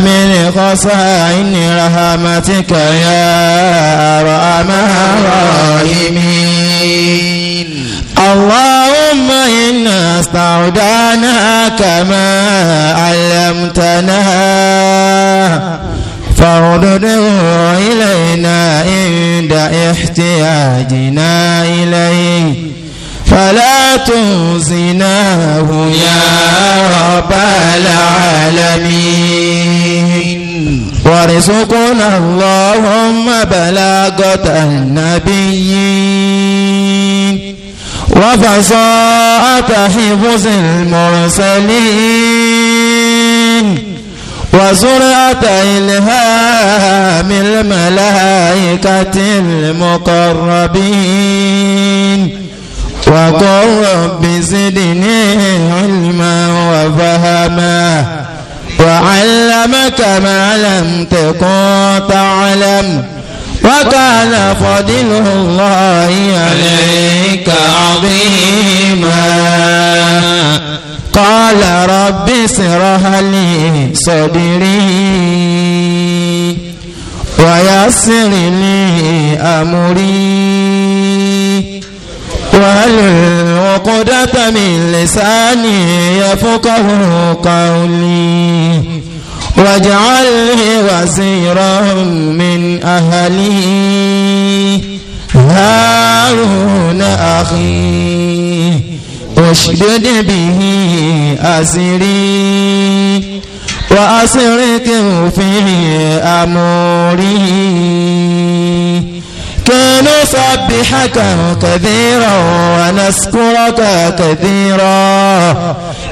من خصائن رحمتك يا أرحم الراحمين اللهم إنا استودعناك ما علمتنا فارده إلينا عند احتياجنا إليه فلا تنزناه يا رب العالمين وارزقنا اللهم بلاغة النبيين وفصاءة حفظ المرسلين وزرعة إلهام الملائكة المقربين وقل رب زدني علما وفهما وعلمك ما لم تكن تعلم وكان فضل الله عليك عظيما قال رب اسرح لي صدري ويسر لي أمري واحلل عقدة من لساني يفقه قولي واجعله وزيرا من أهلي هارون أخي اشدد به أسري وأسركه في أموري كي نسبحك كثيرا ونشكرك كثيرا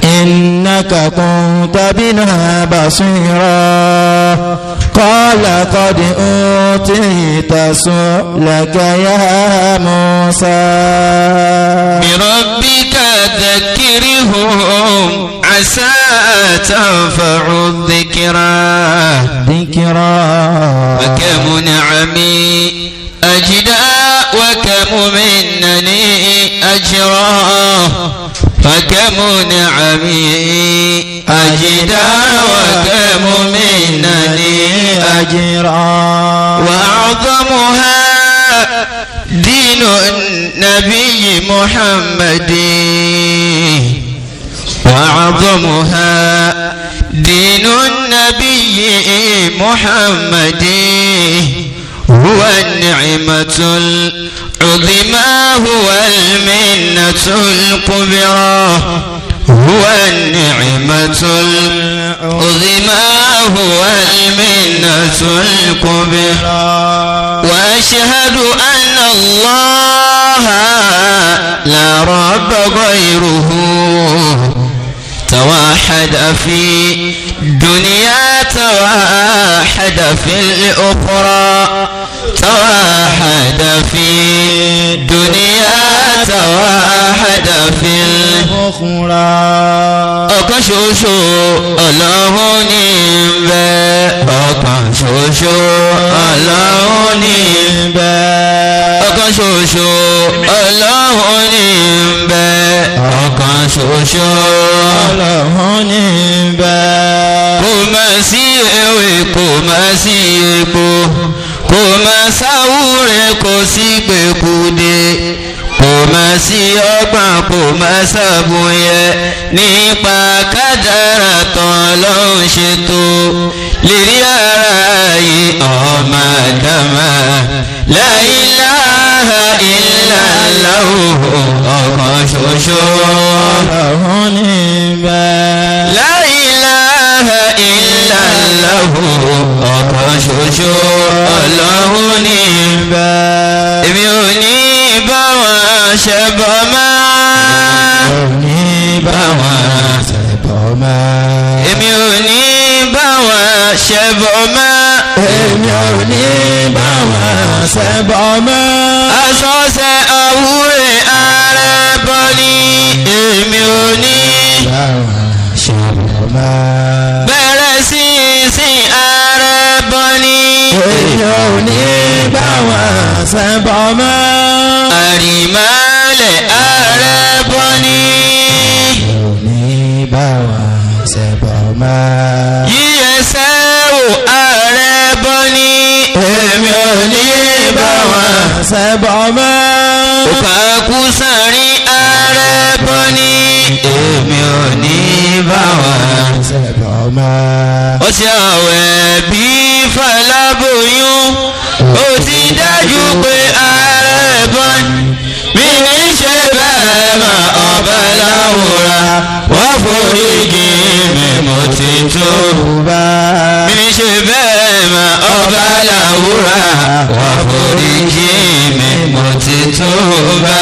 إنك كنت بنا بصيرا قال قد أوتيت سؤلك يا موسى بربك ذكرهم عسى تنفع الذكرى ذكرى وكم نعمي أجداء منني أجرا فكم نعمي أجداء منني أجرا وأعظمها دين النبي محمد وأعظمها دين النبي محمد هو النعمة العظمى هو المنة الكبرى هو النعمة العظمى هو المنة الكبرى وأشهد أن الله لا رب غيره توحد في الدنيا توحد في الأخرى توحد في الدنيا توحد في الأخرى ọ̀kan ṣoṣo ọlọ́run ní bẹ́ ọ̀kan ṣoṣo ọlọ́run ní bẹ́ ọ̀kan ṣoṣo ọlọ́run ní bẹ́ ọ̀kan ṣoṣo ọlọ́run ní bẹ́ kò mà sí ewé kò mà sí epo máa sáwù rẹ̀ kò sí gbèkúdé kò máa sí ọgbọ́n kò máa sàbùn yẹ nípa kádàrà tán lọ́hùn ṣètò lérí ara ayé ọmọ àdámà la ilaha illallah ọ̀kan ṣoṣo. ọ̀hún ni bẹ́ẹ̀ láláhù ọ̀kan ṣoṣo ọlọ́hun ní bá èmi ò ní bá wọn ṣẹbọ máa ní bá wọn ṣẹbọ máa èmi ò ní bá wọn ṣẹbọ máa èmi ò ní bá àwọn sẹ́bọ̀ mọ́. àrìmọ́lẹ̀ ààrẹ bọ́ ní. òní bá wà sẹ́bọ̀ mọ́. yíyẹsẹ́ wò ààrẹ bọ́ ní. èmi ò ní bá wà sẹ́bọ̀ mọ́. òkàkú sàárín ààrẹ bọ́ ní. èmi ò ní bá wà sẹ́bọ̀ ó ṣe àwẹ̀ bí fàlábòyún dájú pé ààrẹ bọ́n mi ní ṣe bẹ́ẹ̀ mà ọ̀bẹ láwùrà wọ́n foríjì mi mo ti tó bá. mi ní ṣe bẹ́ẹ̀ mà ọ̀bẹ láwùrà wọ́n foríjì mi mo ti tó bá.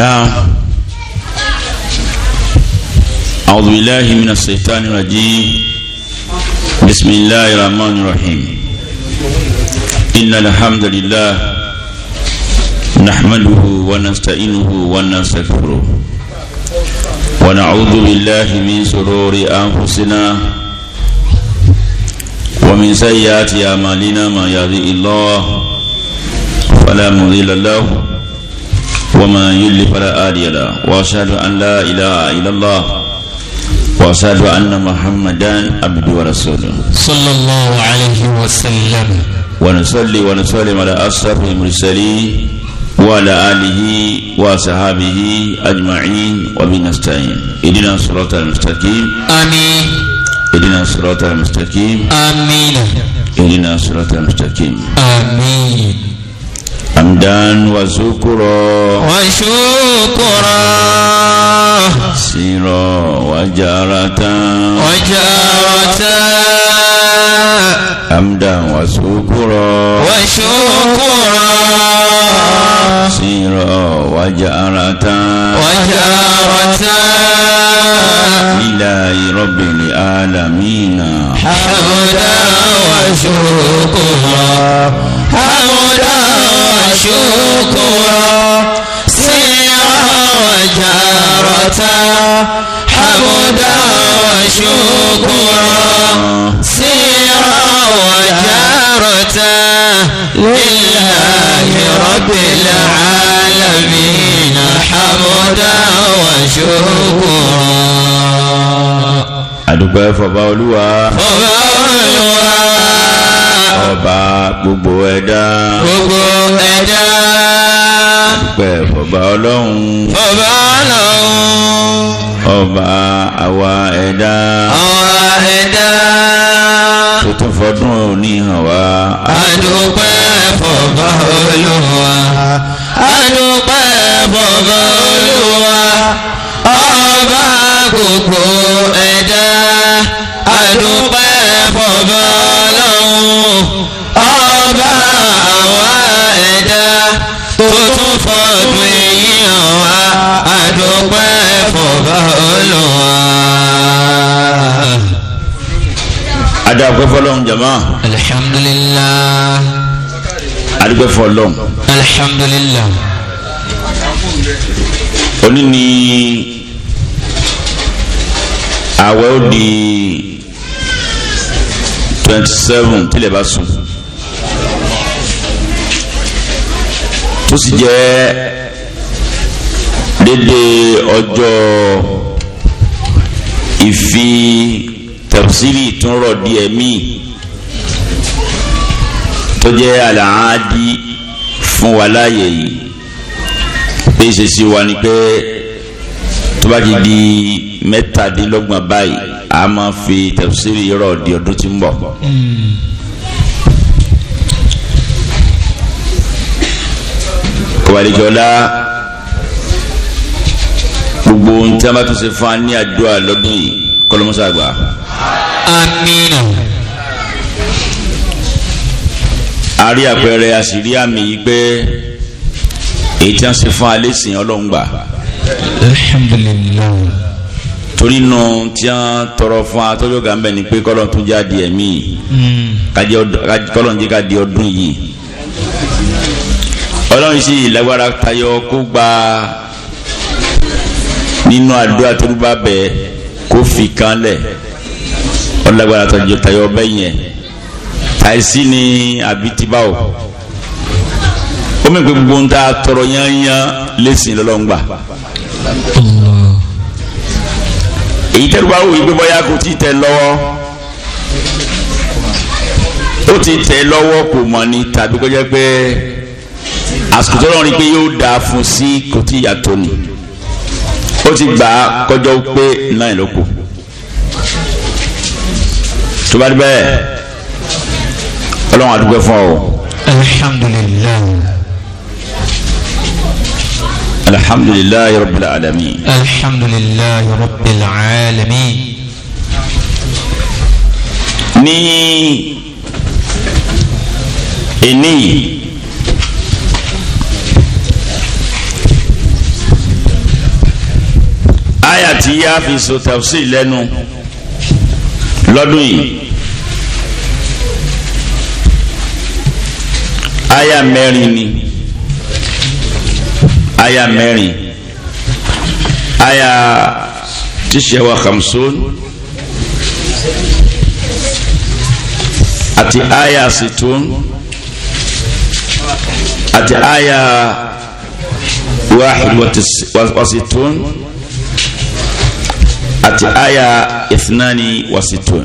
Now, أعوذ بالله من الشيطان الرجيم بسم الله الرحمن الرحيم إن الحمد لله نحمده ونستعينه ونستغفره ونعوذ بالله من شرور أنفسنا ومن سيئات أعمالنا ما يهدي الله فلا مضل له وما يضلل فلا هادي له وأشهد أن لا إله إلا الله وأشهد أن محمدا عبده ورسوله صلى الله عليه وسلم ونصلي ونسلم على أشرف المرسلين وعلى آله وصحابه أجمعين وبنستعين إدنا الصراط المستقيم آمين إدنا الصراط المستقيم آمين إدنا الصراط المستقيم آمين حمدا وشكرا وشكرا سيرا وجارة وجارة حمدا وشكرا وشكرا سيرا وجارة وجارة إلهي رب العالمين حمدا وشكرا حمدا وشكورا سرا وجارتا حمدا وشكورا سرا وجارتا لله رب العالمين حمدا وشكورا adúpẹ́ fọba olúwa. fọba ọba gbogbo ẹ̀dá. gbogbo ẹ̀dá. dúpẹ́ fọba ọlọ́run. fọba ọlọ́run. ọba àwa ẹ̀dá. àwa ẹ̀dá. tó tún fọdún òní hàn wá. àdúpẹ́ fọba ọlọ́run àdúpẹ́ fọba ọlọ́run ọba gbogbo ẹ̀dá. àdúpẹ́. àkọ́bálọ́ adàgbẹ́ fọlọ́n jama. alhamdulilah. adàgbẹ́ fọlọ́n. alhamdulilah. oní ni àwẹ̀ ó di twenty seven tílẹ̀ bá sùn tó sì jẹ́ dede ọjọ́ ìfi tẹ̀sílì tún rọ̀ díẹ̀ míì tó jẹ́ àlàádi fún wa láàyè yìí pé ìṣesí wa ni pé tó bá ti di mẹ́tàdínlọ́gbọ̀n báyìí a máa fi tẹ̀sílì rọ̀ di ọdún tí ń bọ̀. kọ̀wálẹ́jọ́lá. Mm gbogbo ohun tí a bá tún ṣe fún wa ní àdúrà lọ́dún yìí kọlọ́mọ́sá gbà. amina. a rí àpẹẹrẹ a sì rí àmì yìí pé èyí tí a ṣe fún alẹ́ sìn ọlọ́run gbà. alhamdulilayi. torí nù tí a tọrọ fún wa tọ́jú ọ̀gá ni pé kọ́lọ́n tún jáde ẹ̀mí hmm. kọ́lọ́n jẹ́ ká di ọdún yìí ọlọ́run sì lágbára tayọ kó gba nínú àdúrà tó bá bẹ̀ kó fi kan lẹ̀ ọlágbára tó jẹ tayọ ọbẹ̀ yẹn àìsí ni àbí ti bá o ó mẹ́pẹ́ gbogbo ń ta tọrọ yányán lẹ́sìn lọ́lọ́ngbà èyí tẹ́lu bá wòye pé bọ́yá kò tí tẹ lọ́wọ́ ó ti tẹ lọ́wọ́ kò mọ̀ ni tàbí kọjá pé àsìkò tó lọ́rin pé yóò dáa fún sí kò tí yàtọ̀ ni ó ti gbà á kọjọ́ pé náà ló kù tó bá dúpẹ́ ọlọ́run àdúgbò fún ọ. alhamdulilayi. alhamdulilayi rabbil alamin. alhamdulilayi rabbil alamin. ní ìní yìí. àyà tí yá fi so tafsir lẹ́nu lọ́dún yìí àyà mẹ́rin ni àyà mẹ́rin àyà tíṣẹ̀wá khamsun àti àyà situn àti àyà wàhid wàsitun àti àyà ìfúnáni wàsítún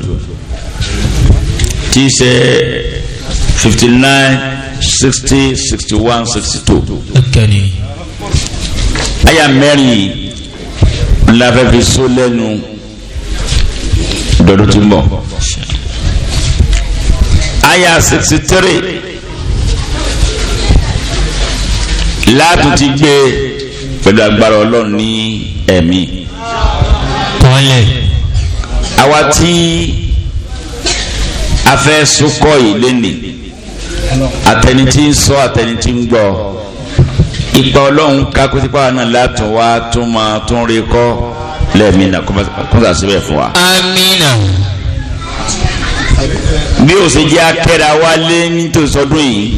tí í ṣe fifty nine sixty sixty one sixty two. àyà mẹ́rin ńlá fẹ́ fi só lẹ́nu dọ̀dọ̀ tó ń bọ̀ aya 63 láti ti gbé pẹ̀lú agbára ọlọ́run ní Eh, mọ́lẹ̀ àwa tí a fẹ́ sọkọ yìí lẹ́nìí àtẹni tí ń sọ àtẹni tí ń gbọ́ ipa ọlọ́run ká kó tipa náà látún wá tún máa tún rí kọ́ lẹ́ẹ̀mínà kúnta síbẹ̀ fún wa. amina. bí o ṣe jẹ́ akẹ́ra wa lé nítòsí ọdún yìí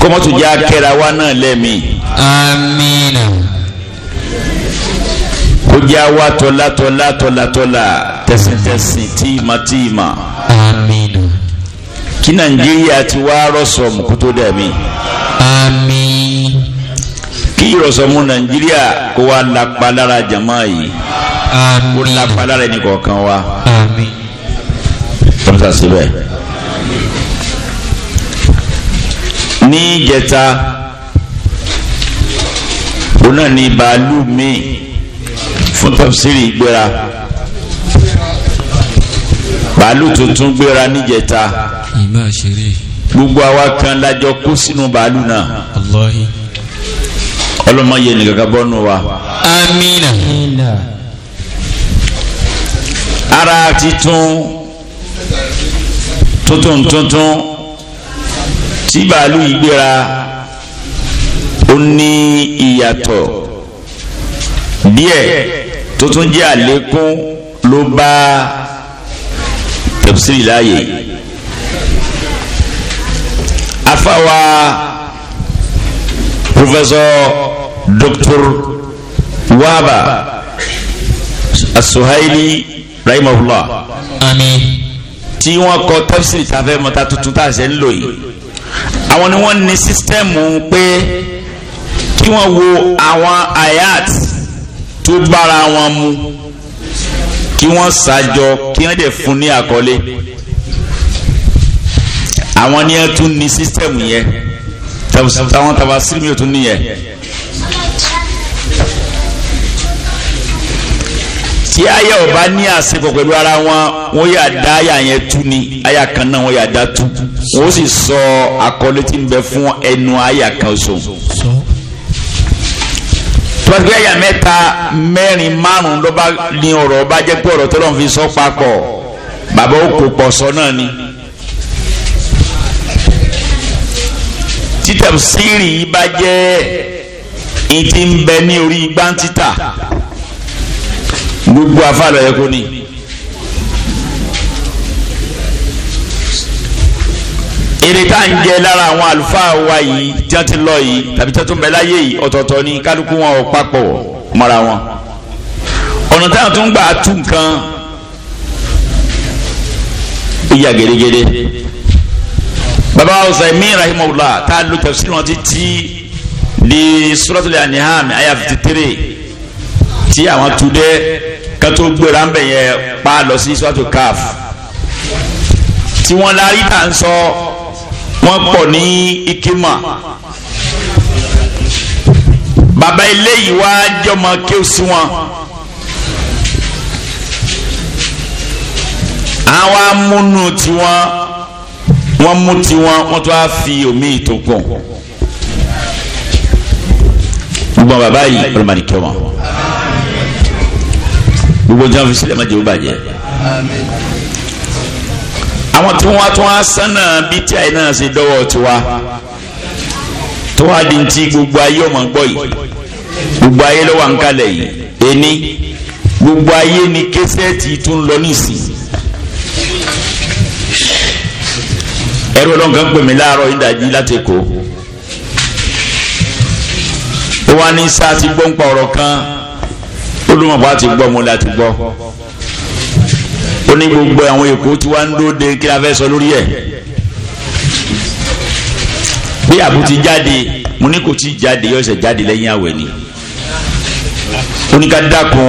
kọ́mọ́tò jẹ́ akẹ́ra wa náà lẹ́ẹ̀mí. amina. kuja jẹ́ àwa tọ́lá tọ́lá tọ́lá tọ́lá tẹ̀sìntẹ̀sìn tíìmà tíìmà. àmín. kí nàìjíríà ti wá rọ̀sọ̀mù kó tó dẹ̀mí. àmín. kí ìrọ̀sọ̀mù nàìjíríà kó wá lápá lára jàmá yìí. àmín. kó lápá lára ẹnì kwa wa. àmín. wọ́n sà síbẹ̀. ní ìjẹta ni bàálù fún tafsiri gbéra bàálù tuntun gbéra níjẹta gbogbo àwa kan lájọ kó sínú bàálù náà ọlọ́mọ yẹ nìkan kan bọ́nu wa. amina. ara titun tuntun tuntun tí bàálù yìí gbéra ó ní ìyàtọ̀ díẹ̀. Yeah tó tún jẹ́ àlékún ló bá tẹ̀sílì láàyè afáwa pòfẹ́sọ̀ dr waba asuhaili rahimahullah àmín tí wọ́n kọ tẹ̀sílì tàfẹ́ mọ́ta tuntun tá a ṣe ń lò yìí àwọn ni wọ́n ní sísítẹ́ẹ̀mù pé kí wọ́n wo àwọn ayat tó bára wọn mu kí wọ́n ṣàjọ kí wọ́n dẹ̀ fún ní àkọlé àwọn ni ẹ tún ní sísítẹ́mù yẹn táwọn tàbá sílùmí ò tún níyẹn. tí àyà ò ní àsepọ̀ pẹ̀lú ara wọn wọ́n yà dá àyà yẹn tú ni àyà kan náà wọ́n yà dá tú wọ́n sì sọ àkọlé tí ń bẹ fún ẹnu àyà kan sọ tọ́jú ẹ̀yà mẹ́ta mẹ́rin márùn-ún ló bá ní ọ̀rọ̀ bá jẹ́ pé ọ̀rọ̀ tó lọ́n fi sọ papọ̀ bàbá ó kó pọ̀ sọ náà ni. títẹ̀ sírì yìí bá jẹ́ ìtì ń bẹ ní orí gbáǹtítà gbogbo afárẹ̀ ẹ̀kọ́ ni. èrè tá à ń jẹ lára àwọn àlùfáà wa yìí tí wọ́n ti lọ yìí tàbí tí wọ́n tún bẹ láyé yìí ọ̀tọ̀ọ̀tọ̀ ni kálukú wọn ò papọ̀ mọ́ra wọn ọ̀nà táwọn tún gbà tú nǹkan ìyá gẹ́gẹ́dẹ́ baba Usaymin rahimahullah tá a lo tafsir wọn ti ti di suratul An'am aya fifty three tí àwọn tu dẹ́ kátó gbéra ń bẹ̀ yẹn pa lọ sí suratul Kaf tí wọ́n la rí tà ń sọ. So, wọ́n pọ̀ ní ikima baba eléyìí wá jọmọ kí o sí wọn àwọn amúnú tiwọn wọ́n mú tiwọn wọ́n tó á fi omi tó kàn gbogbo baba yìí ọlọmọdé kẹwà gbogbo jẹun fi sílẹ̀ má jẹ ó bàjẹ́ àwọn tí wọ́n tún á sánà bí tí àyè náà ṣe dọ́wọ́ tiwa tó wá di ti gbogbo ayé ọmọ gbọ́ yìí gbogbo ayé lọ́wọ́ à ń kalẹ̀ yìí ẹni gbogbo ayé ni kẹsẹ́ẹ̀tì tún lọ nísì ẹrú ọlọ́nkàn pè mí láàárọ̀ ìdájí láti kó ó ní sáà ti gbọ́ ń pa ọ̀rọ̀ kan ó lóun ti gbọ́ mo láti gbọ́ ó ní gbogbo àwọn èkó tí wàá ń dóde kí la fẹ́ sọ lórí ẹ̀ bí àbú ti jáde mo ní kò tí jáde yọ ẹsẹ̀ jáde lẹ́yìn àwẹ̀ ni ó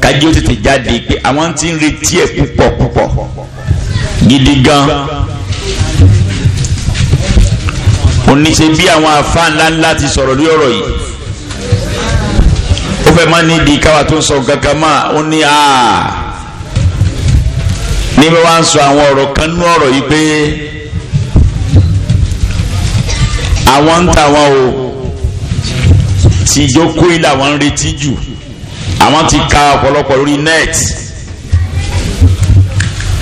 kájí ó tètè jáde pé àwọn ti ń retí ẹ̀ púpọ̀ púpọ̀ gidi gan ó ní ṣe bí àwọn afá ńlá ńlá ti sọ̀rọ̀ lórí ọ̀rọ̀ yìí ó fẹ́ má ní ìdí káwa tó ń sọ kankan ó ní àá ní bí wọ́n á sọ àwọn ọ̀rọ̀ kan nú ọ̀rọ̀ yìí pé àwọn ń ta wọn o tí ìjókòó yìí làwọn ń retí jù àwọn ti ka ọ̀pọ̀lọpọ̀ lórí net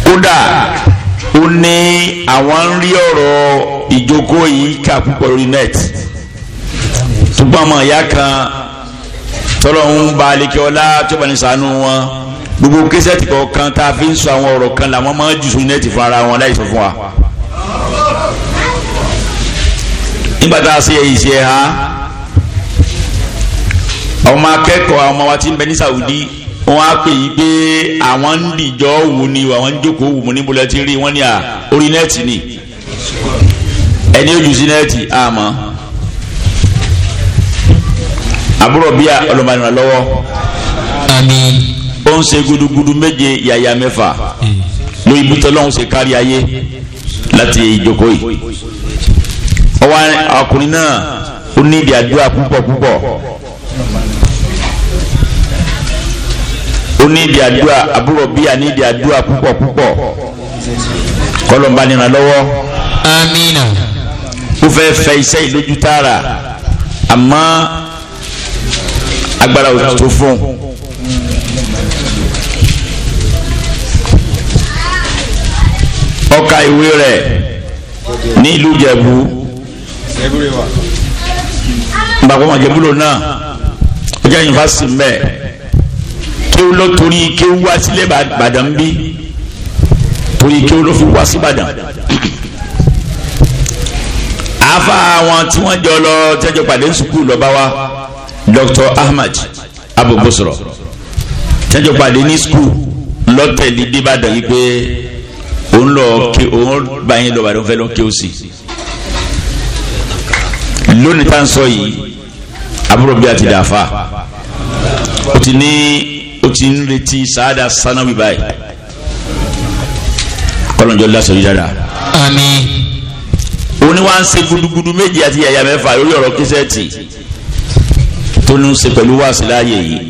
kódà ó ní àwọn ń rí ọ̀rọ̀ ìjókòó yìí kà púpọ̀ lórí net ṣùgbọ́n ọmọ ìyá kan tọ́lọ́ ń ba alẹ́kẹ́ ọlá tó bá ní ṣàánú wọn gbogbo kẹsẹ̀tì kọ̀ọ̀kan tá a fi ń sọ àwọn ọ̀rọ̀ kan làwọn máa ń jù sórí nẹ́ẹ̀tì fún ara wọn láì sọ fún wa. nígbà tá a ṣe èyí ṣe ha ọmọ akẹ́kọ̀ọ́ àwọn ọmọ wa ti ń bẹ ní Saudi wọ́n á pè yí pé àwọn ń dìjọ́ wù ni àwọn ń jókòó wù mú níbo lẹ́ ti rí wọ́n ní à orí nẹ́ẹ̀tì ni ẹni ojú sí nẹ́ẹ̀tì àmọ́ àbúrò bíi ọlọ́mọdé lọ́wọ́ tó ń ṣe gudugudu méje yàyà mẹ́fà ló ibi tọ́lọ́hún ṣe kárí ayé láti ìjókòó yìí ọwọ́ ọkùnrin náà ó ní ìdí àdúrà púpọ̀ púpọ̀ ó ní ìdí àdúrà àbúrò bíyà ní ìdí àdúrà púpọ̀ púpọ̀ kọlọmba lọ́wọ́. amina. ó fẹ́ fẹ́ iṣẹ́ ìlójú tààrà àmọ́ agbára òtútù fún un. ka ìwé rẹ̀ nílùú jẹ̀bú gbàgbọ́mọ̀ jẹ̀búlò náà ó jẹ́ yunifásitì mbẹ́ kéwú lọ torí kéwú wá sílẹ̀ bàdàn bí torí kéwú lọ fi wá sí bàdàn afa àwọn tí wọ́n jọ lọ tẹ́jọ pàdé sukùl lọ́ba wa Dr. Ahmad abubusoro tẹ́jọ pàdé ní sukùl lọ́tẹ̀lì yìí pé òun lọ kí òun bá yín lọ bàdàn fẹ́ lọ kí ó sì lónìí tá à sọ yìí àbúrò bí a ti dàáfà ó ti ní o ti ń retí sáádà sanáwì báyìí kọlọ̀njọ́ lásán yìí dára. àmín. òun ni wàá ń ṣe gudugudu méjì àti yàyà mẹ́fà lórí ọ̀rọ̀ kíṣẹ́ẹ̀tì tó ní ń ṣe pẹ̀lú wáàsí láàyè yìí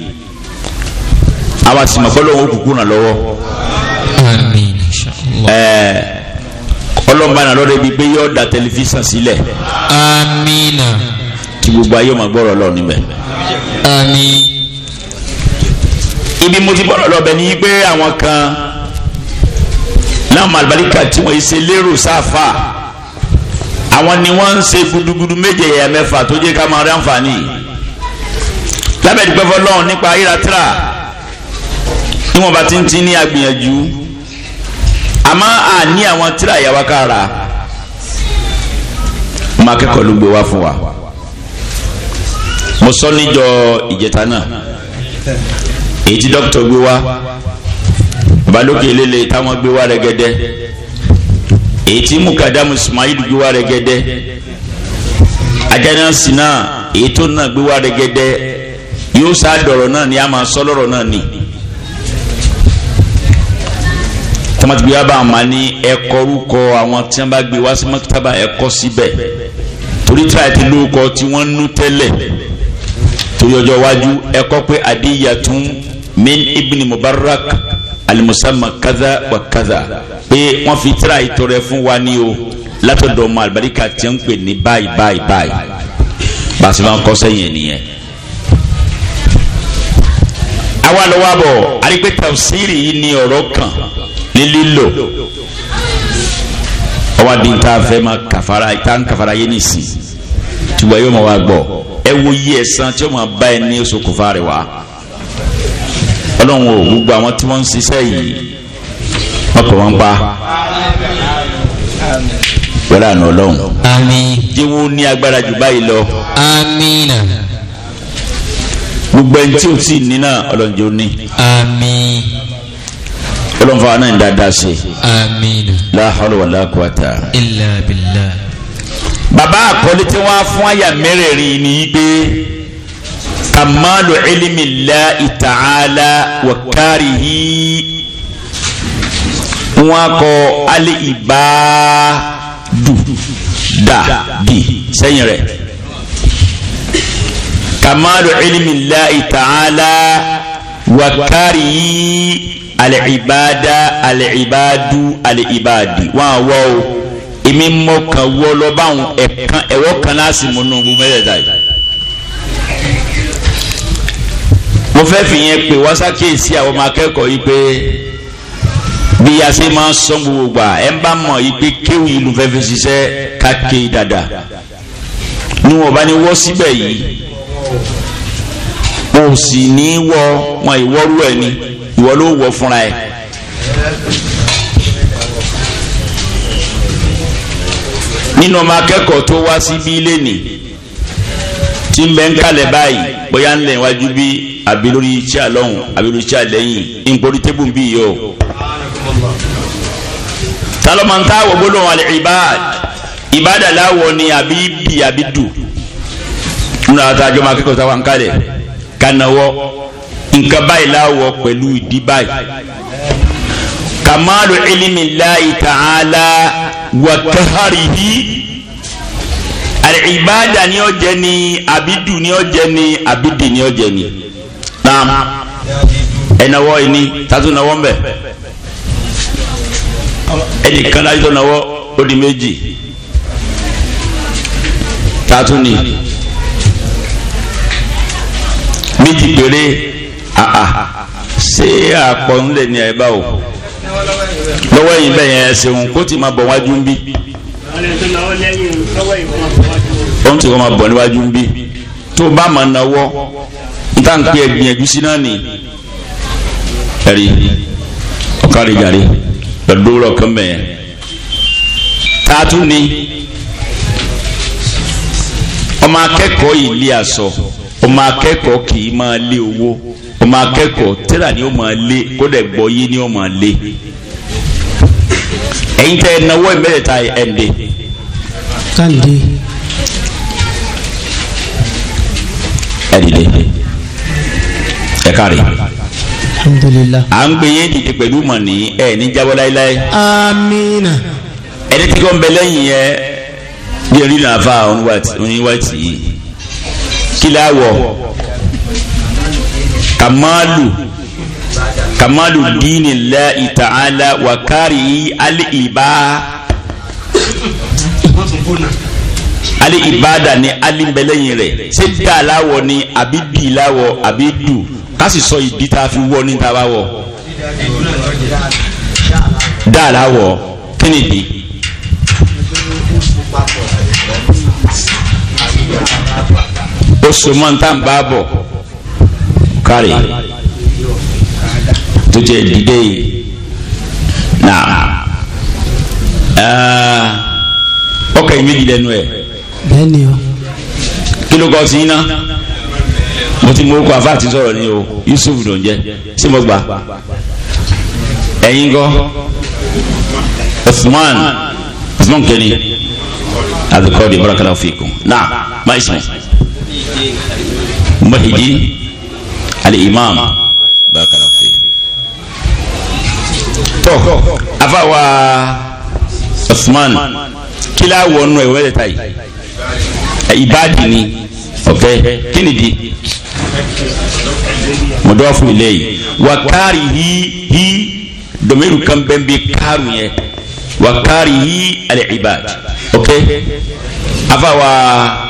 àwọn àti sìmọ̀kọ́ lòun ó kúkú ràn lọ́wọ́. àmín ọlọ́mọba náà lọ́dọ̀ ibi pé yóò da tẹlifíṣàn sílẹ̀. amina. tí gbogbo ayé ọmọ gbọ́rọ̀ lọ níbẹ̀. àmín. ibi mo ti bọ́rọ̀ lọ́bẹ̀ ni pé àwọn kan láwọn àlùbáríkà tí wọ́n ṣe lérò sáfà àwọn ni wọ́n ń ṣe gudugudu méje ẹ̀yà mẹ́fà tó jẹ́ ká máa rí àǹfààní lábẹ́ ìdúpẹ́ fọlọ́run nípa ayélujára níwọ̀nba tí ń ti ní agbìyànjú àmọ́ a ní àwọn tíra ìyàwó kára ọmọ akẹ́kọ̀ọ́ ló gbé wá fún wa mo sọ níjọ ìjẹta náà èyí tí dókítà gbé wá balógun elele táwọn gbé wá rẹ́gẹ́dẹ́ èyí tí mukadamu ismail gbé wá rẹ́gẹ́dẹ́ ajana sina èyí tó náà gbé wá rẹ́gẹ́dẹ́ yóò sá dọ̀rọ̀ náà ni a máa sọ lọ́rọ̀ náà ni. tọ́mọ̀tì gbé yàbá àmà ní ẹ̀kọ́ orúkọ àwọn tí wọ́n bá gbé wá sí mọ́kítàbà ẹ̀kọ́ síbẹ̀ torí tí àti lóòkọ tí wọ́n nú tẹ́lẹ̀ torí ọjọ́ iwájú ẹ̀kọ́ pé adiyatun min ibn mubarak alimusama kaza wa kaza pé wọ́n fi tíra ìtọrẹ fún wa ní o látọ̀dọ̀ ọmọ àlùbáríkà tí wọ́n ń pè ní báyìí báyìí báyìí bá a sì máa nìyẹn awa lọ wa tafsiri yìí ni ọ̀rọ̀ kan ní lílò ọwọ́ adi ta fẹ́ ma kàfàrà ta ń kàfàrà yé nìsín ṣùgbọ́n yóò máa wá gbọ́ ẹ wo yí ẹ̀sán tí ó máa bá ẹ ní oṣù kòfà rẹ̀ wá ọlọ́run ò gbogbo àwọn tí wọ́n ń ṣiṣẹ́ yìí wọ́n kọ̀ wọ́n pa wọ́n lànà ọlọ́run jíwú ní agbára jù báyìí lọ gbogbo ẹni tí ò tí ì ní náà ọlọ́run ní ọlọ́run fáwọn náà ń dáadáa ṣe. amiina. la hawla wala quwata. illa billah. bàbá àkọlé tí wọ́n á fún àyà mẹ́rẹ̀ẹ̀rin ni pé kamalu ilmi Allahi ta'ala wa karihi wọn kọ ali ibadu da di sẹ́yìn rẹ̀ kamalu ilmi Allahi ta'ala wa karihi alìbádá alìbádú alìbádì wọn àwọ̀ o èmi mọ̀ kàn wọ́ lọ báwọn ẹ̀kan ẹ̀wọ́ kan láti mú nù gbogbo mẹ́tẹ̀ẹ̀ta yìí. mo fẹ́ fi yẹn pé wọ́n ṣàkíyèsí àwọn ọmọ akẹ́kọ̀ọ́ yìí pé bí a ṣe máa ń sọ gbogbo gbà ẹ̀ ń bá mọ̀ yìí pé kéwì ìlú fẹ́ fi ṣiṣẹ́ káàkiri dáadáa ni wọn bá ní wọ́ síbẹ̀ yìí o sì ní wọ wọn ìwọ́rú ẹ̀ ni ìwọ ló wọ fúnra ẹ. nínú ọmọ akẹ́kọ̀ọ́ tó wá síbí lẹ́nì tí ń bẹ ń kalẹ̀ báyìí bóyá ń lẹ̀ wájú bí àbí lórí iṣẹ́ àlọ́hùn àbí lórí iṣẹ́ àlẹ́yìn ń borí tébù bí yìí o. wo gbólóhùn alẹ́ ibad ibad aláwọ̀ ni àbí bì àbí dù nínú àwọn àtàjọ́ ọmọ akẹ́kọ̀ọ́ táwọn ń kalẹ̀ kanáwọ́ nǹkan báyìí láwọ̀ pẹ̀lú ìdí báyìí kàmáàlù ilmi Allahi ta'ala wa kaharihi àlìbáàdà ni ó jẹ ni àbídù ni ó jẹ ni àbídì ni ó jẹ ni naam ẹnáwó yìí ni tatu náwó mbẹ ẹnì kan láti tó náwó ó di méjì tatu ni méjì péré ṣé àpọ̀ ńlẹ̀ ni ẹ̀ bá o lọ́wọ́ yìí bẹ́ẹ̀ yẹn ṣeun kó ti máa bọ̀ wájú ń bí ó ń ti kọ́ máa bọ̀ níwájú ń bí tó bá máa náwọ́ níta ń pè é gbìyànjú sí náà nì ẹ̀rí ọ̀kárí jàre lọ́dún rọ̀ kán bẹ̀yẹn tààtú ni ọmọ akẹ́kọ̀ọ́ yìí lé aṣọ. So ọmọ akẹ́kọ̀ọ́ kì í máa lé owó ọmọ akẹ́kọ̀ọ́ tírà ni ó máa lé kódà gbọ́yé ni ó máa lé ẹ̀yin tẹ́ ẹ̀ náwó ìmẹ́rẹ̀ta ẹ̀ ń dé. táǹdé. ẹ̀ dìde ẹ̀ kárí. alhamdulilah. à ń gbé yé dìde pẹ̀lú mọ̀ ní ní jábọ́ láéláé. amiina. ẹni tí kò ń bẹ lẹ́yìn yẹn bí orí nàáfà oníwàtí yìí kíláwọ̀ kàmáàlù kàmáàlù díìnì láì ta'ala wà kárí alìbá alìbádà ní alìbẹ̀lẹ́yìn rẹ̀ ṣé dà láwọ̀ ni àbí dì láwọ̀ àbí dù ká sì sọ ìdí tá a fi wọ́ ní tàbá wọ̀ dà láwọ̀ kí nìdí. ó so mọ́ níta ń bá bọ̀ tó jẹ́ dídé yìí na ọkọ̀ yìí méjì lẹ́nu ẹ̀ bẹ́ẹ̀ni o kí ló kọ́ sí iná mo ti mú orúkọ àfáà ti sọ̀rọ̀ ni o Yusuf ló ń jẹ́ sí mo gbà ẹ̀yin kọ́ Usman Usman kẹ́ni alukọ́ọ̀dì bọ́lá kàlá fìkún náà máa ń sìn mahidi al-imam bakarafe tọ afawa usman kila wọnú ẹ wọlé ta yìí ibadi ni ọfẹ kíni di mọdọfù ilé yìí wakari hi hi domiru kan bẹ bi kaaru yẹ wakari hi al-ibad ok afawa. Okay.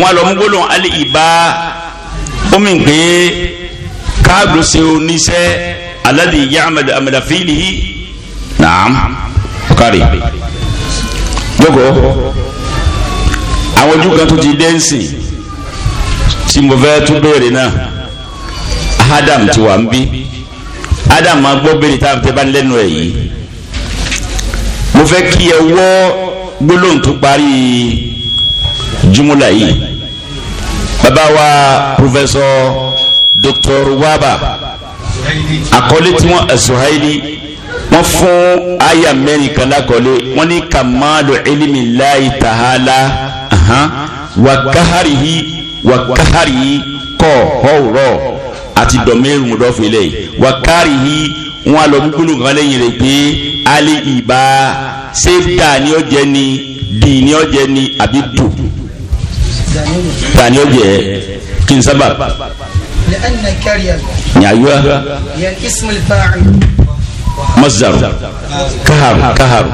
wọn lọ mú gbólóhùn alẹ́ ìbá omi gbé káàdùn ṣe oníṣẹ́ aládìí yá amadu amadu fíìlì yìí naam ọkàrí jókòó àwọn ojú kan tó ti dẹ́nsìn tí mo fẹ́ tún béèrè náà adam ti wà ń bí adam máa gbọ́ béèrè táwọn tẹ́ bá ń lẹ́nu ẹ̀ yìí mo fẹ́ kí ẹ wọ́ gbólóhùn tó parí jùmúlà yìí bàbá professor Dr. Waba àkọlé tí wọ́n Suhaili wọ́n fún àyà mẹ́rin kan lákọlé wọ́n ní kàmáàlù ilmi Allahi ta'ala wà káhàrìhì wà káhàrìhì kọ̀ ọ̀rọ̀ àti dọ̀mẹ́rùn dọ́fẹ́lẹ̀ wà káhàrìhì wọn lọ mú gbólóhùn kan lẹ́yìn rẹ̀ pé alẹ́ ìbá ṣé dà ní ọ̀jẹ̀ ni dì ní ọ̀jẹ̀ ni àbí dùn tani o jẹ kí n sábà. nyayuwa مصدر كهر كهر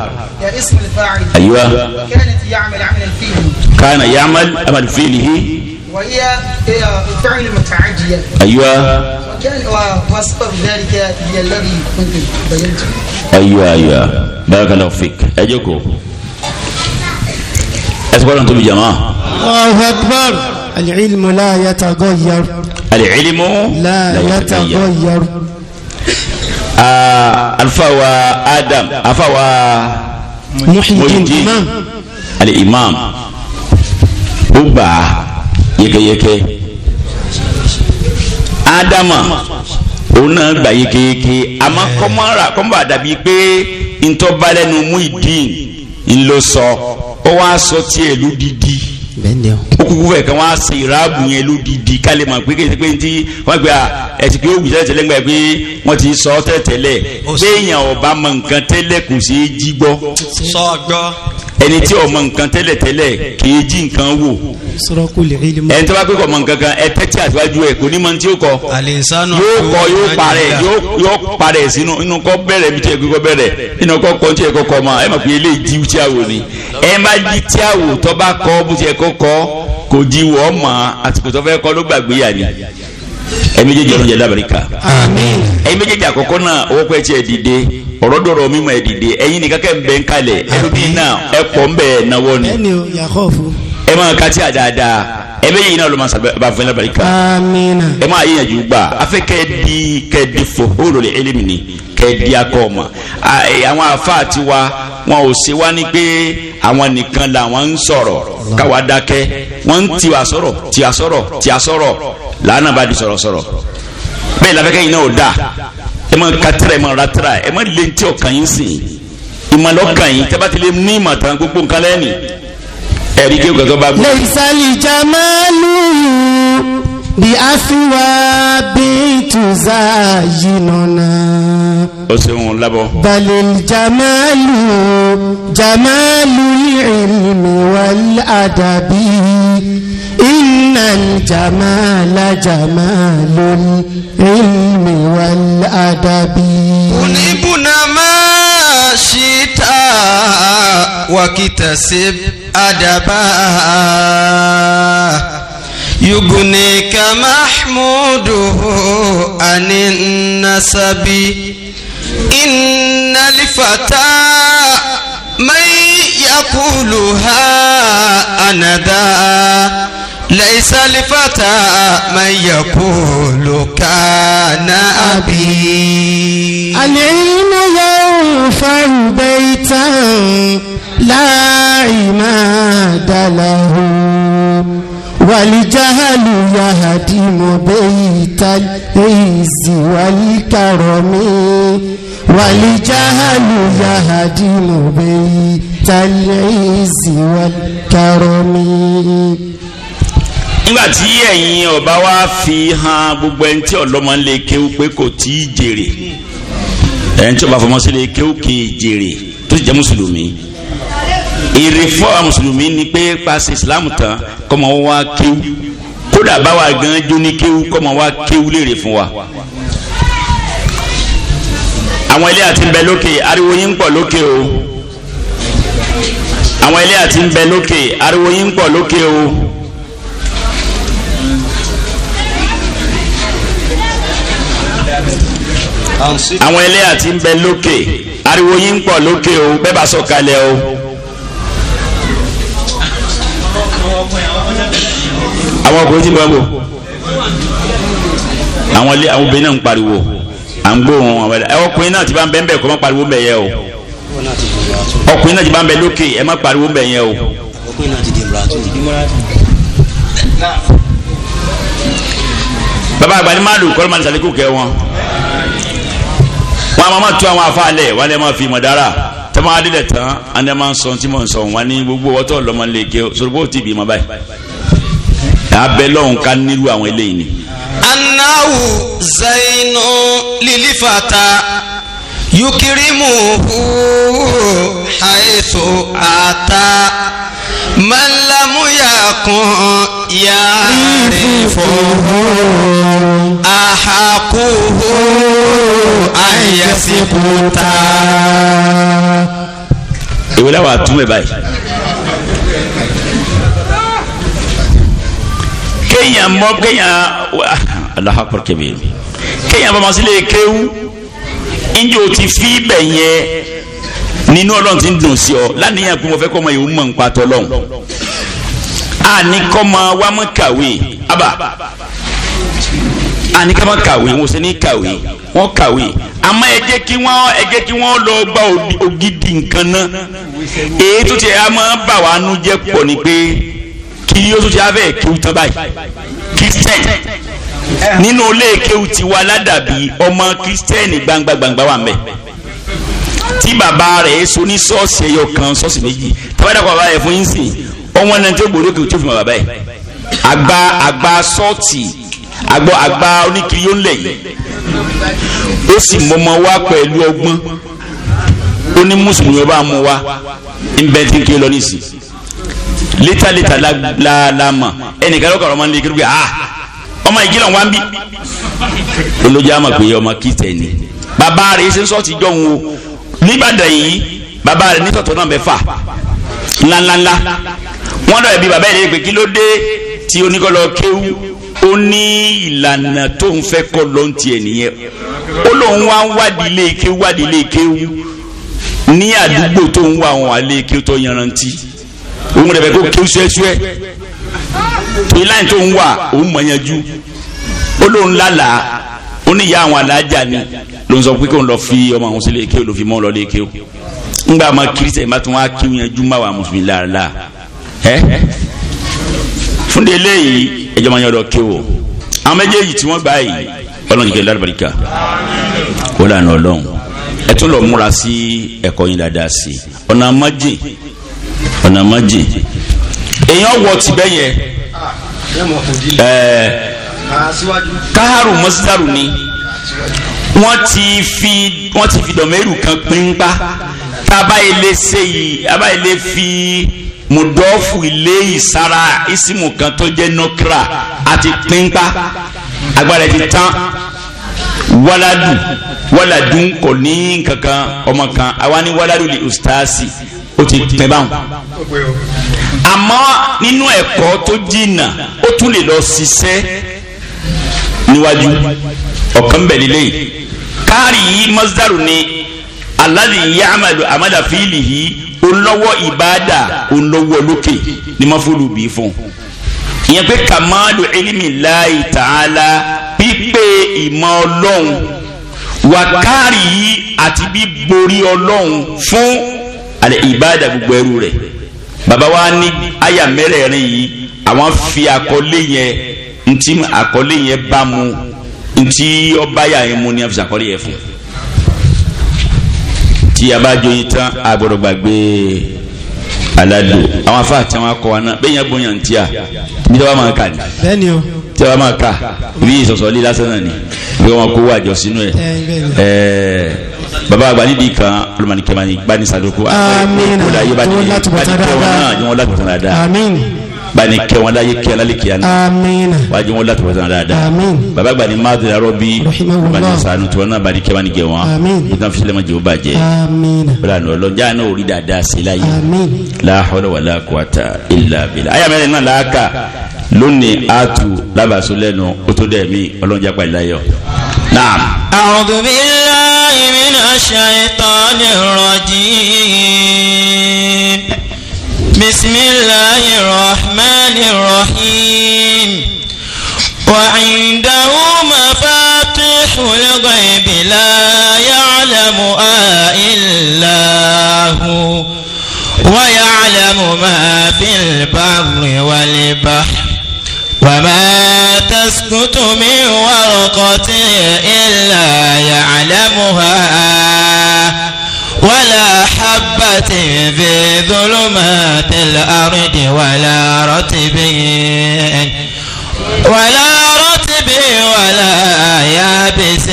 أيوة كانت يعمل عمل فيه كان يعمل عمل فيه وهي فعل متعجية أيوة وكان وسبب ذلك هي الذي كنت بينته أيوة أيوة بارك الله فيك أجوكو أسبوع أنتم جماعة الله أكبر العلم لا يتغير العلم لا يتغير الفاوى آدم الفاوى محيي الإمام الإمام أبا يكي يكي آدم òun náà gbà yékéyéké àmọ́ kọ́mọ́ra kọ́mọ́ dàbí pé ntọ́balẹ́nu mú ìdí ńlọ sọ ó wá sọ tiẹ̀ lódìdí kúkú fẹ kàn wá ṣe ìráàbù yẹn lódìdí kálí mọ pé kéde pé ntí wọn gbé ẹsì pé òwú tẹ́lẹ̀ gbẹ pé wọn ti sọ tẹ́tẹ́lẹ̀ béèyàn ọba mọ nǹkan tẹ́lẹ̀ kò sí í jí gbọ́. sọ gbọ́ ẹni tí ọmọ nǹkan tẹ́lẹ̀tẹ́lẹ̀ kìí jí nǹkan wò ẹni tí wọ́n pẹ́ kọ́ ọmọ nǹkan kan ẹ tẹ́tí àtiwájú ẹ̀ kò ní mọ tí ó kọ yóò kọ yóò parẹ́ yóò parẹ́ sínú inú kọ́ bẹ̀rẹ̀ bí tí ẹ kọ́ bẹ̀rẹ̀ inú kọ́ kọ́ tí ẹ kọ́ kọ́ ma ẹ mọ̀ pé ilé ìdí tí a wò ni ẹ má di tí a wò tó bá kọ́ bó ti ẹ kọ́ kọ́ kò di wọ́ mọ́ àtìkò tó fẹ́ kọ́ ló gbàgbé yà ni ẹ méjèèjì ọ̀run jẹ lábàríkà ẹ méjèèjì ọ̀rọ̀ dọ̀rọ̀ mímọ̀ ẹ̀ dìde ẹ̀yin nìkan kẹ́ ń bẹ́ ń kalẹ̀ àbí náà ẹ pọ̀ ń bẹ̀ náwọ́ ni. ẹni o yàkọ́ fún. ẹ máa ka tí a dáadáa ẹ bẹ́ yẹn náà ló máa sábà fún ẹlẹ́bàá ìka. amiina. ẹ máa yíyanjú gbà afẹ́ kẹ́ di kẹ́ di lè ẹlẹ́mi ni kẹ́ di ọmọ. àwọn afa ti wa wọn ò ṣe wá ní pé àwọn nìkan làwọn ń sọ̀rọ̀ káwa dákẹ́ wọ́n ń tiwa sọ̀rọ̀ tiwa sọ̀rọ̀ tiwa sọ̀rọ̀ làánà bá di sọ̀rọ̀ sọ̀rọ̀ bẹ́ẹ̀ lafẹ́kẹ́ yìí náà ò dáa ẹ máa ka tírà ẹ máa ra tírà ẹ máa lé ntí ọkàn yín sìn ìmọ̀lọ́kàn yín tẹ́ bá ti lè ní ìmọ̀ tán gbogbo nǹkan lẹ́nu ẹ̀rí kí ọkàn bá gbọ́. lẹ́sàlì jamalu bí afiwa bí tuza yinana. o ṣeun labọ. balil jamalu jamalu ilmi wal adabi. الجمال جمال العلم والأدب تنبنا ما شئت وكتسب أدبا يغنيك محموده عن النسب إن الفتى من يقولها أنا ذا ليس لفتى من يقول كان أبي العلم ينفع بيتا لا عماد له والجهل يهدم بيت العز والكرم والجهل يهدم بيت العز والكرم nígbàtí ẹ̀yin ọba wa fi hàn gbogbo ẹni tí ọlọ́mọ ń lè kéwú pé kò tí ì jèrè ẹni tí ọba fọmọ sí lè kéwú kì í jèrè tó sì jẹ́ mùsùlùmí èrè fún mùsùlùmí ni pé paṣẹ ìsìlámù tán kọ́mọ wa kéwú kódà báwa gan jó ní kéwú kọ́mọ wa kéwú léèrè fún wa àwọn ilé àti bẹ lókè ariwo yín pọ̀ lókè o àwọn ilé àti ń bẹ lókè ariwo yín pọ̀ lókè o. àwọn ẹlẹ́yà tí ń bẹ lókè ariwo yín ń pọ̀ lókè o bẹ́ẹ̀ bá sọ̀kalẹ̀ o. àwọn ọkùnrin tí ń bá bò àwọn ilé àwọn obìnrin náà ń pariwo à ń gbóhùn àwọn ẹlẹ́yà ọkùnrin náà ti bá ń bẹ́ ń bẹ̀ kó má pariwo bẹ̀ yẹ o ọkùnrin náà ti bá ń bẹ lókè ẹ má pariwo bẹ̀ yẹ o. ọkùnrin náà ti di mùràtù baba agbani maa lu kọlọmọ nisali wọn wọn a máa tú àwọn afáàlẹ̀ wọn lè máa fi mọ̀dára tẹ́ máa dé dẹ̀ tán àni ẹ̀ máa ń sọ tí mò ń gbogbo ọtọ̀ lọ́mọ lè gé sorobó ti bì mọ́ báyìí abẹ́ lọ́hùn ká nílùú àwọn eléyìí ni. anáwù zainu lílífàtà yukirimu hu haitu ata. من لم يكن يعرفه أحقه أن يسكت ìwé làwọn àtúmọ̀ báyìí kéèyàn mọ kéèyàn alahakpọ̀ kébìrì kéèyàn bọ́ mọ́ sílé kéwú ìjọ ti fi bẹ̀ yẹn nínú ọlọ́run ti ń dùn sí ọ lánìyàn pé mo fẹ́ kọ́ ọmọ yòówù mọ̀ ń pa tọ́lọ́run àníkọ́mọ wa mọ̀ kàwé abà àníkọ́mọ kàwé wọn ò sẹ́ni kàwé wọn kàwé àmọ́ ẹ jẹ́ kí wọ́n ẹ jẹ́ kí wọ́n lọ gba ògidì nǹkan náà èyí tó ti a bà wá nu jẹ́ pọ̀ ni pé kí yóò tó ti a bẹ́ẹ̀ tán báyìí kristian nínú ilé kéwù tiwa ládàbí ọmọ kristian gbangba gbangba wà mẹ́ẹ̀ tí bàbá rẹ̀ so ní sọ́ọ̀sì ẹyọ kan sọ́ọ̀sì méjì tàbádàpọ̀ bàbá rẹ̀ fún yín sìn ọwọ́n náà tí ó gbòòrò kì í tó fi mọ̀ bàbá yìí àgbà àgbà sọ́ọ̀tì àgbà àgbà oníkiri yóò lẹ̀ yìí ó sì mọmọ wá pẹ̀lú ọgbọ́n ó ní mùsùlùmí ọba mọ wá nbẹ tí n kiri lọ nísì létà létà láàmà ẹnìkan ló kọ̀ọ̀rọ̀ máa ń lé kiri ah ọmọ ìjìnlẹ̀ wá ń bí olójú àmọ̀ pé ọmọ kìtẹ̀ ni bàbá rẹ̀ ṣe ń sọ́ọ̀tì jọ̀hún o nìbàdàn yìí Baba rẹ̀ nísọ̀tọ̀ náà mẹ́fà ńláńláńlá wọ́n dọ̀ ẹ̀bi bàbá yìí pé kí ló dé tí oníkọ́lọ́ kéwú ó ní ìlànà tó ń fẹ́ kọ́ ló ń tiẹ̀ nìyẹn ó lóun wá ń wádìí ilé kéwú wádìí ilé kéwú ní àdúgbò tó ń wá àwọn àlè kéwú tó yanrantí òun rẹ̀ bẹ̀ kó kéwú sẹ́sẹ́ ìlànà tó ń wà òun mọ̀nyẹ́jú ó lóun lálàá ó ní ìyá àwọn alájà ni ló ń sọ pé kò ń lọ fi ọmọ àwọn sílé ike olófin mọ́ lọ lé ike o ńgbà máa kiri sẹ́yìn bá tún wá kí wọn yanjú máa wà mùsùlùmí lára ẹ fúnde eléyìí ẹjọ́ máa yàn lọ ké o àwọn méjèèjì tí wọ́n gbà yìí ọlọ́run kìí lálùbáríkà ó lànà ọlọ́run ẹ tún lọ múra sí ẹ̀kọ́ yín dáadáa sí ọ̀nà májìn ọ̀nà májìn èèyàn wọ tìbẹ́ yẹn ẹ̀ẹ́ káhárù mọ́sítárù ni wọ́n ti fi wọ́n ti fi dọ̀mẹ́rù kan pínpá tábà ilé ṣe yìí tábà ilé fi mùdọ́fù ilé ìsara ìsìmù kan tó jẹ́ nọ́kìrà àti pínpá agbára ti tán wàládù wàládù kò ní kankan ọmọ kan àwa ní wàládù lè ustaasi ó ti pín báwọn. àmọ́ nínú ẹ̀kọ́ tó jìnnà ó tún lè lọ ṣiṣẹ́ níwájú ọ̀kan bẹ̀ lélẹ́yìn sáárì yìí masdaru ni alladhi ya'malu amada fiilihi olówó ibada olówó lókè ni ma fọlù bí fún ìyẹn pé kamalu ilmi Allahi ta'ala pípé ìmọ̀ wakari wàkárì yìí àti bíborí ọlọ́run fún àlẹ́ ìbáàdà gbogbo ẹrú rẹ̀ bàbá wa ní àyà mẹ́rẹ̀ẹ̀rin yìí àwọn fi àkọlé yẹn ntí àkọlé yẹn bá mu ntí ọba yà yẹn mu ní afisakọ́lì yẹ fún tí a bá jó yín tán àgbọ̀dọ̀ gbàgbé aládùn àwọn afa àti àwọn akọ wa náà bẹ́ẹ̀ yẹn gbóyàn ntí a bí tọ́ba máa kà ní. o tí a bá máa kà bí ìsọ̀sọ̀ líla sẹ́nà ni bí wọ́n kó wàjọ sínú ẹ̀ ẹ̀ẹ́ baba àgbà nídìí kan olùmọ̀nìkẹ́mọ̀ ní gbanisàdókò àmín àmín àti wọn láti bọ̀ tán bani kẹwọn la ye kẹlẹ li kiyani. amiina wàjú wọn latọ wọn dáadáa. amiin baba gbani maadu yàrá bi bani sanu tiwọn náà bani kẹwọn ni jẹ wọn. amiin bitọn fisilema jẹ o ba jẹ. amiina bala nọ lọ jaa n'o ri daadaa sela ye. amiin la hawla wala quwata illa billah. a y'a mẹn na laaka lónìí atu labaso lẹnu o tó dẹ mi ọlọ́njà pàdé la yọ. naam. a'udhu billahi minash shaitanir rajim. بسم الله الرحمن الرحيم وعنده مفاتح الغيب لا يعلمها إلا هو ويعلم ما في البر والبحر وما تسكت من ورقة إلا يعلمها ولا حبة في ظلمات الأرض ولا رتب ولا رتب ولا يابس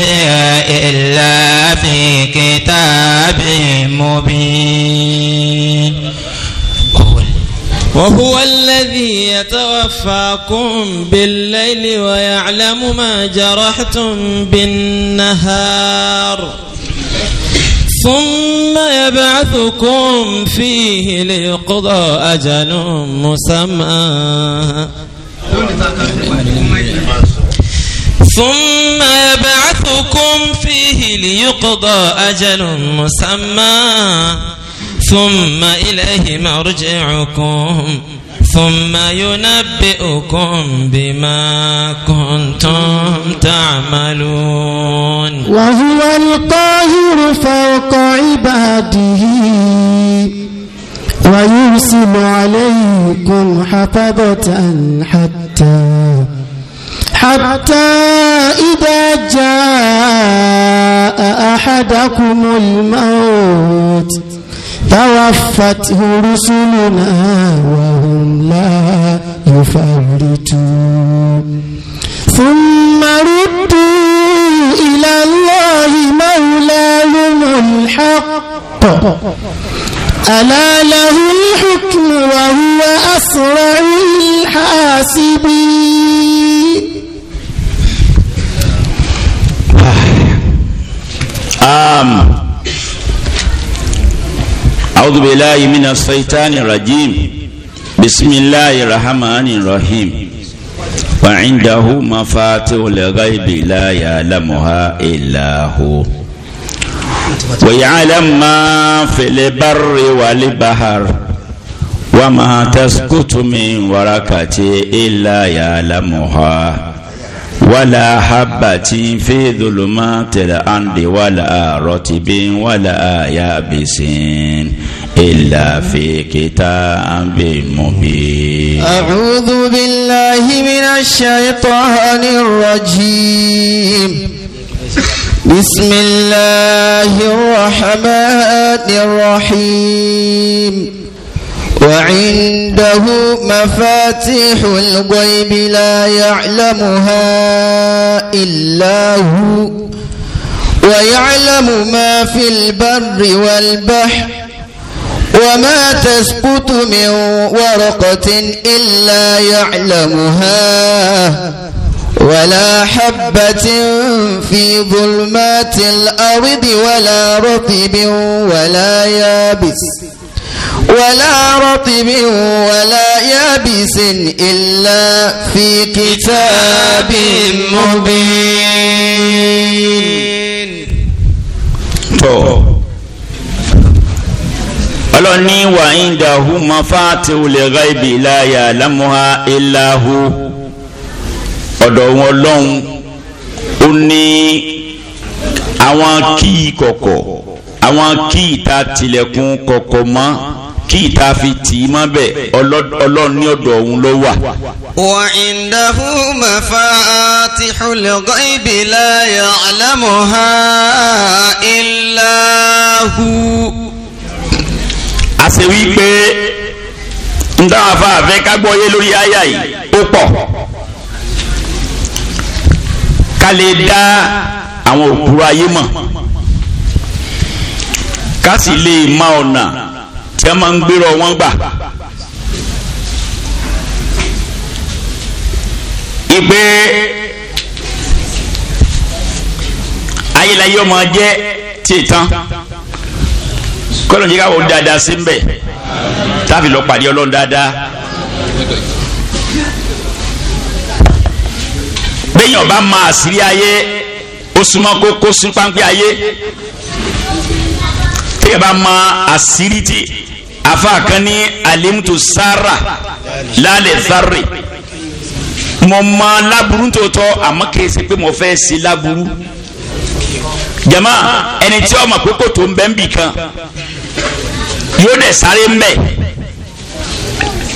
إلا في كتاب مبين وهو الذي يتوفاكم بالليل ويعلم ما جرحتم بالنهار ثم يبعثكم فيه ليقضى أجل مسمى ثم يبعثكم فيه ليقضى أجل مسمى ثم إليه مرجعكم ثم ينبئكم بما كنتم تعملون وهو القاهر فوق عباده ويرسل عليكم حفظة حتى حتى إذا جاء أحدكم الموت توفته رسلنا وهم لا يفرطون ثم ردوا إلى الله مولاهم الحق ألا له الحكم وهو أسرع الحاسبين آم أعوذ بالله من الشيطان الرجيم بسم الله الرحمن الرحيم وعنده مفاتيح الغيب لا يعلمها إلا هو ويعلم ما في البر والبحر وما تسقط من ورقة إلا يعلمها ولا حبة في ظلمات الأرض ولا رطب ولا يابس إلا في كتاب مبين أعوذ بالله من الشيطان الرجيم بسم الله الرحمن الرحيم وعنده مفاتيح الغيب لا يعلمها إلا هو ويعلم ما في البر والبحر وما تسقط من ورقة إلا يعلمها ولا حبة في ظلمات الأرض ولا رطب ولا يابس ولا رطب ولا يابس إلا في كتاب مبين ọlọ́ni wà ń dàhú mafáàtì olè gáìbì láyà lámúhá ìláhù ọ̀dọ̀ wọn lọ́hùn ó ní àwọn kí kọ̀kọ̀ àwọn kí ìta tilẹ̀kùn kọ̀kọ̀ mọ́ kí ìta fi tì í mọ́ bẹ́ẹ̀ ọlọ́run ní ọ̀dọ̀ òun ló wà. wa indahu mafatihul ghaibi la ya'lamuha illa hu. a ṣe wí pé ń dáhùn afáfẹ́ ká gbọ́yé lórí àyà yìí ó pọ̀ ká lè dá àwọn òkúrò ayé mọ̀ ká sì lè má ọ̀nà tí a máa ń gbérò wọn gbà. ìpè ayélujáyé ọmọ jẹ́ tí ì tán kọ́lọ̀ yìí káwọn dáadáa sí ń bẹ̀ táàbì lọ pàdé ọlọ́run dáadáa. bẹ́yìn ọba máa sírí ayé ó súnmọ́ kó kó sún páńpẹ́ ayé bí ẹ bá ma àṣírí afa kan ní alimutu sara lálẹ́ sáré mo ma laburu tó tọ́ àmọ́ kì í ṣe pé mo fẹ́ ṣe laburu jama ẹni tí ọmọ pé kò tó ń bẹ́ ń bì kan yóò dẹ̀ sáré ń bẹ̀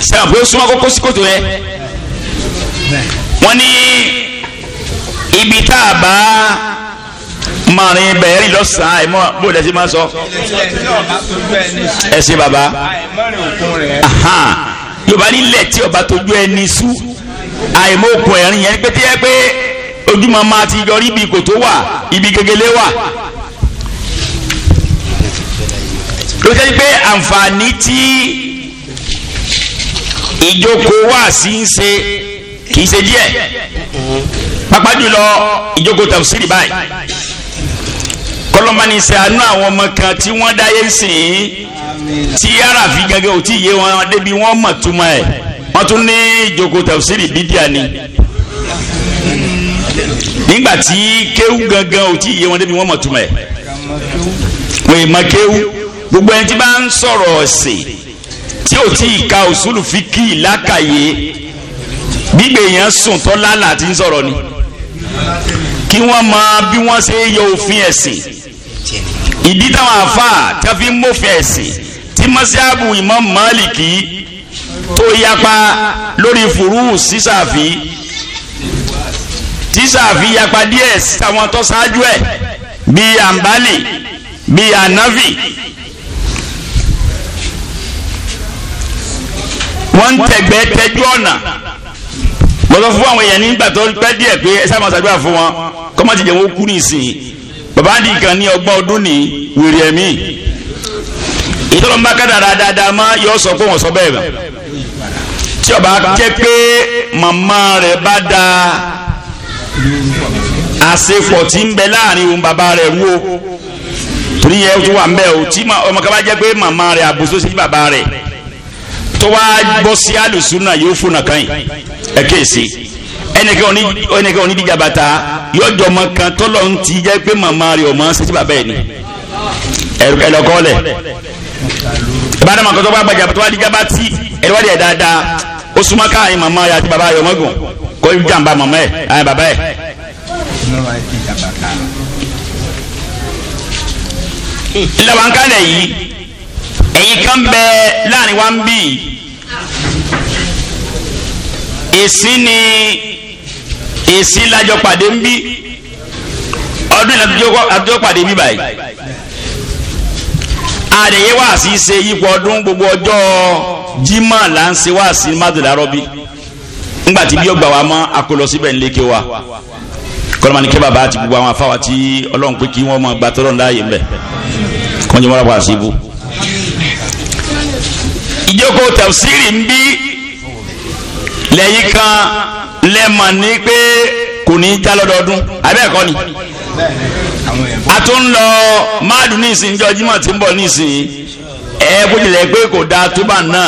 sẹ́wọ̀n pé ó súnmọ́ kókó sí kòtò yẹn wọ́n ní ibi tá a bá marin bẹ̀rẹ̀ lọ́sàn-án ẹ̀ mọ́ bó lẹ́sìn máa sọ. ẹ ṣe bàbá yorùbá nílẹ̀ tí ọba tójú ẹni sú àìmọ́ okùn ẹ̀rín yẹn pété ẹ pé ojúmọ́ máa ti yọrí ibi kò tó wà ibi gegele wà. ló ṣe pé àǹfààní tí ìjókòó wà sí ń ṣe kì í ṣe díẹ̀ pàápàá jùlọ ìjókòó tafsiri báyìí kọlọmọani ṣe àánú àwọn ọmọ kan tí wọ́n dáyé sìn tí arafi gẹ́gẹ́ ò tí yé wọn débi wọ́n mọ̀ túmọ̀ ẹ̀ wọ́n tún ní ìjókòó tafsiri bídíà ni nígbà tí kéwù gangan ò tí yé wọn débi wọ́n mọ̀ túmọ̀ ẹ̀ wọ́n yìí mọ̀ kéwù gbogbo ẹni tí bá ń sọ̀rọ̀ ọ̀sẹ̀ tí ò tí ka òṣùlù fi kí i lákàyè gbígbé yẹn sùn tọ́lá láti ń sọ̀rọ̀ ni kí wọ́n mọ̀ bí wọ́n ṣe yọ òfin ẹ̀sìn ìdí táwọn àfáà tí a fi ń mọ̀fẹ́ ẹ̀sìn tí mọ́síábù Imam Málìkì tó yapa lórí furu sísàfì sísàfì yapa díẹ̀ sáwọn tó ṣáájú ẹ̀ bíi àǹbálì bíi ànáfì wọ́n ń tẹ̀gbẹ́ tẹ́jú ọ̀nà mo sọ fún àwọn èèyàn nígbà tó pẹ́ díẹ̀ pé ẹ sábà ṣàdúrà fún wọn kọ́mọ́tì jẹ́ wọn kú nísìnyí bàbá di nǹkan ní ọgbọ́n ọdún ní wèrè ẹ̀mí ìtọ́lọ́ bá kádàrá dáadáa má yọ sọ pé wọ́n sọ bẹ́ẹ̀ bá tí ọba jẹ́ pé màmá rẹ̀ bá da àṣepọ̀ tí ń bẹ láàrin òun bàbá rẹ̀ wó torí yẹ tó wà ń bẹ o tí ọmọ kan jẹ́ pé màmá rẹ̀ àbùsọ sí bàbá rẹ̀ tó wá gbọ́ sí àlùsùn náà yóò fún nàkàn yìí ẹ̀ kéèsì ẹnìkan onídìjà bàtà yọjọ ọmọ kan tọ́lọ̀ ń ti jẹ́ pé màmá rẹ̀ ọmọ ṣe ti bàbá ẹ̀ ni ẹ̀lọ́kọ́ lẹ̀ ìbára màkà tó bá gbàjà tó bá dìjà bá tì ẹ̀lọ́wádìí ẹ̀ dáadáa ó súnmọ́ káàyè màmá rẹ̀ àti bàbá rẹ̀ ọmọ kó jàǹbá màmá ẹ̀ àyìn bàbá ẹ̀ labankalẹ yìí ẹ̀yin kan bẹ láàrin wa ń bì ìsín ni èsì lájọ pàdé ń bí ọdún ìlànà àtijọ́ pàdé bí báyìí àdèyé wà sí ṣe yípo ọdún gbogbo ọjọ́ jimá là ń ṣe wà sí mádùlárọ́bí ńgbàtí bí ó gbà wá mọ́ akólọ síbẹ̀ ń wa kọ́lọ́mà ní kí bàbá gbogbo àwọn afáwà tí ọlọ́run pé kí wọ́n mọ̀ gbà tọ́lọ́ ń bẹ̀ jẹ́ kan. lẹ́mọ̀ ní pé kò ní já lọ́dọọdún abẹ́ẹ̀kọ́ ni a tún ń lọ máàdùn ní ìsìn jọ Jímọ̀ tí ń bọ̀ ní ìsìn ẹ bó tilẹ̀ pé kò dáa tó bá náà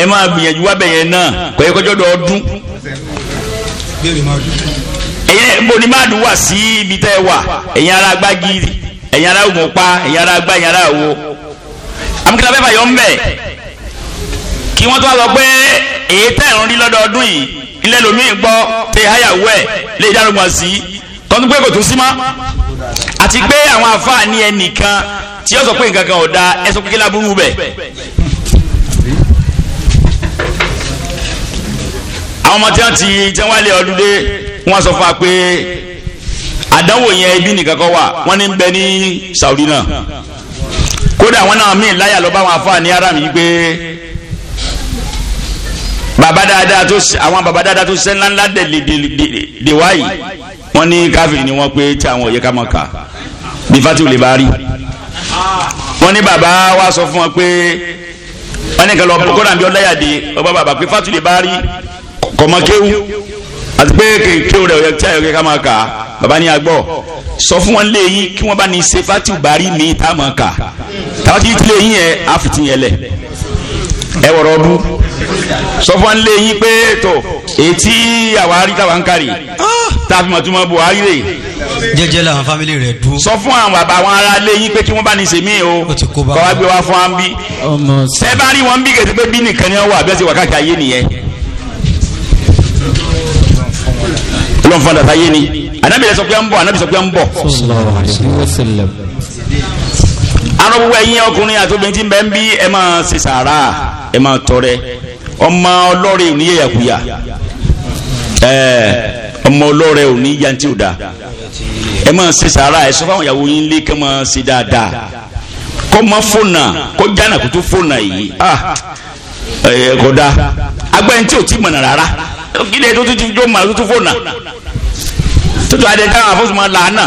ẹ máa gbìyànjú wábẹ̀ yẹn náà kò yẹ kọjọ́ dọọdún ẹ̀yẹ bó ni máàdùn wà sí ibi tẹ́ ẹ wà ẹ̀yin ara gbági ẹ̀yin ara ògùnpa ẹ̀yin ara gbá ẹ̀yin ara wo amúkìlá fẹ́ fàyọ̀ ń bẹ̀ kí wọ́n tó wá lọ pé èyí tẹ́ ẹ̀rùn rí lọ́dọọdún yìí ilẹ̀ lomi gbọ́ tẹ háyàwó ẹ̀ lè dárúgbà sí tọ́tún pé kò tún sí mọ́ àti pé àwọn àfáà ní ẹnìkan tí ó sọ pé nǹkan kan ò da ẹ sọ pé bẹ̀. àwọn ọmọ tí wọ́n ti tí wọ́n wọ́n sọ fún wa pé àdánwò yẹn ibi nìkan kọ́ wà wọ́n ní bẹ ní Saudi náà kódà wọn náà mí láyà lọ bá wọn àfáà ní aráàmì yìí pé baba dáadáa tó àwọn baba dáadáa tó ṣiṣẹ́ ńláńlá dèwà yìí wọ́n ní káfíìn ni wọ́n pé tí àwọn òye ká mọ̀ ká bí fatiwu lè bá rí wọ́n ní baba wa sọ fún wọn pé wọ́n ní kẹlọ kódà bí ọláyàdé ọba baba pé fatiwu lè bá rí kọ̀mọ́ kéwú àti pé kéwú rẹ̀ òye tí àwọn òye ká mọ̀ ká baba ní agbọ́ sọ fún wọn lé kí wọ́n bá ní ṣe fatiwu bá rí mi tá mọ̀ ká tàbí tí ilé yín yẹn á yẹn lẹ̀ ẹ wọ̀rọ̀ ọdún sọ fún wọn lé yín pé tó etí àwárí táwa ń kárì tàbí mọ̀túnmọ̀ buhari rè. jẹ́jẹ́ làwọn fámìlì rẹ̀ dúró. sọ fún àwọn bàbá àwọn ará lé yín pé kí wọ́n bá ní sèmí o kọ́ wá gbé wá fún wọn bí. ṣé bá rí wọn bí kẹsì pé bí nìkan ni wọn wà bí wọ́n ti wà káàkiri ayé nìyẹn. ọlọ́run fún ọ̀dà táyé ni anábìyẹ sọ pé ń bọ̀ anábìyẹ sọ pé ń bọ̀ àrọ gbogbo ẹ̀yin ọkùnrin àti obìnrin tí ń bẹ ń bí ẹ máa ṣe sàárà ẹ máa tọrẹ ọmọ ọlọ́rẹ ò ní yẹ̀yàkuyà ọmọ ọlọ́rẹ ò ní yantí ò da ẹ máa ṣe sàárà ẹ sọ fáwọn ìyàwó yín lé kẹ́ máa ṣe dáadáa kọ́ máa fònà kọ́ jánà kó tó fònà yìí ah, ẹ kọ́ da agbẹ́yìn tí ò tí mọ̀nà rárá kí lè tó tó tó mọ̀nà tó tó fònà tó tó adé táwọn àfọ́sùnmọ́ làánà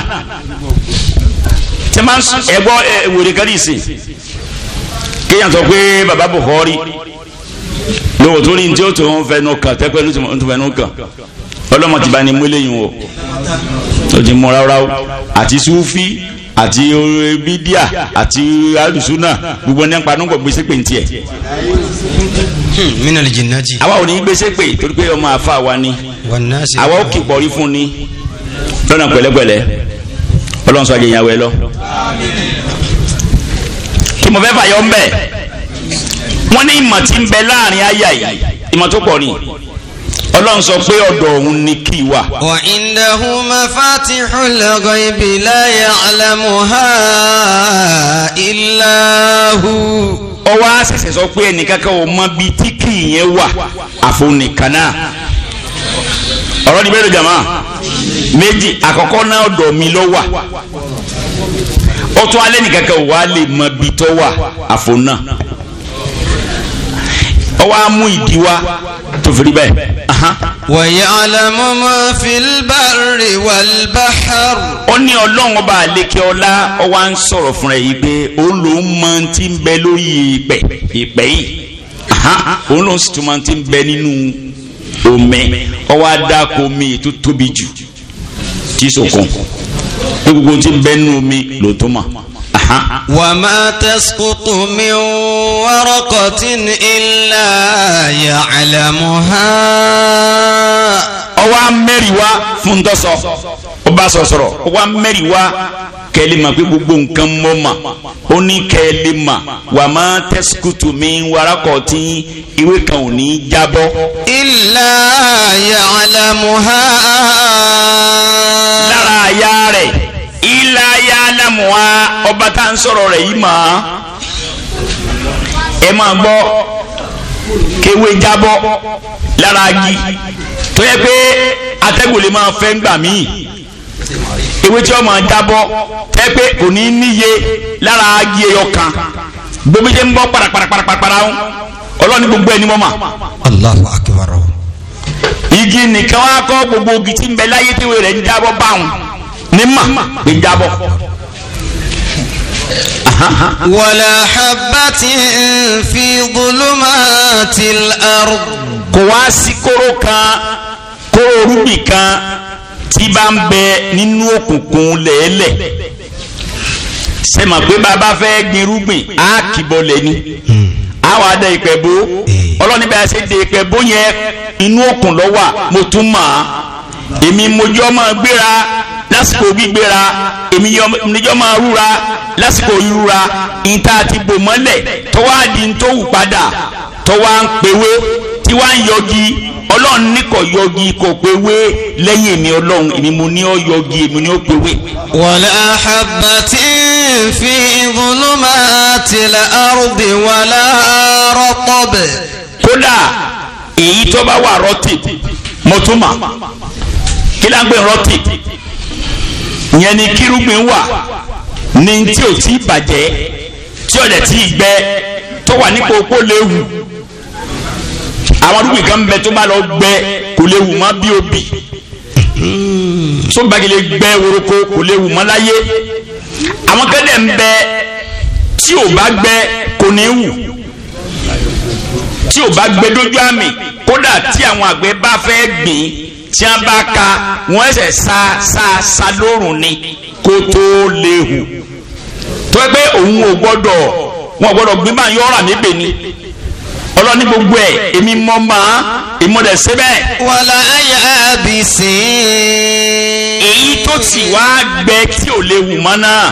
ṣe máa ń ẹgbọ́ wèrè kan nìsín kéèyàn sọ pé baba Buhari lóòótọ́ ní tí ó tó ń fẹnu kàn tẹ́pẹ́ ló tó fẹnu kàn ọlọ́mọ ti bá ní mú eléyìí wò O ti mú ráúráú àti sufi àti bídíà àti alùsùnà gbogbo ní apá nígbà gbèsè pé ntiẹ. Hmm, mina lè jìnnà jì. àwa ò ní gbèsè pé torí pé ọmọ àfa wa ni àwa ó kì pọ̀rí fún ni lọ́nà pẹ̀lẹ́pẹ̀lẹ́ ọlọ́run sọ àjẹyìn àwẹ̀ lọ. kí mo fẹ́ fàyọ mbẹ́ wọ́n ní ìmọ̀ tí ń bẹ láàrin àyà yìí ìmọ̀ tó pọ̀ ni ọlọ́run sọ pé ọ̀dọ̀ òun ni kí wà. wa indahu mafatihul ghaibi la ya'lamuha illa hu. ó wá ṣẹ̀ṣẹ̀ sọ pé ẹnìkankan ò mọ bíi tí kì í yẹn wà àfonìkan ọ̀rọ̀ ni bẹ́ẹ̀ ló jàmá méjì àkọ́kọ́ náà ọ̀dọ̀ mi ló wà ọtún alẹ́ nìkan kan wà á lè mọ ibi tó wà àfo náà ọwọ́ á mú ìdí wá tó fi rí bẹ́ẹ̀. wa ya'lamu ma fil barri wal bahr. ó ní ọlọ́run ọba àlékè ọlá ọwọ́ à ń sọ̀rọ̀ fúnra yìí pé òun lòún mọ ti bẹ lórí ìpẹ́ ìpẹ́ yìí òun sì tún mọ ti bẹ nínú omi ọwọ́ adáko omi tó tóbi jù tí sòkun pé gbogbo tí ń omi ló tó mọ̀. وما تسقط من ورقة إلا يعلمها ọwọ́ amẹ́rìí fún dọ́sọ ọba sọ̀sọ̀rọ̀ wa mẹ́rin wa kẹ́lẹ́ ma pé gbogbo nǹkan mọ́ ma ó ní kẹ́lẹ́ ma wà má tẹ́síkùtù mi warakọ̀ tí ìwé kan ò ní jábọ́. illa ya'lamuha. lára aya rẹ̀ illa ya'lamuha ọba tá à ń sọ̀rọ̀ rẹ̀ yìí mà á ẹ máa gbọ́ kéwé jábọ́ lára agi tó yẹ pé atẹ́gùn lè máa fẹ́ ń gbà míì ewé tí ọmọ jábọ́ ẹ pé kò níye lára agi ẹyọ kan gbogbo ń bọ́ paraparaparapara ń ọlọ́ni gbogbo ẹni mọ́mà. Allahu akbar. igi nìkan wá kọ́ gbogbo ogi tí ń bẹ láyé tí wọ́n rẹ̀ ń jábọ́ báwọn ní mà ń jábọ́. ولا حبة في ظلمات الأرض kò wá sí kóró kan kóró rúbì kan tí bá ń bẹ nínú òkùnkùn lẹ́ẹ̀lẹ̀ sẹ́mọ̀ pé bàbá fẹ́ gbinrúgbìn á kìbọ̀ lẹ́ni àwọn hmm. adé ìpẹ̀bó eh. ọlọ́ni bá a ṣe dé ìpẹ̀bó yẹn inú òkun lọ́wà mo tún mọ̀ á èmi mojọ́ máa gbéra lásìkò gbígbéra èmi níjọ́ máa rúra lásìkò rúra ìta àti bòmọ́lẹ̀ tọ́wọ́ àdìntòwù padà tọ́wọ́ à ń pewé tí wàá yọgi ọlọ́run ní kò yọgi kò péwé lẹ́yìn èmi ọlọ́run èmi mo ní ọ yọgi èmi ní ó péwé. wala habbatin fi zulumatil ardi wala ratab. kódà èyí tó bá wà rọ́tì mo kí ló ń gbé rọ́tì ìyẹn ni kírúgbìn wà ní tí ò tí bàjẹ́ tí ọ̀dẹ̀ tí gbẹ tó wà nípò kó léwu àwọn arúgbìn kan bẹ tó bá lọ gbẹ kò lè wù mọ́ bí obì tó bá gèlè gbẹ woroko kò lè wù mọ́ láyé àwọn kẹ́lẹ̀ ń bẹ tí ò bá gbẹ kò ní wù tí ò bá gbẹ dójú àmì kódà tí àwọn àgbẹ̀ bá fẹ́ gbìn tí wọ́n bá ka wọ́n ẹsẹ̀ sa sa sa lórùn ni kó tó lè hù tó yẹ pé òun ò gbọ́dọ̀ wọn ò gbọ́dọ̀ gbé máa yọ ọ́rà níbẹ̀ ọlọ́ni gbogbo ẹ̀ èmi mọ́ máa ìmọ̀dẹ̀ síbẹ̀. wàlá ayé àbìsí. èyí tó ti wá gbẹ tí ò lè wù mọ́ náà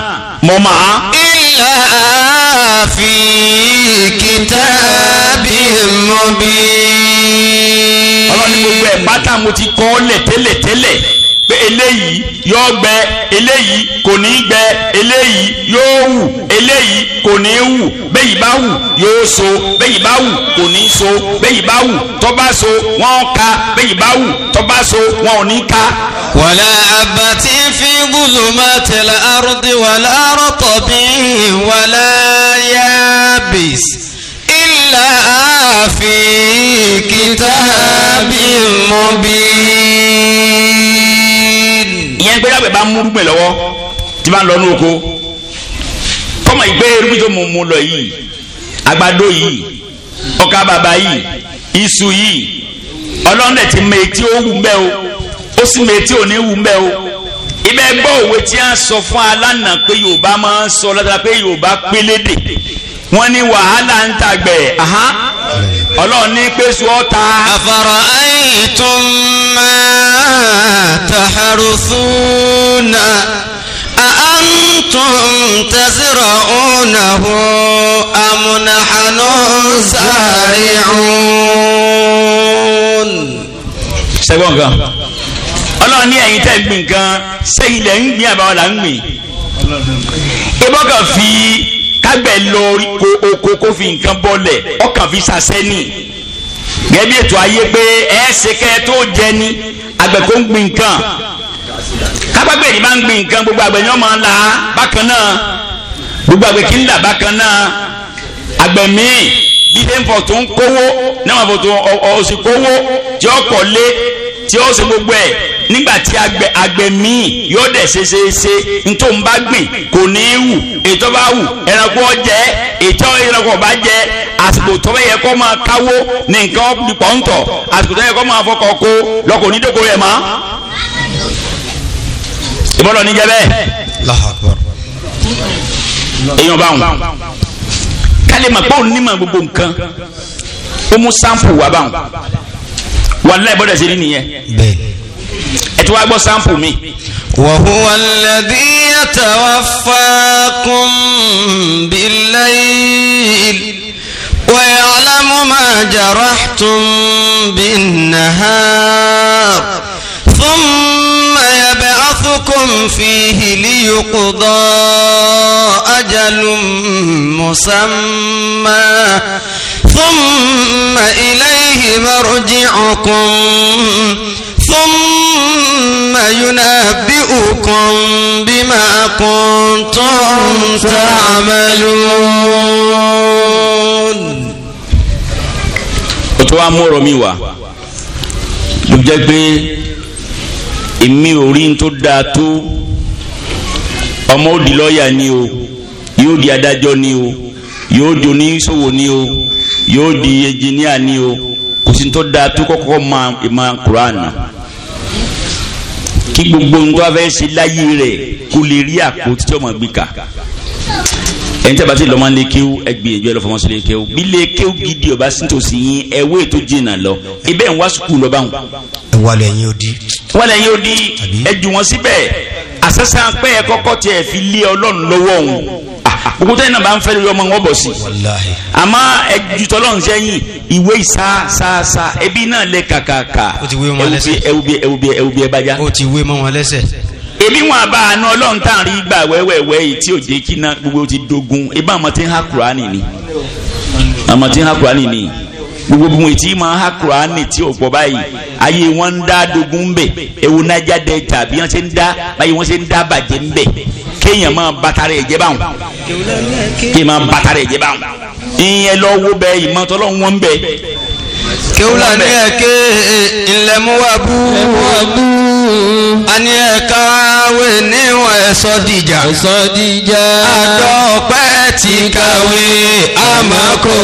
mọ́ máa. ìlà àfi kìtàbí mọ́bí. ọlọ́ni gbogbo ẹ̀ pátá mo ti kọ́ lẹ̀tẹ́lẹ̀tẹ́lẹ̀ pé eléyìí yóò gbẹ eléyìí kò ní gbẹ eléyìí yóò wù eléyìí kò ní wù bẹ́yìí bá wù yóò so bẹ́yìí bá wù kò ní so bẹ́yìí bá wù tó so wọ́n ka bẹ́yìí bá wù tó so wọ́n ní ka. wàlá abàtí fi zulumatil ardi wàlá ratbin wàlá yabis illa fi kitabin mubin ìyẹn pé lágbẹ̀ bá mú rúgbìn lọ́wọ́ tí bá ń lọ ní oko kọ́mọ ìgbé rúgbìn tó mú mú lọ yìí àgbàdo yìí ọkà bàbà yìí iṣu yìí ọlọ́ndẹ̀ ti mọ etí ó wù mbẹ́ o ó sì mọ etí ò ní wù mbẹ́ o ibẹ̀ gbọ́ òwe tí a sọ fún alánà pé Yorùbá máa ń sọ látara pé Yorùbá pélédè wọ́n ní wàhálà ń tàgbẹ̀ ahán ọlọ́run ní pèsè ọ̀tá. àfàrà àìtún máa tàhárùsúnà àǹtún tẹ̀sírọ̀ ònàwó amúnàhánú sàárìún. sẹ́gbọ́n nǹkan ọlọ́run ní ẹ̀yin tẹ́ ń gbìn nǹkan ṣé ilẹ̀ gbìn àbáwọ̀ là ń gbìn. ìbọ̀kàn fi kábẹ̀ lọ oko kó fi nǹkan bọ́lẹ̀ ọkàn fi sàṣẹ́ nì gẹ́gẹ́ bí ètò ayé pé ẹ̀ẹ́sì kẹ́ tó jẹ ni àgbẹ̀ kó ń gbin nǹkan kápágbẹ̀ yìí máa ń gbin nǹkan gbogbo àgbẹ̀ ni máa ń là bákan náà gbogbo àgbẹ̀ kì í là bákan náà àgbẹ̀ míì bí dẹ́nfọ̀ tó ń kówó náà wọ́n fò tó ọ̀sìn kówó tí ọkọ̀ lé tí ó ṣe gbogbo ẹ̀ nígbàtí àgbẹ̀ míì yóò dẹ̀ ṣeṣeṣe ntó ń bá gbìn kò ní í wù ètò bá wù ẹranko ọjẹ ètò ẹranko ọba jẹ àsìkò tó bẹ yẹ kó máa káwó ní nǹkan pọ̀ ń tọ̀ àsìkò tó yẹ kó máa fọkọ̀ kó lọ́kọ̀ onídókòó rẹ̀ mọ́. ìbọ̀lọ̀ níjẹ́ bẹ́ẹ̀. èèyàn bá wọn kálí mà pé ní mà gbogbo nǹkan ó mú sáǹpù wá bá wọn wàlẹ́ ìbọ̀dẹ̀ ṣe rí nìyẹn. ẹ ti wá gbọ́ sampo mi. wa huwa alladhi yatawaffakum bil-layl. ويعلم ما جرحتم بالنهار ثم يبعثكم فيه ليقضى أجل مسمى ثم إليه مرجعكم ثم ينبئكم بما كنتم تعملون tó wá mú ọ̀rọ̀ mi wá ló jẹ́ pé èmi ò rí tó dáa tó ọmọ ó lọ́ọ̀yà ni o yóò di adájọ́ ni o yóò di oníṣòwò ni o yóò di ẹnjìníà ni o kò sí tó dáa tó kọ́kọ́ ma ìmọ̀ kuraani kí gbogbo nǹkan afẹ́ ṣe láyé rẹ̀ kó lè rí àpótí tí ọmọ gbé ka ẹni tí a bá ti lọ́mọ lé kéwú ẹgbẹ́ ìjọ ẹlọ́fọmọ sí lé kéwú bí lé kéwú gidi ọba síntòsí yín ẹwé tó jìnnà lọ ibẹ̀ ń wá sùkúù lọ báwọn. wàlẹ̀ yín ó di. wàlẹ̀ yín ó di ẹ jù wọ́n síbẹ̀ àṣẹṣe apẹ́ ẹ kọ́kọ́ tiẹ̀ fi lé ọlọ́run lọ́wọ́ òun gbogbo tẹ́yìn náà bá ń fẹ́ lórí ọmọ wọn bọ̀ sí àmọ́ ẹjútọ́ lọ́run sẹ́yìn ìwé ìsáàsáàsá ẹbí náà lẹ kàkàkà ẹwùbí ẹwùbí ẹwùbí ẹbájá. ó ti wé mọ́ wọn lẹ́sẹ̀. ebi wọn bá aná ọlọ́run tá à ń rí gbà wẹ́wẹ́wẹ́ yìí tí ò gbogbo ti dogun ebí àwọn ti ha kúránì ni àwọn ti ha kúránì ni gbogbo bí wọn ti máa ha kúránì tí ò pọ̀ báyìí ayé wọn ń dá dogun ń ewu nájà dẹ́ta bí wọ́n ṣe ń dá báyìí wọ́n ṣe ń kéèyàn máa bàtàrà ẹ̀jẹ̀ báwọn kéèyàn máa bàtàrà ẹ̀jẹ̀ báwọn ìyẹn lọ wo bẹ ìmọ̀tọ́ lọ́wọ́ wọn bẹ. kéwùlà ní ẹ̀kẹ́ ìlẹ̀múwàbú ani ẹ̀ka wé níwọ̀n ẹ̀sọ́ dìjà ẹ̀sọ́ dìjà àjọ ọ̀pẹ́ ti kàwé àmọ́kò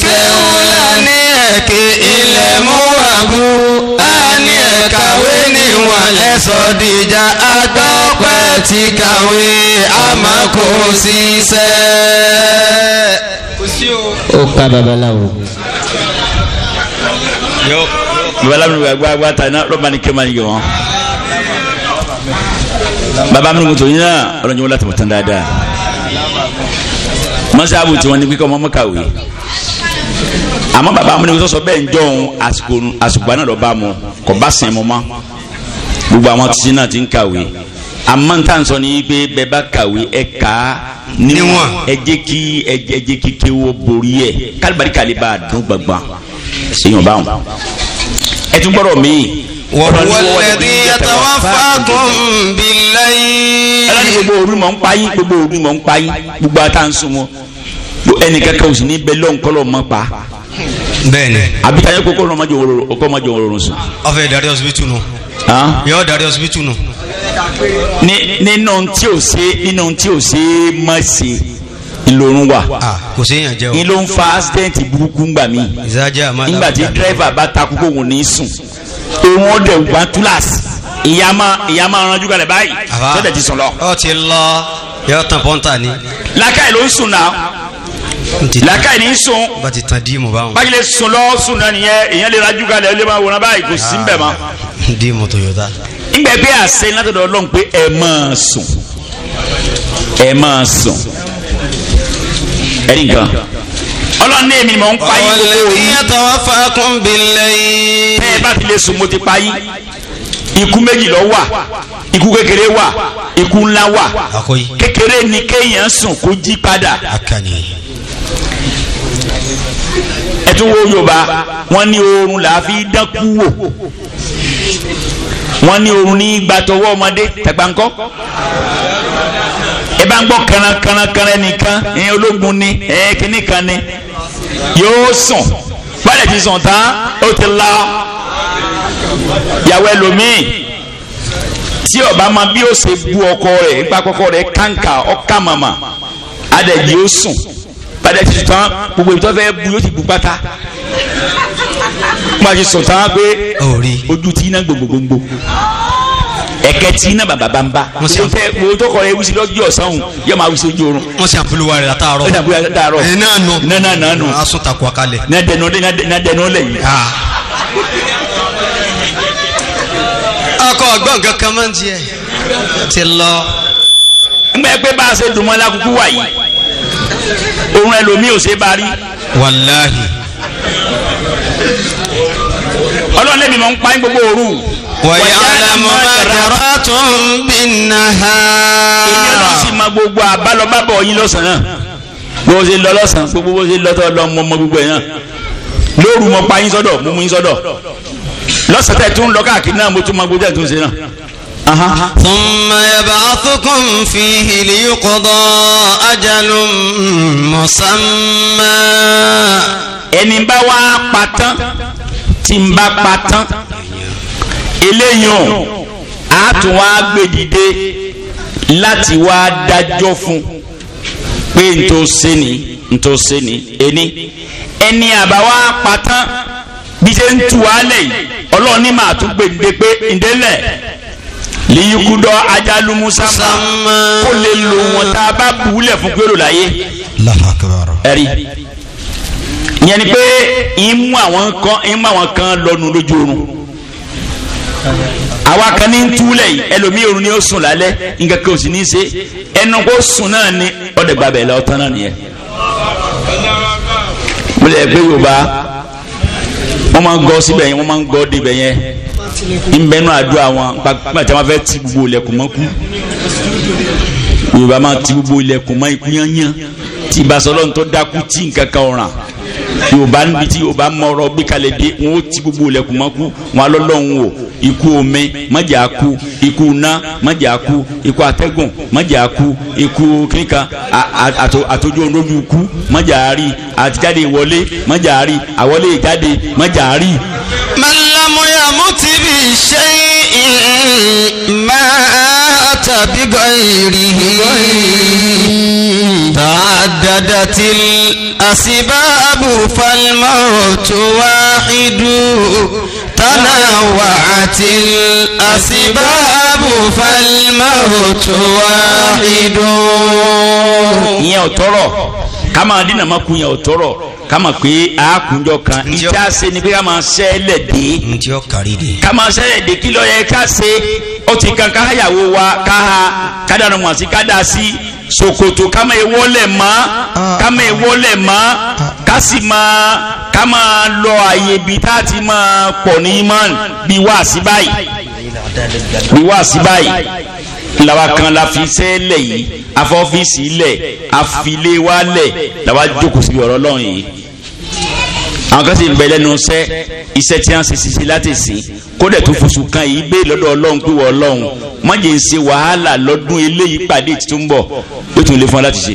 kéwùlà ní kí ilẹ̀ mú àbú á ní ẹ̀kàwé níwọ̀n lẹ́sọ̀ dìjà agbọ́pẹ́ ti kàwé àmọ́ kò ṣiṣẹ́. ó pa babaláwo. babaláwo ni gbàgbà ta iná rọ́bà ni kí n máa ń baba mi ni mo tó yín náà ọlọ́njọ́ wọn láti mọ̀ tán dáadáa mọ́sáàbù tí wọ́n ní pípọ́ mọ́mọ́kàwé àmọ́ bàbá amúnigun sọ̀sọ̀ bẹ́ẹ̀ ń jọ òun àsìkò àsùgbà náà lọ bá mu kò bá sìn mọ́ gbogbo àwọn títí náà ti ń kàwé àmọ́ n tàn sọ ni pé bẹ́ẹ̀ bá kàwé ẹ kà á níwọ̀n ẹ jẹ́ kí ẹ jẹ́ kí kéwọ́ borí ẹ̀ kálíbaríkà lè bá a dùn gbàngbàn èèyàn báwọn ẹ tún gbọ́dọ̀ míì wọ̀lẹ́dí yàtọ̀wọ́ fàákùn bí lẹ́yìn. ẹlẹ́ni gbogbo òru mọ̀ ń payín gbogbo òru mọ̀ ń payín gbogbo àtàǹsùn wọn ẹnìkan kan ò sì ní bẹ lọ́nkọ́lọ́ mọ́ pa bẹ́ẹ̀ni àbí ayé kókó ọmọ jọ wọlọrọ ọkọ ọmọ jọ wọlọrọ sùn. ọfẹ ìdarí ọsibítù nù. yọ ìdarí ọsibítù nù. nínú tí ò ṣe nínú tí ò ṣe má ṣe ìlòrun wà. kò sí ìyànjẹ o. ìlò ń fa accident burúkú ńgbà mí. ìsájà máa lábàjá nígbà tí dírẹ́fà bá takú kó wò ní sùn. òun ọdẹ ògbà túláàsì ìyá máa ìyá máa ranjú kalẹ̀ báyìí. sọ́dẹ̀ ti sùn lọ. ọ ti lọ yọ tán pọ́ńtà ni. lákàyè ló ń sùn náà làákàyè ní sun bájìlẹ̀ sun lọ sun náà nìyẹn èèyàn lè rajú kalẹ̀ ó lè máa wòran báyìí kò sí ń bẹ̀ mọ́. Ah, díìmù toyota. ngbẹ bí àṣẹ látọ̀dọ̀ ọlọ́run pé ẹ máa sùn ẹ máa sùn ẹ̀rí nǹkan ọlọ́run ní èmi mò ń pa yín gbogbo yìí. ọlọ́run tọwọ́ fàákùn bílẹ̀ yìí. bẹ́ẹ̀ bá ti lè sùn mo ti pa yín ikú méjì ló wà ikú kékeré wà ikú ńlá wà kékeré ni kéèyàn sùn kó jí padà ẹ tún wo Yorùbá wọ́n ní oorun là á fi dánkú wò wọ́n ní oorun ní gbàtọwọ́ ọmọdé tàgbàǹkọ́ ẹ bá ń gbọ́ kanrankanrankanran nìkan ẹ ológun ni ẹ kìnnì kan ni yóò sùn bàdẹ̀ ti sùn tán ó ti la yàwó ẹlòmíì tí ọba máa bí ó ṣe bu ọkọ rẹ̀ nípa kọkọ rẹ̀ kàǹkà ọkà màmá adẹ̀jì ó sùn gbàdẹ́ ti tán gbogbo ìtọ́ fẹ́ bu yóò ti bu pátá má ti sùn tán pé ojú tí iná gbogbogbò ẹ̀kẹ́ tí iná bàbá bá ń bá owó tó kọ̀ ẹ́ wíṣí lọ́jọ́ ọ̀sán òun yóò máa wíṣí ojú oorun. wọ́n ṣe àpolówó rẹ̀ látàárọ̀ ẹ̀ dàbí ẹ̀ náà nù náà náà náà nù. a sún takò akalẹ̀. náà dẹnu lẹ̀ yìí. Ah. ọkọ̀ ọgbọ́n kankan máa ń tiẹ̀ ti lọ. ń gbẹ́ pé bá a ṣe dùnmọ́ lákùkù wà yìí òun ẹlòmíì ò ṣe bá rí. wàláhì. ọlọ́run lẹ́mi mọ̀ ń pa ní gbogbo òru. ويعلم مجرات بالنهار èmi ọlọ́run sì mọ gbogbo àbálọ́bábọ̀ yín lọ́sàn-án bó ṣe lọ lọ́sàn-án gbogbo bó ṣe lọ́tọ̀ lọ mọ mọ gbogbo ẹ̀yàn lóru mọ pa yín sọ́dọ̀ mú mú yín sọ́dọ̀ lọ́sàn tún lọ káàkiri náà mo tún mọ gbogbo ẹ̀ tún ṣe náà. ثم يبعثكم فيه ليقضى أجل مسمى ẹni bá wá patán tí ń bá patán eléyàn á tún wá gbé dìde láti wá dájọ́ fún pé n tó ṣe ni n tó ṣe ni ẹni ẹni àbáwá patán bí ṣe ń tu wálẹ̀ ọlọ́ọ̀ni màá tún gbé pé ǹdẹ́lẹ̀ liyikudọ ajalu musa kó lè lò wọn tá a bá buwulẹ̀ fún pé lòlá yé ẹ̀rí ìyẹn ni pé ìmú àwọn kan ìmú àwọn kan lọ́nu lójú oorun àwa kan ní túlẹ̀ yìí ẹlòmíì oorun ni ó sùn lálẹ́ nǹkan kan ò sì ní í ṣe ẹnu kó sùn náà ni ọ̀dẹ̀gbàbẹ̀ lọ́ọ́ tán náà nìyẹn mo lè gbé yorùbá wọ́n máa ń gọ́ síbẹ̀ yẹn wọ́n máa ń gọ́ débẹ̀ yẹn nbẹnu adu wọn gbàgbà tí wọn fẹ́ ti gbogbo ilẹ̀kùn mọ́ kú yorùbá ti gbogbo ilẹ̀kùn mọ́ ikú yányán tí ìbásọlọ́run tó dákú tí nǹkan kan ọ̀ràn yorùbá níbi tí yorùbá mọ̀rọ̀ gbé kalẹ̀ dé wọn ó ti gbogbo ilẹ̀kùn mọ́ kú wọn alọ́lọ́run wò ikú omi mọ̀jà kú ikú ná mọ̀jà kú ikú atẹ́gùn mọ̀jà kú ikú kíkan àtòjú olójú kú mọ̀jà rí àtijáde ìwọlé mọ̀jà rí àwọlé ìjáde mọ̀jà rí. شيء ما أتى بغيره تعددت الأسباب فالموت واحد تنوعت الأسباب فالموت واحد يا ترى ká máa dínà máa kun yẹn ò tọrọ ká máa pé a kunjọ kan ìjà se ni pé ká máa sẹ́lẹ̀ dé ká máa sẹ́lẹ̀ dé kí ló yẹ ká ti kan ká yàwó wa ká ha ká dànù mọ̀ sí ká dà sí sokoto kama máa wọlé mọ́ ká máa wọlé mọ́ ah. ká sì máa ká máa lọ àyè ibi tá a ti máa pọ̀ ní imán bí wá sí báyìí bí wá sí báyìí làwa kan la fi sẹ́lẹ̀ yìí afọ́fíìsì lẹ̀ afilé wa lẹ̀ làwa jókòó síbi ọ̀rọ̀ lọ́rùn yìí àwọn kan sì ń bẹ lẹ́nu iṣẹ́ iṣẹ́ tí wọ́n ṣe ṣiṣẹ́ láti sìn kódà tó fosùn kan yìí gbé lọ́dọ̀ ọlọ́run pé wọ́n ọlọ́run mọ̀jẹ̀ ń ṣe wàhálà lọ́dún eléyìí pàdé tí bọ̀ ó tún lè fún wa láti ṣe.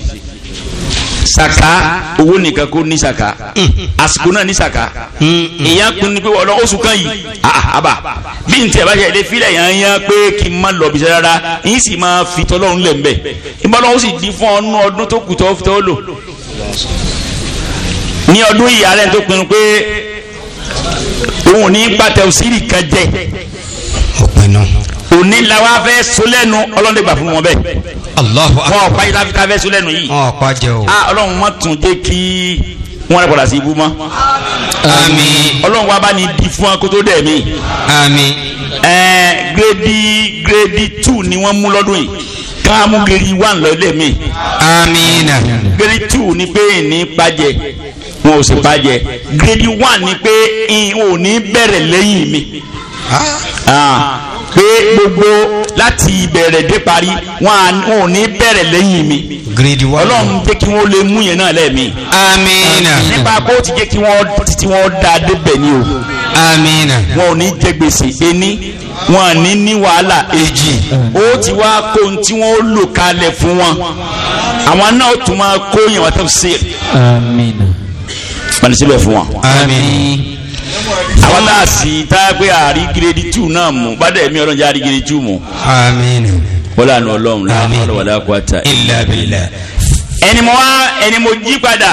Saka owó nìkan kó ní sàká hmm. àsìkò náà ní sàká hmm. ìyá kun ni pé wọ́n lọ oṣù kan yìí ah, ah, àbá bí n tẹ̀ bá ṣe ìdẹ́fílẹ̀ yẹn yẹn pé kí n má lọ bìṣẹ́ rárá yín sì máa fi tọ́lọ́run lẹ̀ ń bẹ̀ ìbálòun sì di fún ọdún ọdún tó kù tó fi tọ́ lò ní ọdún yìí ààrẹ tó pinnu pé òun ní pàtẹ́wọ́sírì kan jẹ. ọ̀pẹ náà òní la wá fẹ́ solẹ́nu ọlọ́run lè gbà fún wọn bẹ́ẹ̀. Allahu akbar wọn ọ̀pá yìí la fi ta fẹ́ solẹ́nu yìí. wọn ọ̀pá jẹ o. a ah, ọlọ́run wọn tún jẹ́ kí wọn rẹ̀ padà sí ibú mọ́. àmín. ọlọ́run wa bá ní di fún wọn kó tó dẹ̀ mí. àmín. ẹẹ gírèdì gírèdì two ni wọ́n mú lọ́dún yìí ká mú gírèdì one lọ́dẹ̀ mí. àmín. gírèdì two ni pé ní pàjẹ́ wọn ò sì bàjẹ́ gírèdì one ni pé n ò ní bẹ̀rẹ̀ lẹ́yìn mi. Ah. Ah pé gbogbo láti ìbẹ̀rẹ̀ dé parí wọn ò ní bẹ̀rẹ̀ lẹ́yìn mi ọlọ́run pé kí wọ́n lè mú yẹn náà lẹ́ẹ̀mí. amiina. nípa kó ti jẹ́ kí wọ́n títí wọ́n da débẹ̀ ni o. amiina. wọn ò ní jẹ gbèsè ení wọn ò ní ní wàhálà èjì ó ti wá kó ohun tí wọ́n lò kalẹ̀ fún wọn àwọn náà tún máa kó yẹn wọ́n tẹ̀ sí. amiina. wọ́n ti fún wọn. amiina àwọn tá a sì tá a gbé àrí gírèdì tù náà mú bá dẹ̀ mí ọlọ́run jẹ́ àrí gírèdì tù mú. àmín. bọ́lá nu ọlọ́run láàmú wàlá kó ata. illa billah. ẹni mo wá ẹni mo jí padà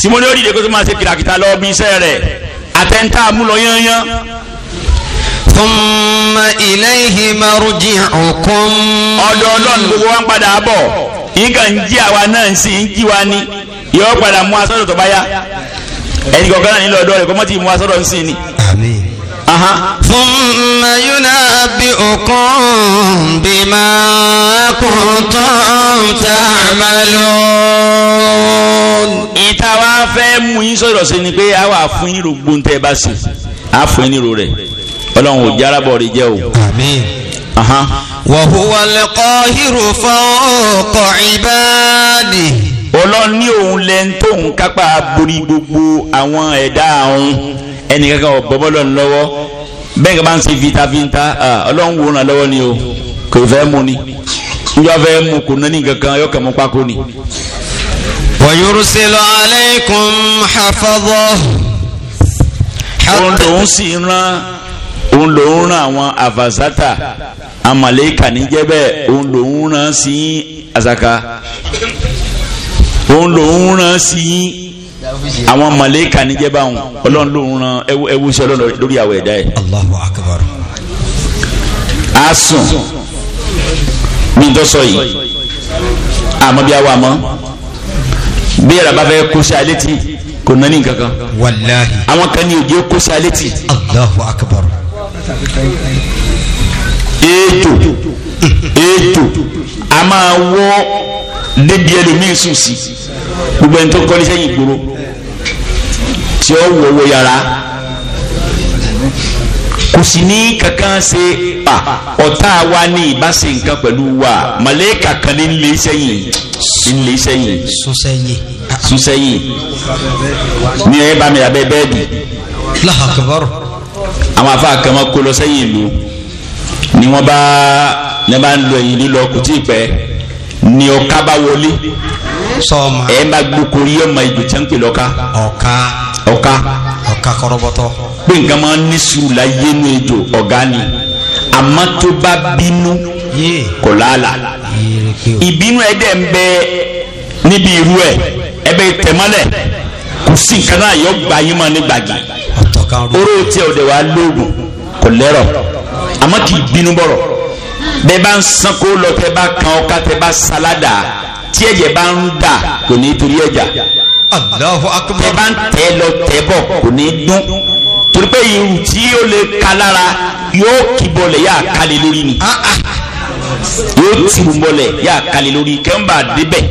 tí mo ní ó dìde kó tó máa ṣe kìràkìtà lọ bí iṣẹ́ rẹ̀ àtẹ̀ntà mú lọ yányán. ثم إليه مرجعكم ọ̀dọ̀ Ọlọ́run gbogbo wa ń padà bọ̀ yín ń jí àwa náà ń sìn ń jí wa ní yóò padà mú asọ́dọ̀ ẹni kọ̀ọ̀kan nílò ọ̀dọ́ rẹ̀ kọ́ mọ́ ti mú wa ń sìn ni. àmín. ثم ينبئكم بما كنتم تعملون. ìta wa fẹ́ mú yín sọ̀rọ̀ sí ni pé a wà fún yín ro gbóǹtẹ̀ bá sí a fún yín ro rẹ̀ ọlọ́run ò járabọ̀ rẹ̀ jẹ́ o. àmín. وهو القاهر فوق عباده ọlọ́run ní òun lẹ́n tóun kápá borí gbogbo àwọn ẹ̀dá àwọn ẹnìkankan ọ̀bọ̀bọ̀ lọ́n lọ́wọ́ bẹ́ẹ̀ kí n bá ń ṣe fitafita ọlọ́run wò ràn lọ́wọ́ ni o kò fẹ́ mu ni njọ́ fẹ́ mu kò náà kankan yọ kàn pákó ni. wa yursilu alaykum hafadha. òun lòun sì rán òun lòun rán àwọn àfàsátà àmàlẹ́kà níjẹ́ bẹ́ẹ̀ òun lòun rán sí àsàkà òun lòun rán sí àwọn màlẹ́kà níjẹ́ báwọn ọlọ́run lòun rán ẹwú ẹwú sí ọlọ́run lórí àwọ̀ ẹ̀dá ẹ̀. Allahu akbar. a sùn ní dọ́sọ yìí àmọ́ bí a wà mọ́ bí yàrá bá fẹ́ kó sí alẹ́ tí kò náà ní àwọn kan ní òjò kó sí alẹ́ tí. Allahu akbar. ètò ètò a máa wọ́ débi ẹlòmíín sùn sí gbogbo ẹni tó kọ́ ní sẹ́yìn ìgboro tí ó wọ owó yàrá kò sì ní kankan ṣe pa ọ̀tá wa ní ìbáṣe nǹkan pẹ̀lú wa màlẹ́kà kan ní ilé sẹ́yìn ilé sẹ́yìn sún sẹ́yìn ní ẹ bá mi abẹ́ bẹ́ẹ̀dì. àwọn afa kan máa kó lọ sẹ́yìn ìlú ni wọ́n bá ń lo ẹ̀yìn lílọ kò tí ni ọ̀ka bá wọlé ẹ má gbókòrí ọmọ ìjò tí wọ́n ń pè lọ́ka. ọ̀ka ọ̀ka ọ̀ka kọ́rọ́bọ́tọ́. pé nǹkan máa ń ní sùúrù láyé ní ejò ọ̀gá ni àmọ́ tó bá bínú kò láàlà ìbínú ẹ̀ dẹ̀ ń bẹ níbi irú ẹ̀ ẹ bẹ tẹ̀mọ́lẹ̀ kò sí nǹkan náà yọ gba yín mọ́ ní gbàgbé oró tí ọ̀dẹ̀ wa lóògùn kò lẹ́rọ̀ àmọ́ kì í bínú bọ̀rọ̀ bẹ́ẹ̀ bá ń san kó lọ tẹ́ bá kan ọ̀ka tẹ́ bá salada tí ẹ̀jẹ̀ bá ń dà kò ní torí ẹ̀jà tẹ́ bá ń tẹ́ lọ tẹ́ bọ̀ kò ní dún torí pé irú tí ó lè ka lára yóò kìbọlẹ̀ yá kalẹ̀ lórí ni ah, ah. yóò tìrùbọlẹ̀ yá kalẹ̀ lórí kẹ́ńbà débẹ̀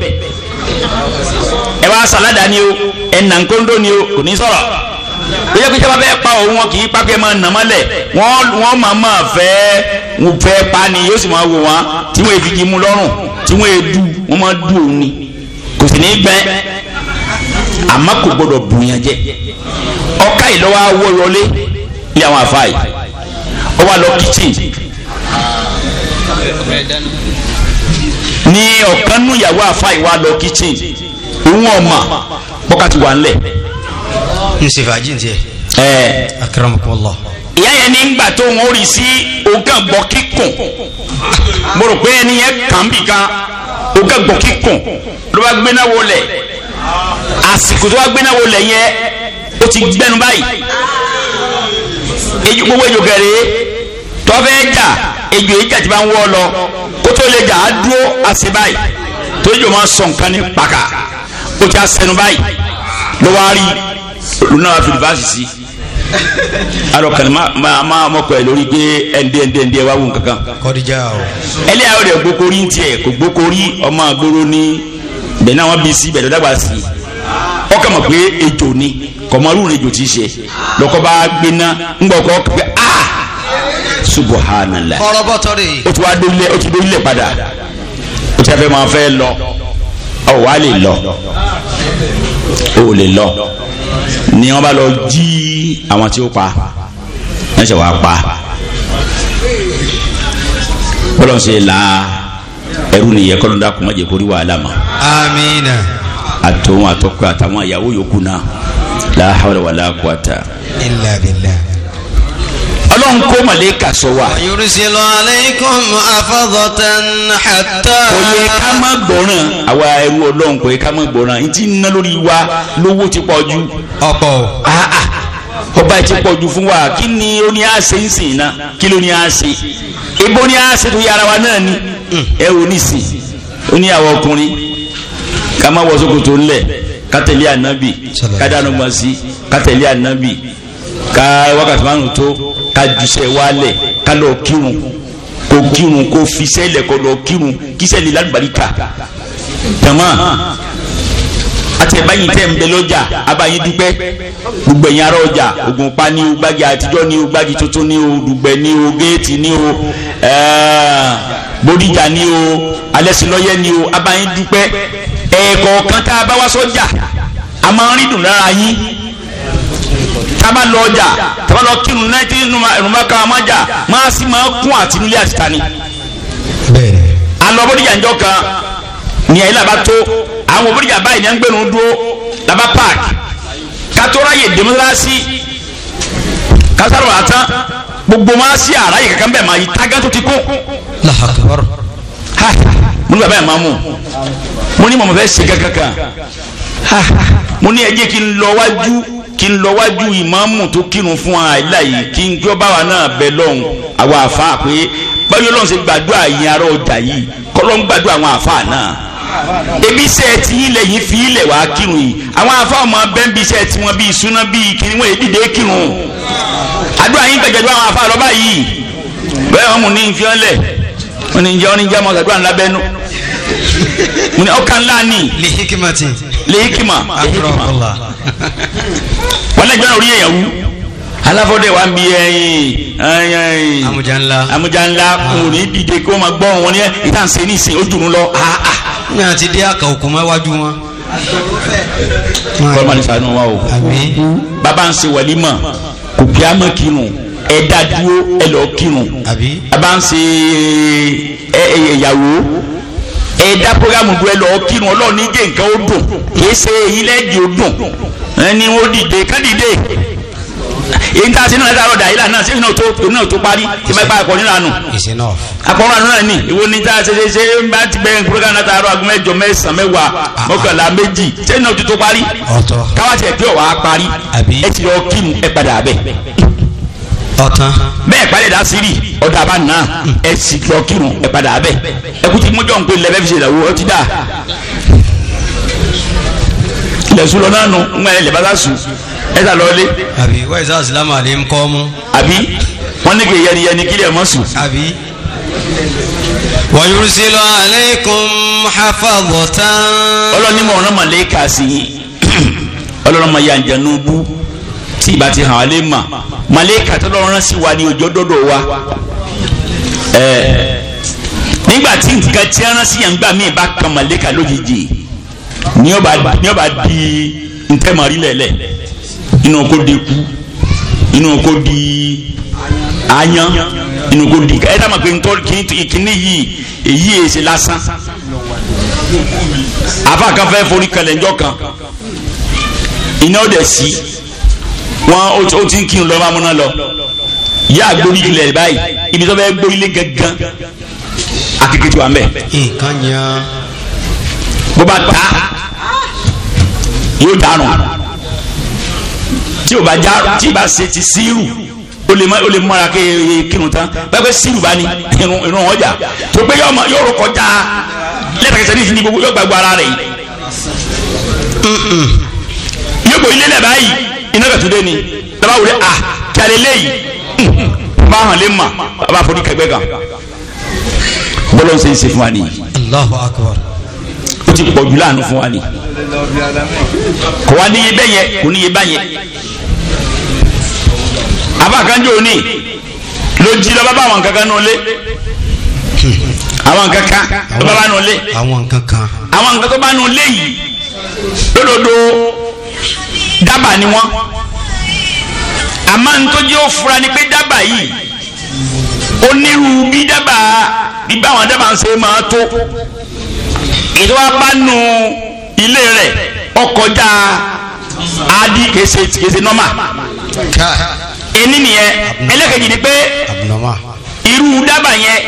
ẹ wá salada ni o ẹ nà ń kóńdó ni o kò ní sọ̀rọ̀ ó yẹ kí sábà fẹ́ pa òun wọn kì í pápẹ́ máa nà mọ́lẹ̀ wọ́n wọ́n máa máa fẹ́ fẹ́ pa ni yóò sì máa wò wọ́n tí wọ́n èfìjì mú lọ́rùn tí wọ́n èdú wọ́n máa dú òun ni kò sì ní gbẹ́ àmọ́ kò gbọ́dọ̀ bùnyàn jẹ́ ọ̀ka yìí lọ́wọ́ awọ́ wọlé ilé àwọn àfa yìí ó wà lọ kitchen ní ọ̀kan nù yàwó àfa yìí wà lọ kitchen òun ọ̀ma pọ́kàtì wà ńlẹ̀ ń ṣe fàájì tiẹ̀. ẹ akramakumullah. ìyá yẹn ní gbà tó ń rí sí ogán gbọ́ kíkùn mo rò pé ẹni yẹn kàn bí kan ogán gbọ́ kíkùn ló bá gbéná wọlé àsìkò tó bá gbéná wọlé yẹn ó ti gbẹnu báyìí èyí gbogbo èjò gẹ̀rẹ́ tọ́fẹ́ jà èjò èjà ti bá ń wọ́ lọ kó tó lè jà á dúró àṣẹ báyìí tó yóò máa sọ nǹkan ní pàkà ó ti àṣẹnu báyìí ló wá rí luna wa fili baasi si kalima ma ma ma kọ pé ẹnde ẹnde ẹnde wa wù kankan. kọ́díjà o. ẹlẹ́ àwọn de gbokori ń tiẹ̀ gboro ọ kà mọ̀ ni kọ̀mọ́rù ni ejò ti ṣe lọ́kọ́ o ah! ti o ti lọ lọ o le lọ. ni wọ́n bá lọ jí àwọn tí ó pa wọ́n ṣe wàá pa bọ́lá ń ṣe la ẹrú nìyẹn kọ́lọ́ dá kó má rí wàhálà mọ́. amiina. àtòun àtọkọ àtàwọn àyàwó yòókù náà la hawla wala quwata. illa billah ọlọ́run kó mọ̀lẹ́kà sọ wa. yurusilu aleikum afadatan hatta. kò yẹ ká má gbọ́ràn àwa ẹrú ọlọ́run kò yẹ ká má gbọ́ràn n ti ná lórí wa lówó ti pọ̀ ju. ọ̀pọ̀ ah, ah. ọba ti pọ̀ ju fún wa kí ni ó ní a ṣe ń sìn iná kí ló ní a ṣe ibo ní a ṣe tó yára wa náà ni hmm. ẹ ò ní sìn ó ní àwọn ọkùnrin ká má wọ ṣòkòtò ńlẹ̀ ká tẹ̀lé ànábì ká dáná gbọ̀n sí ká tẹ̀lé ànábì ká wákàtí márùn tó ká jùṣẹ́ wálẹ̀ ká lọ kírun kó kírun kó fi sẹ́lẹ̀ kó lọ kírun kí sẹ́lẹ̀ lálùbáríkà jama àtẹ̀báyìí tẹ̀ ń bẹ lọ́jà abáyé dúpẹ́ gbogbo ẹ̀yìn ará ọjà Ògùnpa ní o gbági àtijọ́ ní o gbági tuntun ní o dùgbẹ́ ní o géètì ní o bódìjà ní o alẹ́sìlọ́yẹ́ ní o abáyé dúpẹ́ ẹ̀ẹ̀kọ̀ọ̀kan tá a bá wá Kama lọ ọjà taba lọ kírun náà tí ìrùmọ̀ ká má jà máa sì máa kún àti nílé àti tani. alọ bóríjà njọ kan ní ayé làbá tó àwọn bóríjà báyìí ní à ń dúró làbá park kátólá yè dèmọ́sálásí kásáró àtán gbogbo máa sí àrá yìí kankan bẹ́ẹ̀ máa yí tágá tó ti kú. lahakabar. ha mo ní bàbá yẹn máa mú mo ní mọ̀mọ́ fẹ́ ṣe kankan ha mo ní ẹ jẹ́ kí n lọ wájú kí n lọ wájú ìmáàmù tó kírun fún àìlà yìí kí n gbọ́ báwa náà bẹ lọ́hùn àwọn àfa pé báyọ̀ Ọlọ́run ṣe gbàdúrà yín ará ọjà yìí kọ́lọ́ ń gbàdúrà àwọn àfa náà ebi iṣẹ́ ti ilẹ̀ yìí fi ilẹ̀ wá kírun yìí àwọn àfa ọmọ bẹ́ẹ̀ bí iṣẹ́ tiwọn bíi súná bíi kiri wọn èdìdè kírun àdúrà yín gbẹ̀jẹ̀ àwọn àfa lọ́ba yìí bẹ́ẹ̀ wọn mú ní ìfiọ́lẹ̀ wọn ní ìjẹ́ wọn ní ìjẹ́ ọmọ mo ní ọkà ńlá ni. lè hikima ti. lè hikima. akọrọmọlá. wọn lè gbẹ́rọ orí ẹ̀yàwó. aláfọ́dé wa Amujanla. bi ẹyin. amújá ńlá. amújá ńlá kò ah. ní dìde kó máa gbọ́ wọn ní ìtàn ṣe ní ìsìn ojú lọ. Ah, ah. ní àti dé àkà òkun mọ́ iwájú wọn. kọ́lọ́mà ní sàánú wa o. bàbá ń ṣe wàlímà kò kí á mọ̀ kírun ẹ̀dá dúró ẹlọ kírun àbá ń ṣe ẹ̀yàwó ẹ dá programu dúró ẹ lọ kírun ọlọ́run ní jẹ́ nǹkan ó dùn kì í ṣe ilé ó dùn ẹni ó dìde kádìde èyí tá a ṣe náà lẹ́tà ọ̀dà ìlànà ṣé náà tó náà tó parí tí bá akọ nílànà akọ̀rọ̀ àná náà ni ìwo tá a ṣe ṣe ṣe ń bá ti bẹ́ẹ̀ program náà tààrọ̀ aago mẹ́jọ mẹ́sàn-án mẹ́wàá ah. mọ́kànlá méjì ṣé náà tó tó parí káwá tiẹ̀ pé ọ̀ wá parí ẹ ti lọ kírun ẹ padà bẹ́ẹ̀ ọ̀tán. bẹ́ẹ̀ parí ẹ̀dá sírì ọ̀dọ̀ àbá nà hmm. ẹ̀ sì lọ kírun ẹ̀ padà abẹ́ ẹ̀ kú ti mọ́jọ́ nǹkan ilẹ̀ bẹ́ẹ̀ fi ṣe ìdàwó ọ dà. ilẹ̀ lọ náà ń gbà ilẹ̀ bá sùn ẹ̀ sà lọ́ọ́lé. àbí wáyé sá àsìlámù àlè ń kọ́ mú. àbí wọ́n ní kì í yẹni yẹni kílẹ̀ mọ́ sùn. àbí. ويرسل عليكم حفظة ọlọ́ni mọ̀ ọ̀rán mọ̀ yà ń tí ìbá ti hàn wá lé mà màlẹ́kà tó lọ́ọ́ rán sí wa ní ọjọ́ dọ́dọ̀ wa nígbà tí nǹkan tí rán sí yàn gbà mí bá kan màlẹ́kà lójijì ní ọba di ntẹ́mọ̀rí lẹ̀lẹ̀ inú oko di ku inú oko di ayan inú oko di ẹ dáhùn pé ntọ́ ìkíní yìí èyí èsè lásán àbá kan fẹ́ forí kalẹ̀ ńjọ́ kan iná ọ̀dẹ̀ sí wọn ó ti ń kírun lọ bá múná lọ yá àgbórí ilẹ̀ báyìí ibi tó fẹ́ gbórí lé gangan akéke tí wà ń bẹ̀. bó bá ta yóò dárùn tí ò bá já tí ì bá ṣe ti síírù o lè o lè mọ́ra ké kírun tán bẹ́ẹ̀ pé síírù bá ní irun ọjà tó pé yóò rọ kọjá lẹ́tàkẹsẹ̀ ní ìsinmi gbogbo yóò gbàgbọ́ ara rẹ̀ yìí yóò gbòó ilé lẹ̀ báyìí iná bẹ̀ tún dé ni dábàá wúlé à kíálẹ̀ ah, léyìí bá hàn lé mà bá forí kẹgbẹ́ kan bọ́lá ń ṣe ìṣe fún wa nìyí. Allahu akbar. ó ti pọ̀jù láàánú fún wa nìyí. kò wá níye bẹ́ẹ̀ yẹ kò níye bá yẹ. abákanjọ́ òní ló jí lọ́ba bá àwọn kankan náà lé àwọn kankan lọ́ba bá náà lé àwọn kankan tó bá náà lé yìí lódodo dábàá ni wọ́n àmọ́ ní tó jẹ́ òfura ni pé dábàá yìí onírú bí dábàá bí báwọn dábàá ń ṣe máa tó ètò wa bá nu ilé rẹ̀ ọkọjá adi kese kese nọ́mà ẹni nìyẹn ẹlẹ́kẹ̀jì ni pé irú dábàá yẹn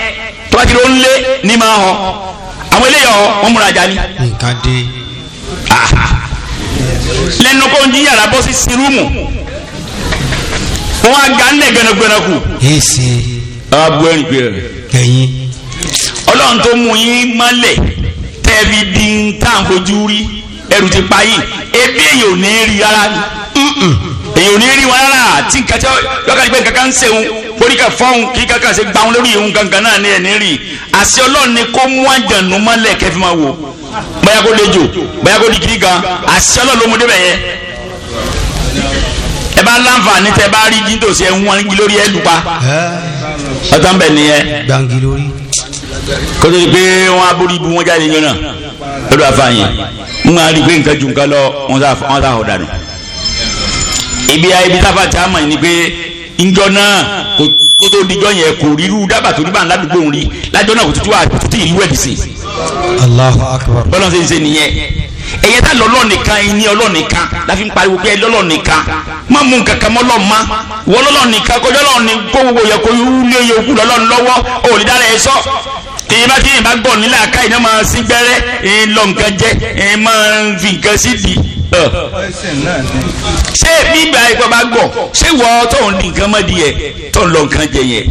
tó bá ti ló ń lé ní máa hàn àwọn eléyọ̀ ọmúrajà ni. nǹkan dé lẹ́nu kó ń jí yàrá bọ́ sí sírúmù wọ́n á ga ńlẹ̀ gbẹnagbẹna kù. èsì. a bu ẹni pé rẹ. ẹyin. ọlọ́run tó mú yín mọ́lẹ̀ tẹ́ẹ̀bí di ń tàn fojú rí ẹrù ti pa yìí ebi èyí ò ní rí rárá èyí ò ní rí wọn rárá tí nǹkan tí lọ́kàn nípa nǹkan kan ń sẹ́wọ̀n orí kan fọ́hún kí kankan ṣe gbàhún lórí ìhun gangan náà ní ẹ̀ ní rí àṣẹ ọlọ́run ni kó mú àjànú mọ́lẹ̀ kẹfì máa wò bóyá kó lejò bóyá kó digiri gan àṣìṣe ọlọ́lọ́mọdé bẹ̀ yẹ ẹ bá láǹfààní tẹ bá rí jíndòsí ẹ ń wọn igi lórí ẹ lù pa ọtá ń bẹ nìyẹn. gbangi lórí. kótó ti pé wọn aborí ibu wọn jáde yọnà lọ́dọ̀ àfààyàn ń wọn rí i pé nǹkan ju nǹkan lọ wọn sá ọ̀dà nù. ibi ayé ibi táfà tí a mọ̀ ní pé njọ náà kó tó dijọ́ yẹn kò ríru dábà tó níbà ládùúgbò ń rí lájọ́ náà kò tuntun wà wẹ̀ bìsì. Allahu Akbar. bọ́lá ṣe ń ṣe nìyẹn ẹ̀yẹ tá lọ́lọ́nìkan ẹni ọlọ́nìkan láfi ń pariwo pé ẹ lọ́lọ́nìkan má mú nǹkan kan mọ́ lọ́ọ̀ma wọ́n lọ́lọ́nìkan kọjọ́ lọ́ọ̀ni kó gbogbo yẹ kó yẹ wúlé yẹ kú lọ́lọ́ni lọ́wọ́ òòlì dára sọ èyí bá tíyìn bá gbọ̀ nílẹ̀ àká iná máa sí gbẹ́rẹ́ èyí lọ nǹkan jẹ́ èyí máa ń fi nǹkan sí di. ṣé gbígbà ìpọ̀ bá gbọ̀ ṣé wọ́ tó ń di nǹkan mọ́di yẹ tó ń lọ nǹkan jẹ yẹ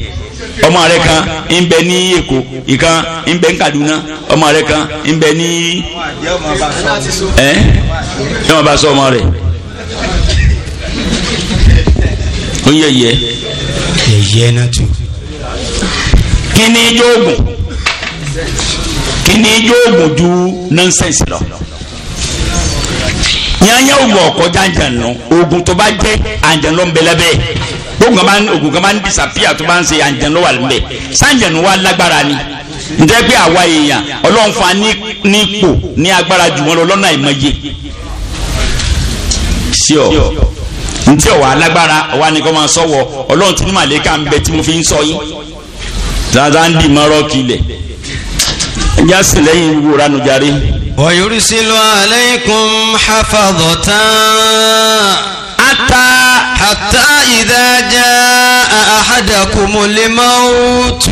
ọmọ rẹ kan ń bẹ ní Èkó ìkan ń bẹ ní Kaduna ọmọ rẹ kan ń bẹ ní. ẹ ẹ wọn bá sọ ọmọ rẹ ó yẹ yẹ. yẹ yẹ náà tún. kí ni jóògùn kíní yóò gùn ju nọ́nsẹ̀nsì lọ yányá oògùn ọ̀kọ́ jàǹjàn nù oògùn tó bá jẹ́ àǹjàn ló ń bẹ lábẹ́ oògùn kan bá ń oògùn kan bá ń disapia tó bá ń ṣe àǹjàn ló wà lóbẹ̀ sàǹjàn wa lágbára ni njẹ́ pé àwa èèyàn ọlọ́run fa ní ipò ní agbára jù wọn lọ lọ́nà ìmọ̀ye sí ọ ntí ọ̀wà alágbára ọ̀wà ni kò máa sọ̀wọ́ ọlọ́run tí ní màlẹ́kà ń bẹ tí mo fi ń sọ yín dáadáa ń dì mọ́rọ́ ẹjá sì lẹ́yìn gbogbo ránu jarí. wọ̀nyúrí sí lọ aleikum hafadọ̀tà ata ata ìdájà ahadakumul mautu.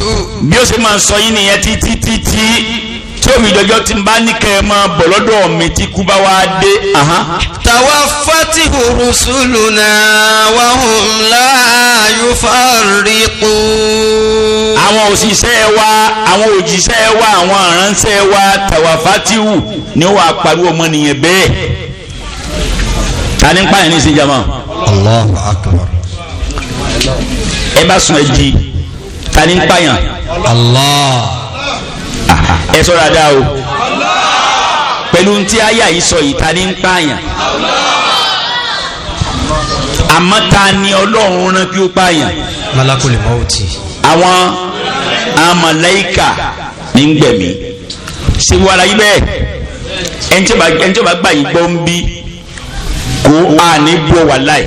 bí ó ṣe máa sọ yín nìyẹn títí títí tí omi ìjọjọ́ ti bá ní kẹ́ ẹ máa bọ̀ lọ́dọ̀ mi tí kú bá wá dé. tàwa fati rusuluna wa hum la yufarriqu. àwọn òṣìṣẹ́ wa àwọn òjíṣẹ́ wa àwọn aránṣẹ́ wa tàwa fati hù ni wọ́n á pariwo ọmọnìyàn bẹ́ẹ̀. ta ni ń ní ìsìn jama. Allahu akbar. ẹ bá sùn ẹ jí ta ni ń Allah ẹ sọ dáadáa o pẹ̀lú tí àyà yìí sọ yìí ta ni ń pààyàn àmọ́ ta ni ọlọ́run rán kí ó pààyàn. àwọn amalaika ní ń gbẹ̀mí ṣé wọ́n ara yí bẹ́ẹ̀ ẹni tí ó bá gbà yí gbọ́ ń bí kó a ní wà láì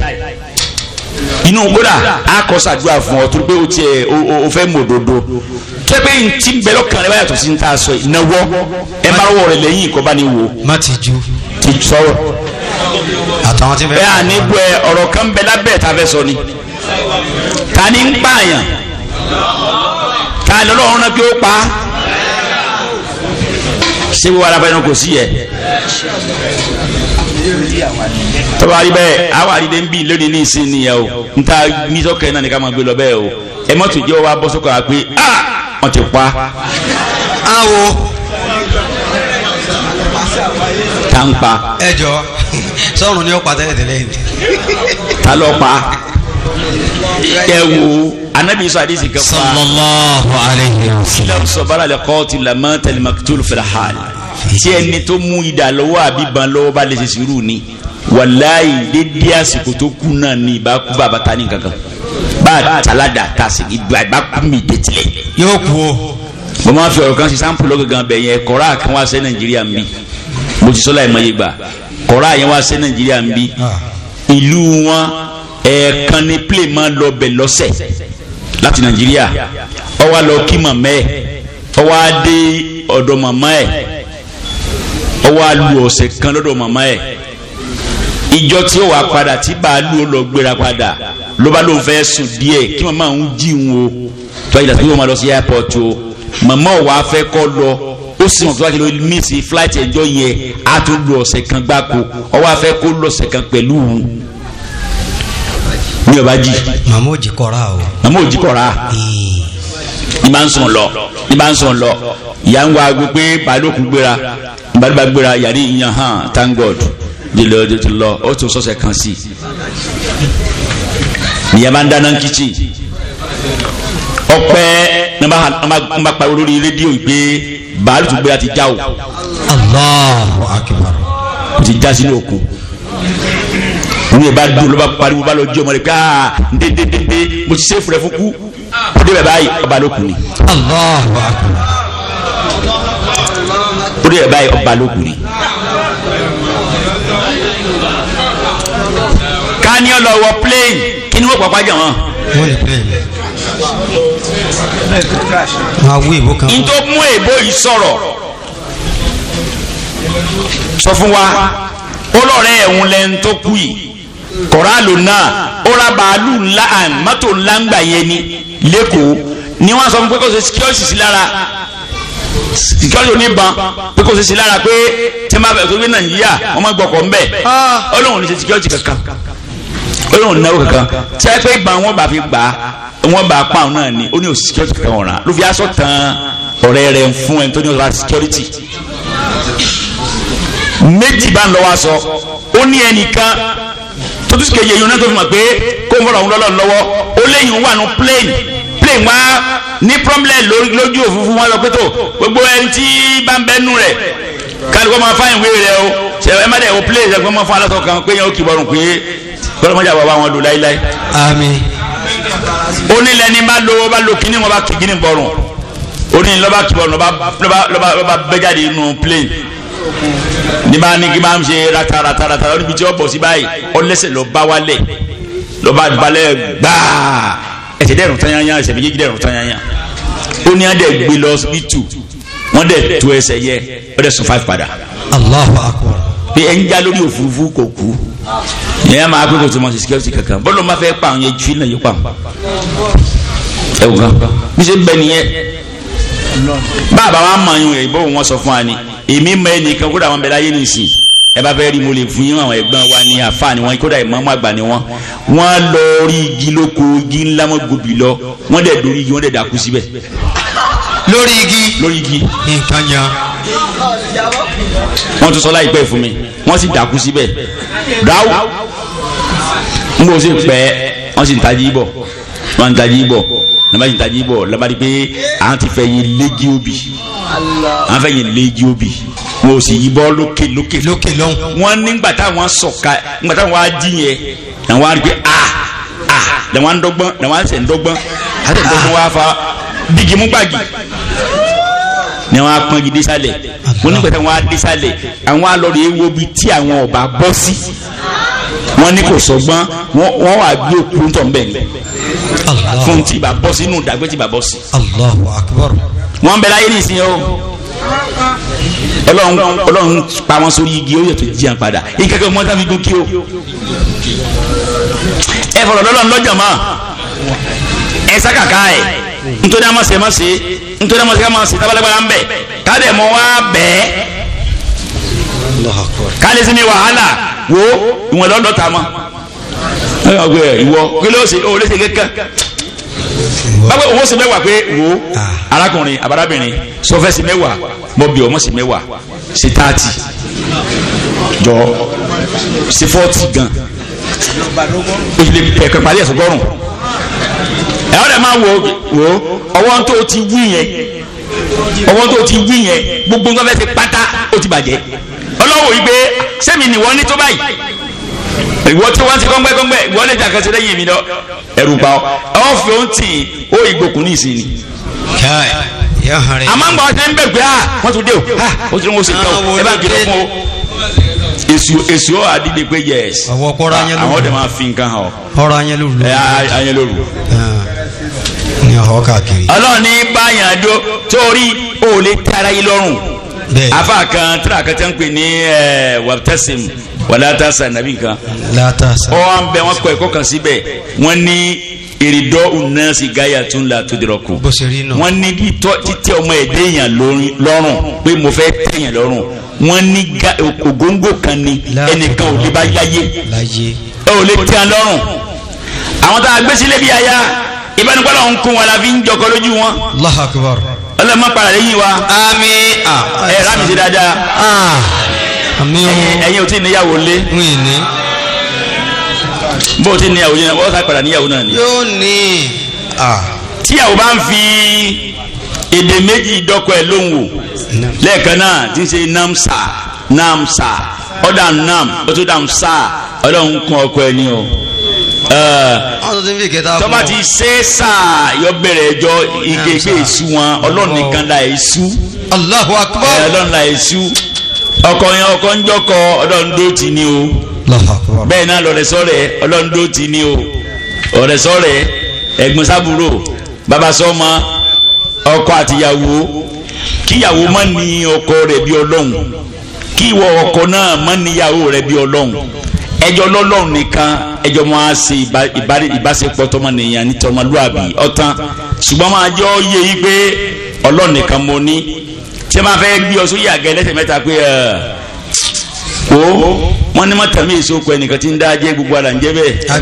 inú kódà á kọ́ sàdúrà fún ọ torí pé o tiẹ̀ o fẹ́ mọ̀ òdodo tẹ́ pé n ti bẹ lọ́kàn rẹ báyà tó ti ń ta aṣọ ìnáwó ẹ bá wọ̀ rẹ lẹ́yìn ìkọ́ bá ní wo. má ti ju. ti sọ̀rọ̀. àtàwọn ti bẹ. bẹ́ẹ̀ àní gbọ́ ẹ ọ̀rọ̀ kan bẹ lábẹ́ ta fẹ́ sọ ni. ta ni ń pààyàn. ta ni ọlọ́run náà kí ó pa ṣé wíwá bẹ́ẹ̀ náà kò sí yẹ tọ́ba rí bẹ́ẹ̀ àwọn àrídé ń bì lónìí ní ìsìn nìyẹn o n ta náà ní ká máa gbé lọ bẹ́ẹ̀ o ẹ mọ́tò jẹ́ wa bọ́ sókò wa pé a wọ́n ti pa á wo ta ń pa. ẹ jọ sọrun ni ó pa tẹ́lẹ̀ tẹ́lẹ̀ yìí. ta ló pa ẹ wo anabi sọ hadisi kan fa. sallallahu alayhi wa sọ baara le kọ́ ti lamọ́ tẹlimakitulu fil hal tí ẹni tó mú idà lọ́wọ́ àbíban lọ́wọ́ bá lè ṣe sùúrù ni wàláì dédé àsìkò tó kú náà ni ìbá kú bàbá ta ní kankan bá a tàládà ta sì ní ìgbà ìbá kú mi dé tilẹ̀. yóò kú o. mo máa fi ọ̀rọ̀ kan sí sampo lọ́gàngàn bẹ̀ yẹn kọ́ra kan wá sí nàìjíríà ń bí mo ti sọ́lá ìmọ̀ yìí gbà kọ́ra yẹn wá sí nàìjíríà ń bí ah. ìlú wọn ẹ̀ẹ̀kan ni plé máa lọ bẹ̀ lọ́sẹ̀ láti nàìjíríà ó wá lọ kí màmá ẹ̀ ó wá dé ọ̀dọ̀ màmá ẹ̀ ó wá lu ọ̀sẹ̀ kan lọ́dọ̀ màmá ẹ̀ ìjọ tí ó wà padà tí bàálù ó lọ gbéra padà ló bá lóun fẹ́ sùn díẹ̀ kí màmá òun jí òun o tó ayé ìdàtí máa lọ sí airport o màmá ò wá fẹ́ kọ́ lọ ó sì mọ̀ tó bá kí ló miss flight ẹjọ́ yẹn á tún lu ọ̀sẹ̀ kan gbáko ó wá fẹ́ kó lọ́sẹ̀ kan pẹ̀lú òun ní ọba jì. màmá ò jí o. màmá ò jí ní bá ń sùn lọ ní bá ń sùn lọ ìyá ń wá gbé pé balóku gbéra balóba gbéra yàrá ìyàn hàn thank god lílọ ọdún tó lọ ó tún sọ́sẹ̀ kan sí ìyá bá ń dáná kíchìn ọpẹ́ nígbà pariwo lórí rédíò ìgbé bàálù tó gbéra ti já o. Allahu akbar. o ti já sínú òkun ní ìbá dùn ló bá pariwo bá lọ jí ọmọ rẹ pé aa ah, ndéndéndé mo ti ṣe fúrẹ́ fún kú ó dé bẹ̀ báyìí ọba ló kù ni. ó dé bẹ̀ báyìí ọba ló kù ni. ká ní ọlọ́wọ́ plane kí ni wọ́n pọ̀ pàjọ́ wọn. wọ́n lè plane lẹ̀ n tó mú èbó yìí sọ̀rọ̀ sọ fún wa ó lọ́ọ̀rẹ́ ẹ̀hún lẹ́nu kú yìí kọ̀rálù náà ó ra bàálù ńlá àn mọ́tò ńlá ńgbà yẹn ni lẹ́kọ̀ọ́ ni wọ́n sọ fún pé kò sí síkírọ́sì sí lára síkírọ́sì oníbọn pé kò sí sí lára pé tí wọ́n bá fẹ́ sórí nàìjíríà wọ́n máa gbọ́kọ̀ ńbẹ̀ ọlọ́run ah. ní síkírọ́sì kankan olóhùn náwó kankan tí a pé gbà wọn bá fi gbà wọn bá pa àwọn náà ni ó ní o security kankan ọ̀ràn ló fi aṣọ tan ọ̀rẹ́ rẹ̀ fún ẹni tó ní ọ̀ràn security méjì bá ń lọ wá sọ ó ní ẹnìkan sotu sike yeyun náà tó fi mọ̀ pé kó ń bọ̀rọ̀ òun lọ́lọ́ lọ́wọ́ ó léyìn wà nù plane plane wá ní problem lójú òfurufú wọn lọ pé tó gbogbo ẹni tí bá ń bẹ́ nù rẹ̀ kálukọ́ máa fáyìn wé rẹ̀ o ṣẹ̀fẹ̀ má dẹ̀ o plane ṣẹ̀fẹ̀ máa fún alásọ̀ kan pé yẹn ó kì bọ́rùn pé kọ́lọ́ mọ́jà bàbá wọn lò láíláí. àmín. ó ní lẹni bá lo bá lo kíní wọn bá kì kíní bọ̀rùn ó ní lọ́ba kì bọ̀rùn lọ́ba bẹ́jáde nù plane ní bá ní kí bá ń ṣe rataratarata níbi tí ó bọ̀ sí báyìí ọlẹ́sẹ̀ lọ bá wálẹ̀ lọ bá balẹ̀ gbáà ẹ̀sẹ̀ dẹ̀rùn tanyanya ẹ̀sẹ̀ méjèèjì dẹ̀rùn tanyanya ó ní adẹ̀ gbé lọ sí tù wọ́n dẹ̀ tu ẹsẹ̀ yẹ ó sùn five padà. Allahu Akbar. bí ẹ ń já lórí òfurufú kò kú ìyẹn máa pé tó mọ sí ma fẹ́ pa àwọn yẹn ju ilẹ̀ yóò pa àwọn ẹ̀wù kan bí ṣe bẹ nìyẹn bá a bá wa mọ̀ ẹ̀yìn ìbọn wọn sọ fún wa ni èmi mọ ẹnìkan kódà wọn bẹ láyé nìsín ẹ bá fẹ́ rí mo lè fún yín àwọn ẹ̀gbọ́n wa ní àfa ni wọn kódà ìmọ̀ọ́mọ́ àgbà ni wọn wọn lọ rí igi lóko igi ńlá wọn gòbí lọ wọn dẹ̀ dórí igi wọn dẹ̀ dàkú síbẹ̀. lórí igi lórí igi. nǹkan yà. wọ́n tún sọ láìpẹ́ fún mi wọ́n sì dàkú síbẹ̀ dáwù n kò sì pẹ́ wọ́n sì ń tají bọ̀ wọ́n ń tají bọ̀ nàbà yìí tají bọ̀ labari pé àwọn ti fẹ́ yin léji obì àwọn fẹ́ yin léji obì wọn ò sì yí bọ́ lókè lókè lókè wọn nígbà táwọn sọ̀ka nígbà táwọn á dín yẹn àwọn á rí pé a ah, a ah. làwọn á ń dọ́gbọ́n làwọn á sẹ̀ ń dọ́gbọ́n á sẹ̀ fa dígí mú gbàgì ni wọn á pọn gidi sálẹ̀ wọn nígbà tí wọn á àwọn alọrọ yẹn wo bi tí àwọn ọba bọ sí wọn ní kò sọgbọn wọn wà gbé òkú tó ni fún tí bá bọ́ sí inú ìdàgbé tí bá bọ́ sí. Allahu Akbar. wọ́n bẹ̀rẹ̀ ayé nìsín o ọlọ́run ọlọ́run pa wọn sórí igi ó yẹ tó jí wọn padà ìkẹ́kẹ́ wọn tàbí gun kí o. ẹ fọ̀rọ̀ lọ́lọ́run lọ́jọ́ mọ́ ẹ sákàká ẹ̀ nítorí àmọ́ ṣe má ṣe nítorí àmọ́ ṣe má ṣe tábàlágbára ń bẹ̀ káàdì ẹ̀mọ́ wá bẹ́ẹ̀ káàdì sí ni wàhálà wo ìwọ̀n lọ́dọ̀ ta mọ́ ìwọ kí ló ṣe òun lè ṣe kankan báwo owó sí mẹ́wàá pé wo ah. arákùnrin abarabirin sọfẹ́ sí mẹ́wàá mọ́bí ọmọ sí mẹ́wàá sí táàtì jọ sí fọ́ọ̀tì gan òṣèlè pẹ̀pẹ̀ parí ẹ̀sùn gbọ́rùn ẹ̀họ́n rẹ̀ máa wo wo ọwọ́ tó ti wí yẹn ọwọ́ tó ti wí yẹn gbogbo nǹkan fẹ́ ti pátá ó ti bàjẹ́ ọlọ́wọ́ yìí pé sẹ́mi nìwọ ní tó báyìí ìwọ tí wọ́n ti kọ́ngbẹ́ kọ́ngbẹ́ lè jà kan lẹ́yìn mi lọ ẹ̀rù pa ọ́ ọ́ fi ohun tì í ó ìgbòkùn ní ìsìn ni. àmọ́ ń gbọ́ ọtí ń bẹ̀ pé à ah, wọ́n tún dé o ah, ó ti ní wọ́n sì gbà ó ẹ bá kìlọ̀ fún o. èsì èsì ó àdídé pé yẹs àwọn ọdẹ máa fi nǹkan hàn ọ. ọ̀rọ̀ ayélujára ní ọ̀họ́ káàkiri. ọlọ́ọ̀ni báyà dó torí o lè tara yín lọ́rùn. bẹ́ẹ̀ afa kan tíra kan ń pè ní eh, wàtẹ́sìm wà látàsà nàbí kan ọ wà ń bẹ wọn kọ ẹ̀kọ́ kan síbẹ̀ wọn ní ìrìndọ́ ọ̀nà sí gáyà tún là tó dìrọ̀ kù wọn ní títí ọmọ ẹ̀dẹ́ èèyàn lọ́rùn pé mo fẹ́ tẹ̀yàn lọ́rùn wọn ní ògóńgò kan ni ẹnìkan ò lè bá yáyé ẹ ò lè tẹ́ ẹ lọ́rùn àwọn tá a gbé sílé bí aya ìbánikọ́lọ̀ ń kún wa la fi ń jọkọ lójú wọn. Allahu Akbar. ọlọ́mọ para lẹ́yìn wa. àmín. Ah, ẹ rámi sí dáadáa. Ah ẹ̀yin ti tí níyàwó lé bó o ti níyàwó yẹn wọ́n sá padà níyàwó náà ni. yóò ní. tíyàwó bá ń fi èdè méjì dọ́kọ ẹ̀ lóhùn wò lẹ́ẹ̀kan náà tí ń ṣe namsa namsa ọ̀dà nam ọ̀tún dàm sa ọ̀dà ń kún ọkọ ẹ̀ ní o tọ́ba ti ṣe sáà yọ bẹ̀rẹ̀ ẹjọ́ ìgbégbé èṣù wọn ọlọ́run nìkan la èṣù. Allahu ọlọ́run la èṣù ọkọ yẹn ọkọ ń jọkọ ọlọ́ndó ti ni o bẹ́ẹ̀ náà lọ́rẹ́sọ́rẹ́ ọlọ́ndó ti ni o ọ̀rẹ́sọ́rẹ́ ẹ̀gbọ́n sábúrò bàbá sọ́mọ ọkọ àtìyàwó kíyàwó má ní ọkọ rẹ̀ bí ọlọ́run kíwọ ọkọ náà má níyàwó rẹ̀ bí ọlọ́run ẹjọ́ lọ́lọ́run nìkan ẹjọ́ máa ṣe ìbáṣepọ̀ tọmọnìyàn ní tọmọlúàbí ọ̀tán ṣùgbọ́n máa jọ yẹ yí pé ọlọ́run nìkan mo ní tí a máa fẹ́ gbé ọ sóyè àgẹ́ lẹ́sẹ̀ mẹ́ta pé o wọn ní mọ̀tàmí èso kọ ẹnìkan tí ń dá ajé gbogbo ara ń jẹ́ bẹ́ẹ̀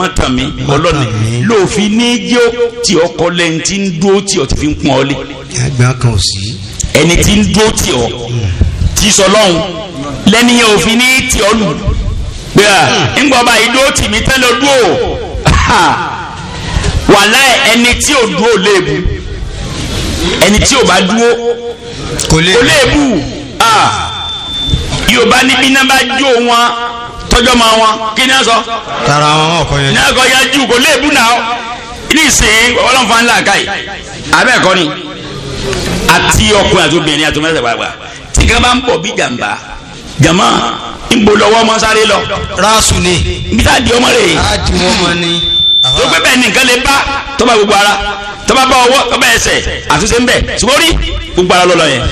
mọ̀tàmí ọlọ́ni lòfin ní jẹ́ tí ọkọ lẹ́yìn tí ń dúró tí ọ ti fi ń pọ́n ọ lé. ẹni tí ń dúró tí ọ ti sọ lọ́hùn lẹ́ni yẹn òfin ní tí ọ lù pé à ńgbọ́ báyìí dúró tì mí tẹ́lẹ̀ dúró wàhálà ẹni tí ò dúró léèbù ẹni tí ò bá dúró kò léèbù yorùbá ní bí náà bá jó wọn tọjọ́ ma wọn kí ni a sọ. tara wọn wọn kọ yẹn. ní akọ ya jù kò léèbù náà ní ìsìn ọlọ́nfà ńlá àká yìí abẹ́ ẹ̀kọ́ ni àti ọkùnrin àti obìnrin àti ọmọdé wàgbà tí kan bá ń bọ̀ bí jàǹbá jàmá ń bo lọ́wọ́ ọmọ sáré lọ. ráàsù ni. bí táà di ọmọ rẹ̀ yìí. á di mọ́ ọmọ ni. tó gbé bẹ́ẹ̀ nìkan lè bá tó gbogbo ara tọ́ba bá ọwọ́ tọ́ba ẹsẹ̀ àtúnṣe ń bẹ̀ ṣùgbọ́n orí gbogbo ara lọ́lọ́ yẹn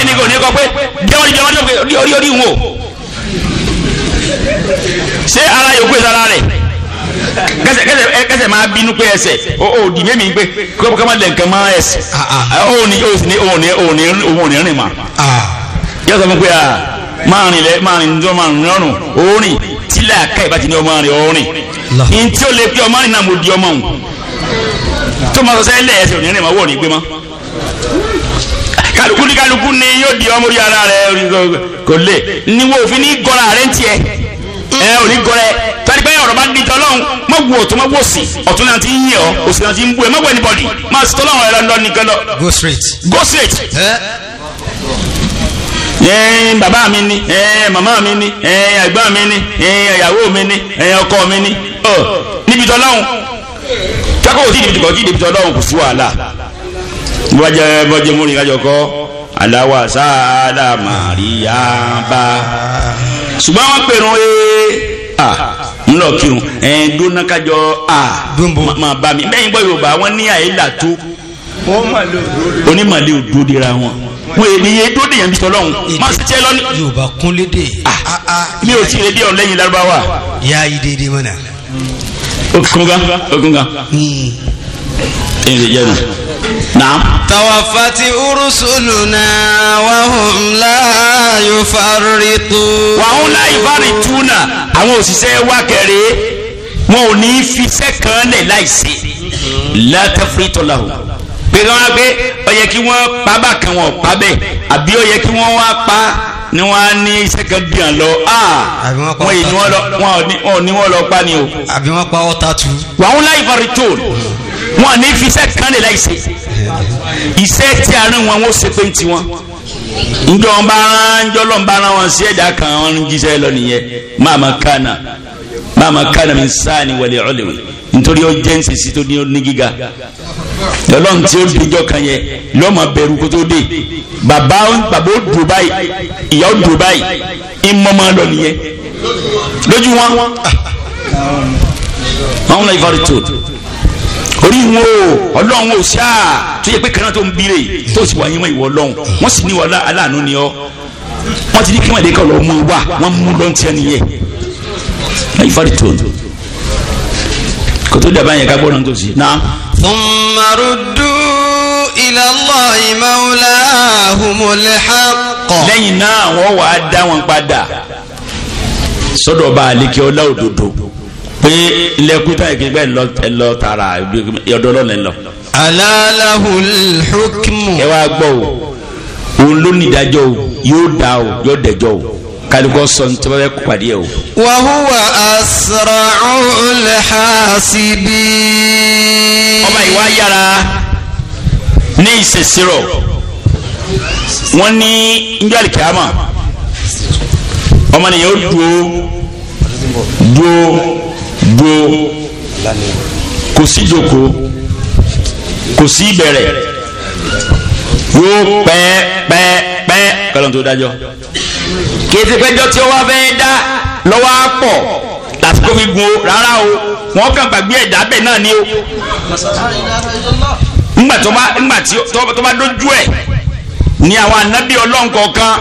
ẹnì kan ò ní kọ pé jẹ́wọ́n jẹ́wọ́n jẹ́wọ́n orí orí wọn o ṣé ara yòókù ẹ̀ sára rẹ̀ kẹsẹ̀ kẹsẹ̀ kẹsẹ̀ máa bínú pé ẹsẹ̀ o ò dì mẹ́mi pé kọ́ kọ́ máa lẹ̀ nǹkan máa ẹsẹ̀ ah, ah. o ò ní o ò ní o ò ní o ò ní o ò ní rìn mà ah. yọ sọ fún pé a máa rìn lẹ máa rìn jọ máa rìn o òórìn tílẹ̀ àká ìbátí ni ọmọ rìn ọrìn ní tí ó lè pé ọmọ rìn náà mo di ọmọ òun tó máa sọ sẹ́lẹ̀ ẹsẹ̀ òní rìn mọ́ wọ̀ ní gbé mọ́ kálukú ní kálukú ni yóò di ọmọ ara rẹ kò lè ni wo òfin ní gọ́ra rẹ ń tiẹ̀ ẹ ò ní gọ́ra ẹ tọ́ni bá ń dijọ́ má wo ọ̀tún má wo sí ọ̀tún náà ti ń yẹ ọ òsì náà ti ń bu ẹ má wo anybody má sọ lọ́wọ́ ẹ lọ́nà nìkan lọ. go straight. go straight. ẹ Baba mi ni ẹ màmá mi ni ẹ ẹ̀gbọ́n mi ni ẹ ìyàwó mi ni ẹ ọkọ mi ni níbi tọ́lọ́hùn kakó kò sí ibi kò sí ibi tọ́ lọ́hùn kò sí wàhálà bọ́jẹ́ bọ́jẹ́ múni kájọ kọ́ aláwa sáàlà màríyá bá ṣùgbọ́n wọ́n pèrún ẹ́ n lọ kírun ẹ̀ ń dúná kájọ máa bá mi bẹ́ẹ̀ ń gbọ́ Yorùbá wọ́n ní àyílà tó onímàlẹ́ òdó dira wọn wọ́n èmi yé tó dèyàn bí tọ́lọ́hún máa ṣe tiẹ́ lọ́nà. Yorùbá kúnlédè. mi ò tí ì lè dé ọ̀lẹ́yìn lárúbáwá. yáa yí déédéé mọ́nà okunga okunga ẹnlẹ yẹnu naam. tawafati urusuluna wahum la yufarritu. wahum la yufarrituna àwọn òṣìṣẹ́ wa kẹrẹ wọn ò ní fiṣẹ́ kan lẹ̀ láìsí látàfẹ́tọ̀ làwọn pé wọn á gbé ó yẹ kí wọ́n pa bá kan wọn pa bẹ́ẹ̀ àbí ó yẹ kí wọ́n wá pa ni wọ́n á ní iṣẹ́ kan bí àn lọ wọ́n yìí ni wọ́n lọ pa ni o. àbí wọ́n pa ọ́ta tu. wàhùn láì fari tó wọn ní fi iṣẹ́ kan lè láì ṣe iṣẹ́ tí àárín wọn wọ́n ṣe pé ń tiwọn njọ ń bá ń jọlọ ń bá wọn sí ẹ̀dá kan wọn ń jíṣẹ́ lọ nìyẹn máàmá kánà máàmá kánà mi sáà ni wọlé ọ̀lẹ́wẹ̀ nítorí ó jẹ́ ń ṣe sí tó ní gíga lọ́lọ́run tí ó dojọ́ kan yẹ lọ́mọ bẹ̀rù kó tó dé bàbá bàbá ó dùn báyìí ìyá ó dùn báyìí ìmọ̀mọ́ lọ nìyẹn lójú wọn àwọn náà ìfarí tó orí wọn o ọlọ́run ò ṣáà tó yẹ pé kanáà tó ń bírè tó sì wà yín wọn ìwọ ọlọ́run wọ́n sì ní wọn aláàánú ni ọ́ wọ́n ti ní kí wọ́n lè kọ́ lọ́ọ́ mú wa wọ́n mú lọ́ntìẹ́ nìyẹn ìfarí tó kótó dábàá yẹn ká gbọ́dọ̀ tó sí náà. ثم ردوا إلى الله مولاهم الحق lẹ́yìn náà wọ́n wàá dá wọn padà sọ́dọ̀ ọba àlekè ọlá òdodo pé ilẹ̀kúta ìgbẹ́ ẹ̀lọ tààrà ọ̀dọ́ ọlọ́run ẹ wá gbọ́ o òun ló ní ìdájọ́ o yóò dá o yóò dẹjọ́ o kálukọ́ sọ ní tó bá o. wa huwa asra'ul hasibin. ọba ìwà yára ní ìṣèṣirò wọ́n ní njọ́ àlìkàmà ọmọ nìyẹn ó dúró dúró dúró kò sí ìjókòó kò sí ìbẹ̀rẹ̀ yóò pẹ́ pẹ́ pẹ́ kọ́lọ́n tó dájọ́ kì í ti pẹ́jọ́ tí ó wá fẹ́ dá lọ́wọ́ á pọ̀ lásìkò fi gun o rárá o wọ́n kàn gbàgbé ẹ̀dá bẹ́ẹ̀ náà ni o ńgbà tó bá ńgbà tó bá dójú ẹ̀ ni àwọn ànábì ọlọ́run kọ̀ọ̀kan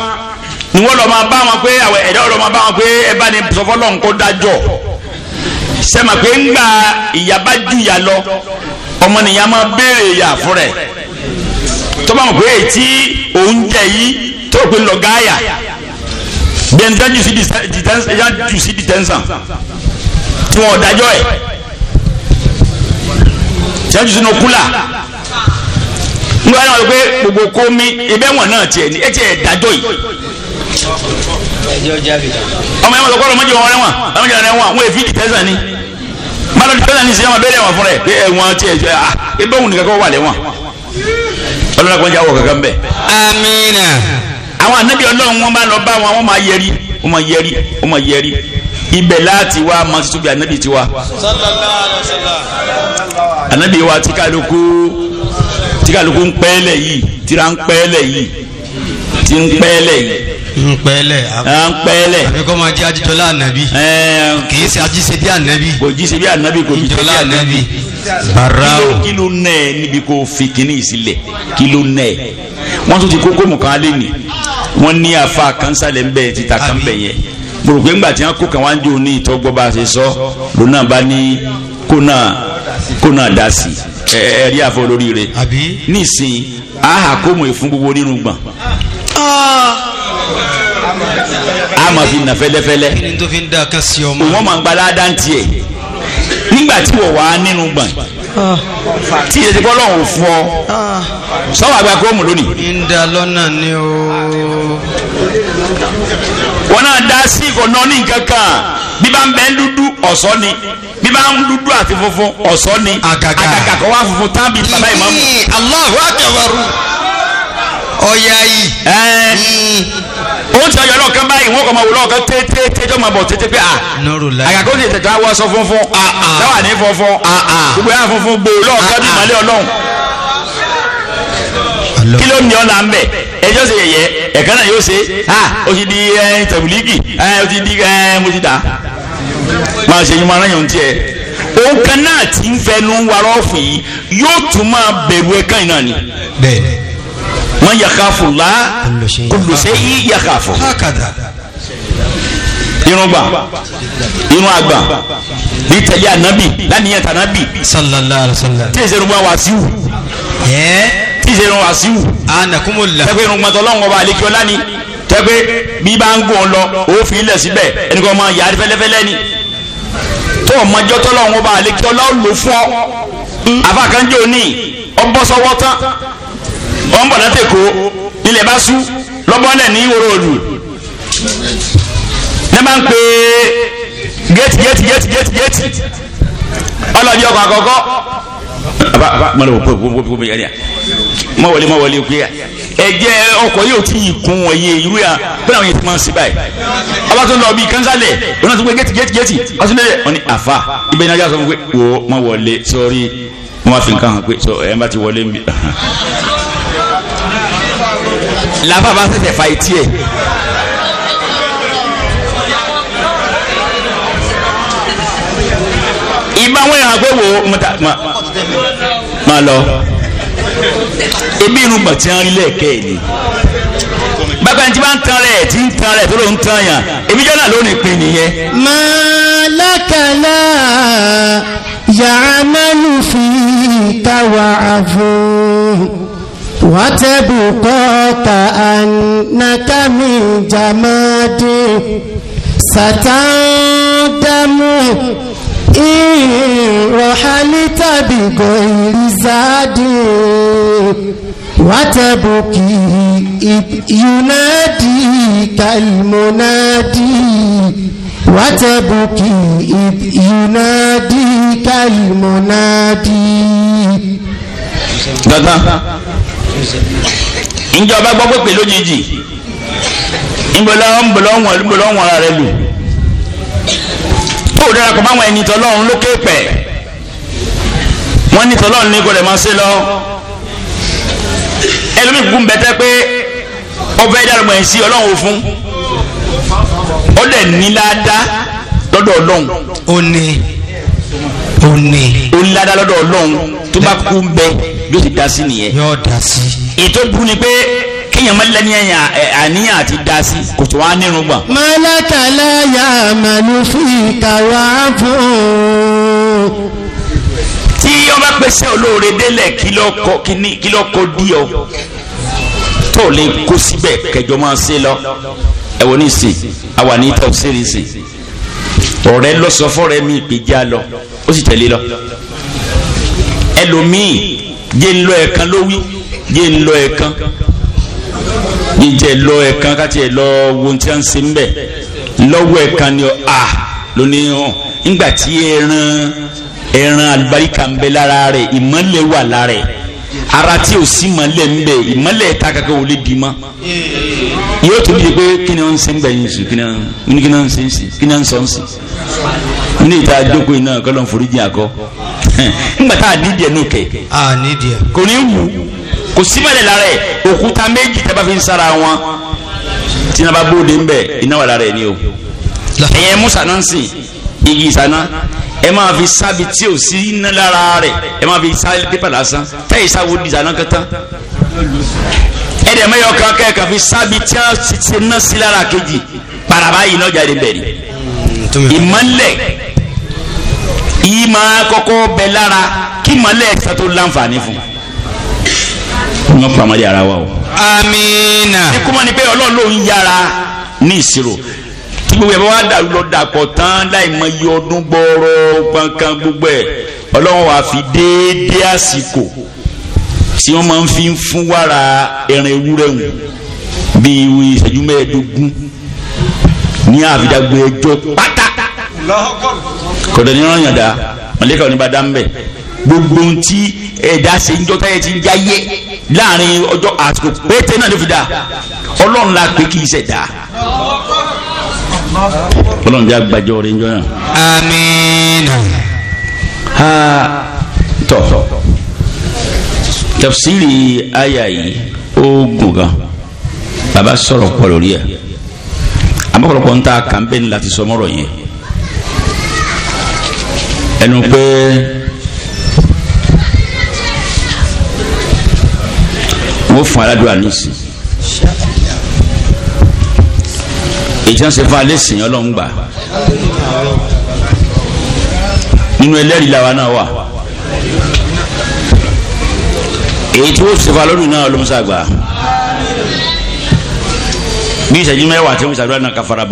ni wọ́n lọ máa bá wọn pé àwọn ẹ̀dá ọ̀rọ̀ máa bá wọn pé ẹ bá ní sọ fọlọ́run kó dájọ́ sẹ́mà pé ńgbà ìyá bá ju ìyá lọ ọmọnìyàn máa béèrè ìyá fún rẹ̀ tó bá wọn pé èyí òun jẹ yìí tó pé lọ́gáyà you see the then gbẹ̀ntẹ́ jù sí detention jù sí detention tí wọ́n dájọ́ ẹ̀ tí wọ́n jù sínú kúlà ń gbọ́dọ̀ wọ́n pé gbogbo kó mi ibẹ̀ wọ̀n náà tiẹ̀ ní etí ẹ̀ dájọ́ yìí ọmọ yẹn wọ́n sọ kọ́ ọ̀rọ̀ mọ́jọ wọn rẹ̀ wọ̀n ọmọ yẹn rẹ̀ wọ̀n wọ́n èfi detention ni mọ́tò detention ni sèyàn bẹ́ẹ̀ wọ̀n fún rẹ̀ pé ẹ̀wọ̀n tiẹ̀ ah ibẹ̀ wọ̀n nìkan kọ́ wà lẹ́wọ̀n ọlọ́dà kan jáwọ́ kankan bẹ́ẹ̀. amiina àwọn ànábì ọlọ́run wọn bá lọ bá wọn wọn máa yẹri wọn máa yẹri wọn máa yẹri ibẹ̀ láti wá máa tuntun bí ànábì ti wá. ànábì wa tí kálukú tí kálukú ń pẹ́ lẹ̀ yìí tíra ń pẹ́ yìí tí ń pẹ́ yìí ń pẹ́lẹ̀ ń pẹ́lẹ̀ àbí kọ́ máa jẹ́ ajíjọ́lá ànábì kì í ṣe ajíṣe bí ànábì kò jíṣe bí ànábì kò jíṣe bí ànábì barawo kí ló nẹ ẹ níbi kó fi kínní sílẹ̀ kí ló nẹ ẹ tún ti kókó mọ̀kàn alẹ́ ni wọ́n ní àfa kansalẹ̀ ń bẹ̀ títa kan bẹ̀ yẹn gbòrògbé ńgbà tí wọ́n kó kàn wá ń jò ní ìtọ́gbọ́ bá a ṣe sọ lónà bá ní kó náà kó náà dá sí ẹ ẹ rí àfọ olóríire nísìnyí àhà kó ìfún gbogbo nínú gbọ̀n a ma fi nà fẹlẹfẹlẹ òun ma gba ládàá tiẹ nígbà tí wọ́n wà nínú gbọ̀n tí ìyẹn ti lọ́hùn fún ọ sọ́wọ́ àgbà kó mú lónìí. ń da lọ́nà ni o. wọn náà dá sí ìkọ̀nà ní nǹkan kan bí bá ń bẹ dúdú ọ̀sọ́ ni bí bá ń dúdú àti funfun ọ̀sọ́ ni àgàgà àgàgà wá funfun tábìlì bàbá ìmọ̀ mu. Allahu akbar ọ̀yà yìí ó ti ọyọ lọ́ọ̀kan báyìí wọ́n kọ́ máa wò lọ́ọ̀kan tètè tètè ọmọ bọ̀ tètè pé àgàkó ti tètè wá sọ funfun táwa ah, ah. ah, ní funfun gbogbo yà funfun gbò lọ́ọ̀kan bí ìmọ̀lẹ́ ọlọ́run kí ló ní ọ̀la ń bẹ̀ ẹjọ́ ṣe yẹ̀yẹ́ ẹ̀ka náà yóò ṣe ti di eh, tẹ̀bùlíkì ó eh, ti di eh, mo ti dà máa ṣe yín máa rán yàn tiẹ̀ kan náà ti ń fẹnu warọ́ọ̀fù yìí yóò tún máa bẹ̀rù ẹ̀ka ìnáà ni. bẹ́ẹ̀ man yakafu la olùsẹ́ yí yakafu. irun gbà irun àgbà bí tẹ̀lé ànábì lánìyàn tànábì. sallallahu alaihi wa sallam. tí ìṣerun bá wá sí wù. tí ìṣerun wá sí wù. anakumola. tẹ́gbẹ́ irun gbọ́dọ̀ lọ́wọ́ ọba àlekí ọlá ni tẹ́gbẹ́ bí bá ń gùn lọ òfin ilẹ̀ síbẹ̀ ẹnìkan máa yàrá fẹ́lẹ́fẹ́lẹ́ ni tó ọmọjọ́ tọ́lọ́wọ́ ọba àlekí ọlá lò fún ọ àfàkànjọ́ ní ọbọ̀sọwọ́ tán ọ̀ ń bọ̀ látẹ̀kọ́ ilẹ̀ bá sú lọ́bọ́lẹ̀ ní ìwòrò òdù ní máa ń pè gẹ́tì gẹ́tì gẹ́tì gẹ́tì gẹ́tì ọlọ́dí ọkọ̀ àkọ́kọ́ mọ̀wọlé mọ̀wọlé pé ẹ̀jẹ̀ ọkọ̀ yóò tí ì kún ọyẹ irú ya bí àwọn yẹn ti máa ń sí báyìí ọba tó ń lọ bí kánsálẹ̀ òun náà tó ń pè gẹ́tì gẹ́tì gẹ́tì ọtún lẹ́yẹ ọ ní àfa ibẹ̀ ní ajá sọ fún pé wò ó mọ̀wọlé sọ́ọ́rí wọ́n máa fi nǹkan hàn pé ẹ̀ ń bá ti wọlé mi làbá bá ṣẹ̀ṣẹ̀ fa etí ẹ̀. ìbá wọn yàrá pé wo máa lọ ebi irun gbọ̀n tí lẹ́ẹ̀kẹ́ ni bàbá ẹni tí bá ń tan rẹ̀ tí ń tan rẹ̀ tó ló ń tan yàn èmi jọ́nà lónìí pin nìyẹn. màlákàlà yàrá mẹ́lù fi tàwa àfọ̀. وتبقى كأنك من جمادي ستندم إن رحلت بغير زادي وتبكي إذ يناديك المنادي وتبكي إذ يناديك المنادي ìjọba gbọ́ pé pè lójijì ńbọlọ́ ńbọlọ́ wọn ńbọlọ́ wọn ara rẹ lù kó o dára kó báwọn ẹni tọ́lọ́run ló ké pẹ̀ wọ́n ní tọ́lọ́run ní kò lè máa ṣe kúkú ń pé ọbẹ̀ dàrúmọ̀ ẹ̀ sí ọlọ́run òfun ó dẹ̀ ní lọ́dọ̀ ọlọ́run. ó ní ó ní. ó ní lọ́dọ̀ ọlọ́run tó bá kú ń yóò ti da sí nìyẹn. yóò da sí. ètò burú ni pé kéèyàn máa lẹ́ni ẹ̀yàn àníyàn àti da sí kò tó wá nírun gbà. mọ́lẹ́kẹ̀lẹ́ yà mẹ́lú fún ìkàwá fún tí ọba pèsè olóore délẹ̀ kí ló ọ tó lè kó síbẹ̀ kẹjọ máa ṣe lọ ẹ wò ní ìsìn àwa ní tẹ̀síìrì ìsìn ọ̀rẹ́ lọ́sọ̀fọ́ rẹ mi ìpèjá lọ ó sì tẹ̀lé lọ ẹlòmíì jẹ́ ń lọ ẹ̀kan ló wí jẹ́ ń lọ ẹ̀kan jíjẹ lọ ẹ̀kan káti ẹ̀ lọ wo tí wọ́n ń ṣe ń bẹ̀ lọ́wọ́ ẹ̀kan ni a lónìí hàn nígbà tí ẹran ẹran àlùbáríkà ń bẹ lára rẹ̀ ìmọ̀lẹ̀ wà lára rẹ̀ ara tí ò sí ìmọ̀lẹ̀ ń bẹ ìmọ̀lẹ̀ ta kankan ò lè bí yóò tó di pé kí ni wọ́n ń ṣe ń bẹ̀ yín sùn kí ni wọ́n ń ṣe ń sìn ni wọ́n ń sọ ń sìn ní ìta àjókòó iná kọ́lọ́ foríjì àkọ́ nígbà tá a nídìí ẹ̀ nù kẹ́ kò ní wù kò síbẹ̀lẹ̀ lára ẹ̀ òkúta méjì tẹ́ bá fi ń sára wọn tí náà bá bóde ń bẹ̀ iná wà lára ẹ̀ ní o ẹ̀yẹ musa náà ń sìn igi ìsáná ẹ máa fi sábi tí ò sí iná lára rẹ̀ ẹ máa fi sá pépà lásán tẹ́ ìsáwó ìsáná kẹta ẹ̀dẹ̀ mẹ́yọ̀ kan kẹ́ẹ̀kan fi sábi tí a ti ṣe ná sí lára kejì paraba yìí náà jáde bẹ̀rẹ̀ mm, ìmọ̀lẹ̀ yìí kọ́kọ́ bẹ lára kí mọ́lẹ̀ ẹ̀sán tó fún un. wọ́n pa ọmọdé ara wa o. amiina. ikú mọ́ ni pé ọlọ́run yára ní ìṣirò tí gbogbo ẹ̀ bá wà dàrú lọ dàpọ̀ tán láì mọ iye ọdún gbọ́ọ́rọ́ gbọ̀ǹkan gbogbo ẹ̀ ọlọ́run wàá fi déédéé àsìkò tí wọ́n máa ń fi fún wàrà ẹran ewúrẹ́ wù bíi ìṣẹ́jú mẹ́ẹ̀ẹ́dógún ní àfidágbé ẹjọ́ pátá kọ̀dọ̀ ní ọ̀ràn yàndá màlẹ́kà ò ní bá dá ń bẹ̀ gbogbo tí ẹ̀dá ṣe ń jọ́tá ẹ̀ ti ń jáyé láàrin ọjọ́ àsìkò pété náà ló fi dá ọlọ́run la pé kì í ṣe dá ọlọ́run já gbàjọ rẹ̀ ń jọ náà. amiina. ha tọ tafsiri aya yìí ó gùn gan baba sọ̀rọ̀ pọ̀ lórí ẹ̀ abọ́kọ̀lọpọ̀ ń ta kàn bẹ́ẹ̀ láti sọ yẹn ẹnu pé wọ́n fún aládùn àníṣe ìjọba ṣe fún alẹ́ sìn ọlọ́run gbà nínú ẹlẹ́rìí làwa náà wà èyí tí ó ṣe fún alọ́run náà ló ń ṣàgbà bí ìṣẹ́jú mẹ́wàá tí wọ́n ṣàdúrà náà ká fara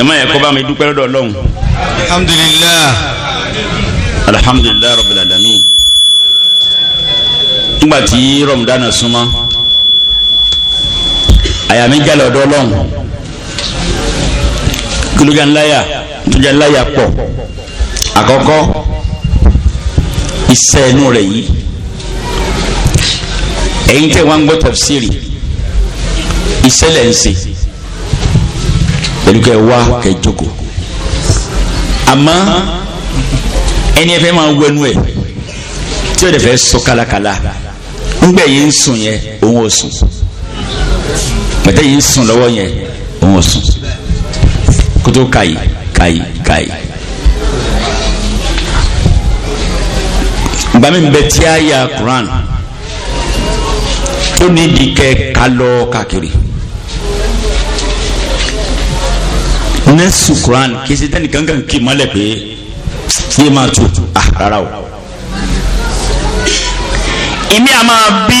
jama yẹ kó bá mi dúpẹ́ lọ́dọ̀ Ọlọ́run. alhamdulilayi. alhamdulilayi rabbil alamin. nígbà tí rọmùdánà súnmọ́ àyà mi jalè ọ̀dọ̀ Ọlọ́run kìlúgà ńláyà kìlúgà ńláyà pọ̀ àkọ́kọ́ iṣẹ́ inú rẹ̀ yìí ẹ̀yin tẹ̀ wá gbọ́ tafsiri iṣẹ́ lẹ̀ ń ṣe pẹ̀lú kẹ́ wá kẹ́ jókòó àmọ́ ẹni ẹ fẹ́ máa wẹnu ẹ̀ tí ó dẹ̀ fẹ́ sọ kálákálá ńgbẹ̀ yìí ń sùn yẹn òun ò sùn pẹ̀tẹ́ yìí ń sùn lọ́wọ́ yẹn òun ò sùn kótó kàyí kàyí kàyí. gbàmí bẹ tí a yà Quran ó ní ìdíkẹ́ kálọ́ káàkiri. Ka nẹ́ẹ̀sì Quran kì í ṣe tẹ́nì kankan kì í mọ́lẹ̀ pé kí ẹ máa tù à ah, rárá o. ìmí a máa bí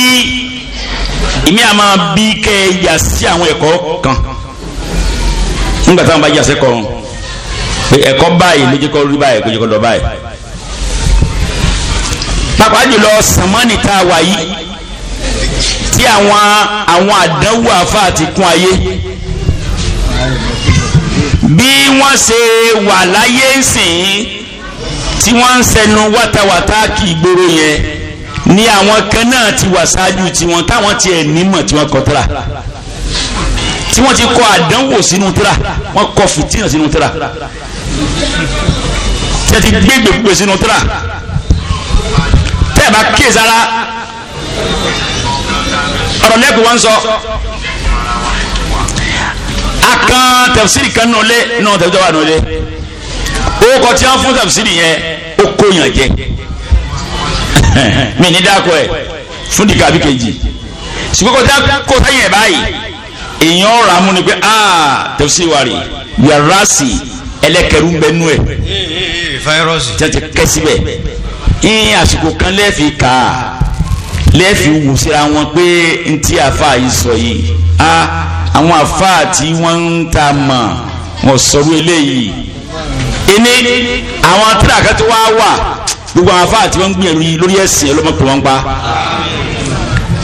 ìmí a máa bí kẹ́ ẹ yà sí àwọn ẹ̀kọ́ kan nígbà táwọn bá yà sẹ́kọ̀ọ́ ẹ̀kọ́ báyìí ló jẹ́ kọ́ rí báyìí ló jẹ́ kọ́ lọ báyìí pàápàá jùlọ sàmánì tá a wà yìí tí àwọn àwọn àdánwò àfa àti kún ayé bí wọ́n ṣe wà láyé ńsìn tí wọ́n ń sẹnu wátawàtá kì í gbòòrò yẹn ni àwọn kan náà ti wà ṣáájú tiwọn táwọn tiẹ̀ nímọ̀ tí wọ́n kọ́ tọ́ra tí wọ́n ti kọ àdánwò sínú tírà wọ́n kọ fìtínà sínú tírà tí a ti gbé gbègbè sínú tírà tẹ́ bá kíyèsára ọ̀rọ̀ lẹ́kùn wọn sọ akan tafsiri kan nù lé nù tẹ̀síri tó wà nù lé owó kọ tí wọ́n fún tafsiri yẹn ó kó yàn jẹ mi ní dáko ẹ fún dìgbà bí kejì ṣùgbọ́n kò tá kò tá yẹn báyìí èèyàn ọ̀rọ̀ amú ni pé aa tafsiri wà rí yàrá sí ẹlẹ́kẹ̀rú ń bẹ nú ẹ̀ tẹ̀tẹ̀ kẹ́síbẹ̀ ní àsìkò kan lẹ́ẹ̀fi kà á lẹ́ẹ̀fi wọn pé ntí àfa yìí sọ yìí a àwọn àfáà tí wọ́n ń ta mọ̀ wọ́n sọ̀rọ̀ eléyìí ìní àwọn tíráàkà tó wá wà gbogbo àwọn àfáà tí wọ́n ń gbìyànjú lórí ẹ̀sìn ọlọ́mọpẹ̀ wọn pa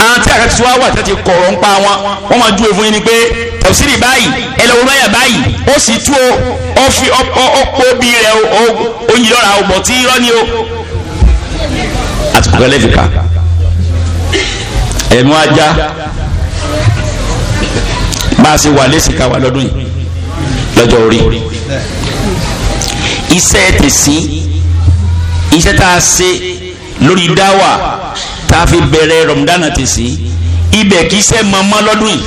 àwọn tí àkàtúntò wá wà tẹ́tí kọ̀ọ̀rọ̀ ń pa wọn wọ́n máa dúró fún yín ni pé tẹ̀síìrì báyìí ẹlẹ́wọ̀n báyà báyìí ó sì tú o ó fi ọ̀pọ̀ bí rẹ̀ oyin lọ́ra ọ̀gbọ̀n tí irọ́ ni o. àtùkù ẹlẹ́fìkà ẹ̀mú ajá bá a ṣe wà lẹ́sìn ká wà lọ́dún yìí lọ́jọ́ orí iṣẹ́ tẹ̀sí iṣẹ́ tá a ṣe lórí dáwà tá a fi bẹ̀rẹ̀ rọ̀mùdánà tẹ̀sí ibẹ̀ kì í ṣe mọ́mọ́ lọ́dún yìí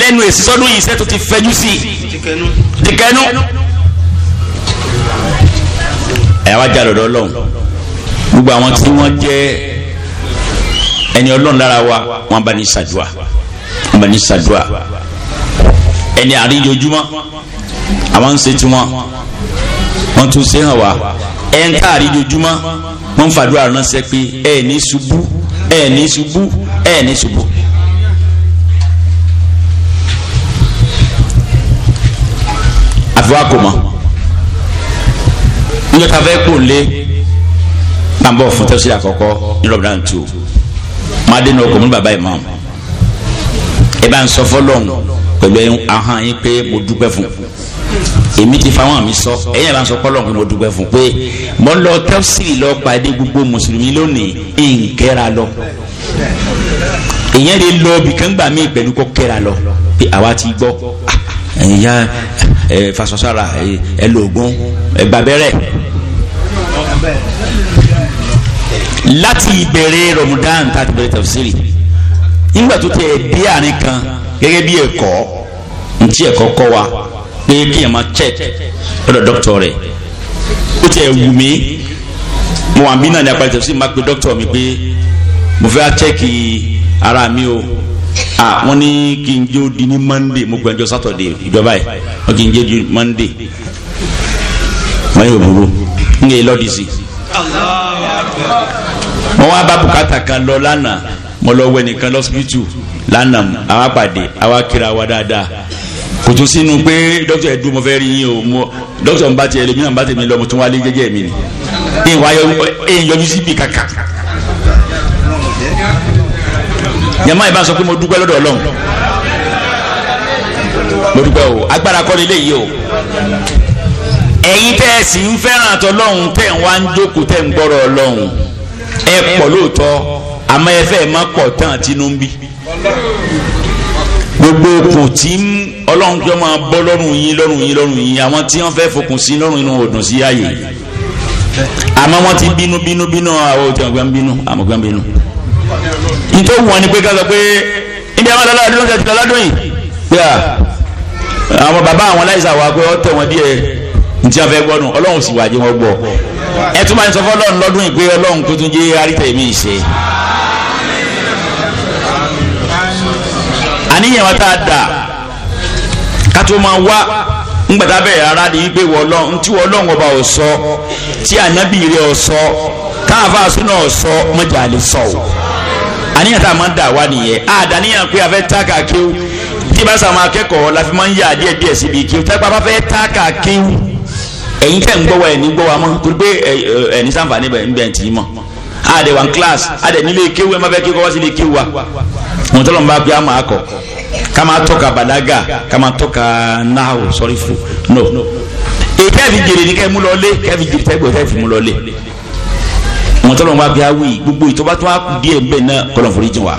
lẹ́nu èsì sọ́dún yìí iṣẹ́ tó ti fẹ́jú sí i tìkẹ́nu ẹ̀ wá jà lọ́dọ̀ ọlọ́run gbogbo àwọn tí wọ́n jẹ́ ẹni ọlọ́run lára wa wọ́n bá ní ṣàdúà wọ́n bá ẹni àríjojúmọ́ àwọn ń ṣe tiwọn wọ́n tún ṣe hàn wá ẹ̀ ń tá àríjojúmọ́ wọ́n ń fàdúrà ránṣẹ́ pé ẹ̀ ní ṣubú ẹ̀ ní ṣubú ẹ̀ ní ṣubú. àfiwá kò mọ̀ níjọ́ ta fẹ́ kò lé pàmbọ̀ fún tẹ́sí àkọ́kọ́ ní rọ̀bìnrin àti tù máa dé ní ọkọ̀ mú bàbá ìmọ̀ ẹ bá ń sọ fọ́lọ́hún pẹ̀lú ẹ̀yìn ahọ́n yín pé mo dúpẹ́ fún èmi ti fa wọn mi sọ ẹ̀yìn àbá sọ kọ́lọ̀ pé mo dúpẹ́ fún pé mo lọ tẹ́sílì lọ pàdé gbogbo mùsùlùmí lónìí nkẹ́ra lọ èyàn lè lọ bìkan gbà mí pẹ̀lú kọ́ kẹ́ra lọ pé àwa ti gbọ́ ẹ̀yà ẹ̀ fasọ̀sára ẹ̀ lóògùn ẹ̀ gbàbẹ́rẹ́ láti ìbẹ̀rẹ̀ Ramadan tá a nígbà tó tẹ̀ dé àárín kan gẹ́gẹ́ bí ẹ̀kọ́ ntí ẹ̀kọ́ kọ́ wa pé kéèyàn máa check lọ́dọ̀ dọ́kítọ̀ rẹ̀ ó tiẹ̀ wù mí mo wà bí náà ní apá ìtẹ̀sí máa pe dọ́kítọ̀ mi pé mo fẹ́ check ara mi o wọ́n ní kí n jẹ́ ó di ní monday mo gbẹ́jọ́ saturday ìjọba yìí wọ́n kí n jẹ́ di monday wọ́n yóò ń gé lọ́dí sí. wá bá bùkátà kan lọ lánàá mo lọ wẹ nìkan lọ́sibítù lánàá àwa pàdé àwa kíra wa dáadáa kò tún sínú pé dókítà ẹ̀dú mo fẹ́ rí yín o mo dókítà ń bá tiẹ̀ lèmi náà ń bá tèmi lọ mo tún wá lé jẹ́jẹ́ mi ni ẹ̀ wá yọjú síbi kàkà. yàmá ìbá sọ pé mo dúpẹ́ lọ́dọ̀ Ọlọ́run mo dúpẹ́ o agbára kọ́ ni léyìí o ẹ̀yin tẹ́ ẹ sì ń fẹ́ràn àtọ́ lọ́hùn ń wá ń jókòó tẹ́ ń gbọ́rọ̀ Ọlọ́hun ẹ pọ̀ lóòótọ́ àmọ́ ẹ fẹ́ má pọ̀ tán Tinubu gbogbo okùn tí ọlọ́run tó máa bọ́ lọ́rùn yín lọ́rùn yín lọ́rùn yín àwọn tí wọ́n fẹ́ fokùn sí lọ́rùn inú ọdún sí ààyè àmọ́ wọ́n ti bínú bínú bínú àwọn òtí ọ̀gbọ́n bínú àmọ̀gbọ́n bínú. nítorí wọn ni pé ká sọ pé ibi àwọn ọlọ́lá ọdún lọ́sẹ̀ ti lọ lọ́dún yìí pé àwọn bàbá àwọn aláìsàn wa pé ó tẹ̀ wọ́n díẹ̀ ntí wọn fẹ́ gbọ́dún ọlọ́run sì wà jẹ́ wọn gbọ́ ẹ tún máa ń sọ fọ́ ọlọ́run lọ́dún yìí pé ọlọ́run kó tún jẹ́ arítẹ̀mí ìṣe. àníyàn wa tá a dà ká tó máa wá ngbàtà bẹ́ẹ̀ rárá di pé wọ́lọ́n ntí wọ́lọ́n ọba ò sọ tí ànábì rẹ ò sọ táàfà súnà ò sọ mọ́jà lè sọ o àníyàn tá a máa dà wá nìyẹn àdáníyàn pé a fẹ́ tá kàkéw tí bá sàmà akẹ́kọ̀ọ́ la fi máa ń yà díẹ̀ díẹ̀ síbi kí o tẹ́pá fẹ́ tá kàkéw ẹ̀yin tẹ̀ ń gbọ́ wa ẹ̀ní gbọ́ wa mọ́ torí pé ẹ̀ní sàǹfààní bẹ̀ ń tì í mọ́ ń kíláàsì àdẹ̀ nílé kéwu ẹ̀ má fẹ́ kéwọ́ wá sí ilé wa mọ̀tọ́lọ́mùbá pé a máa kọ̀ kama toka badaga, kama tọ́ka nahawu sọrifu no ètẹ́ẹ̀fì jèrè ní kẹ́mú lọ́lé kẹ́ẹ̀fì jèrè tẹ́gbọ̀ tẹ́ẹ̀fì mú lọ́lé wọn tọ́lọ́ wa bí a wí gbogbo ìtọ́ba tó a kù díẹ̀ ń bẹ̀ náà kọ́lọ̀ forí jìn wa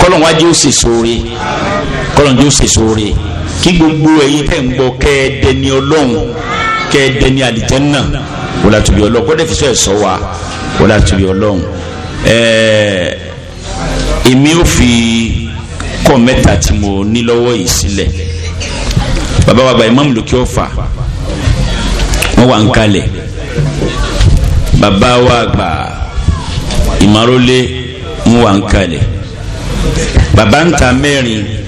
kọ́lọ̀ wa jẹ́ òsè sóore kọ́lọ̀ jẹ́ òsè sóore kí gbogbo ẹ̀yin tẹ̀ ń gbọ́ kẹ́ ẹ dẹni ọlọ́run kẹ́ ẹ dẹni àlìjẹ́nà wọ́n la tóbi ọlọ́run fi sọ ẹ̀ sọ wa wọ́n la tóbi ọlọ́run ẹ̀ẹ́ èmi fi kọ́ mẹ́ta tí mo ní lọ́wọ́ yìí sílẹ̀ bàbá wa bá imam lókè ọ̀fà wọ́n wà ń kalẹ̀ bàbá wa gbà ìmárólé wọ́n wà ń kalẹ̀ bàbá ń ta mẹ́rin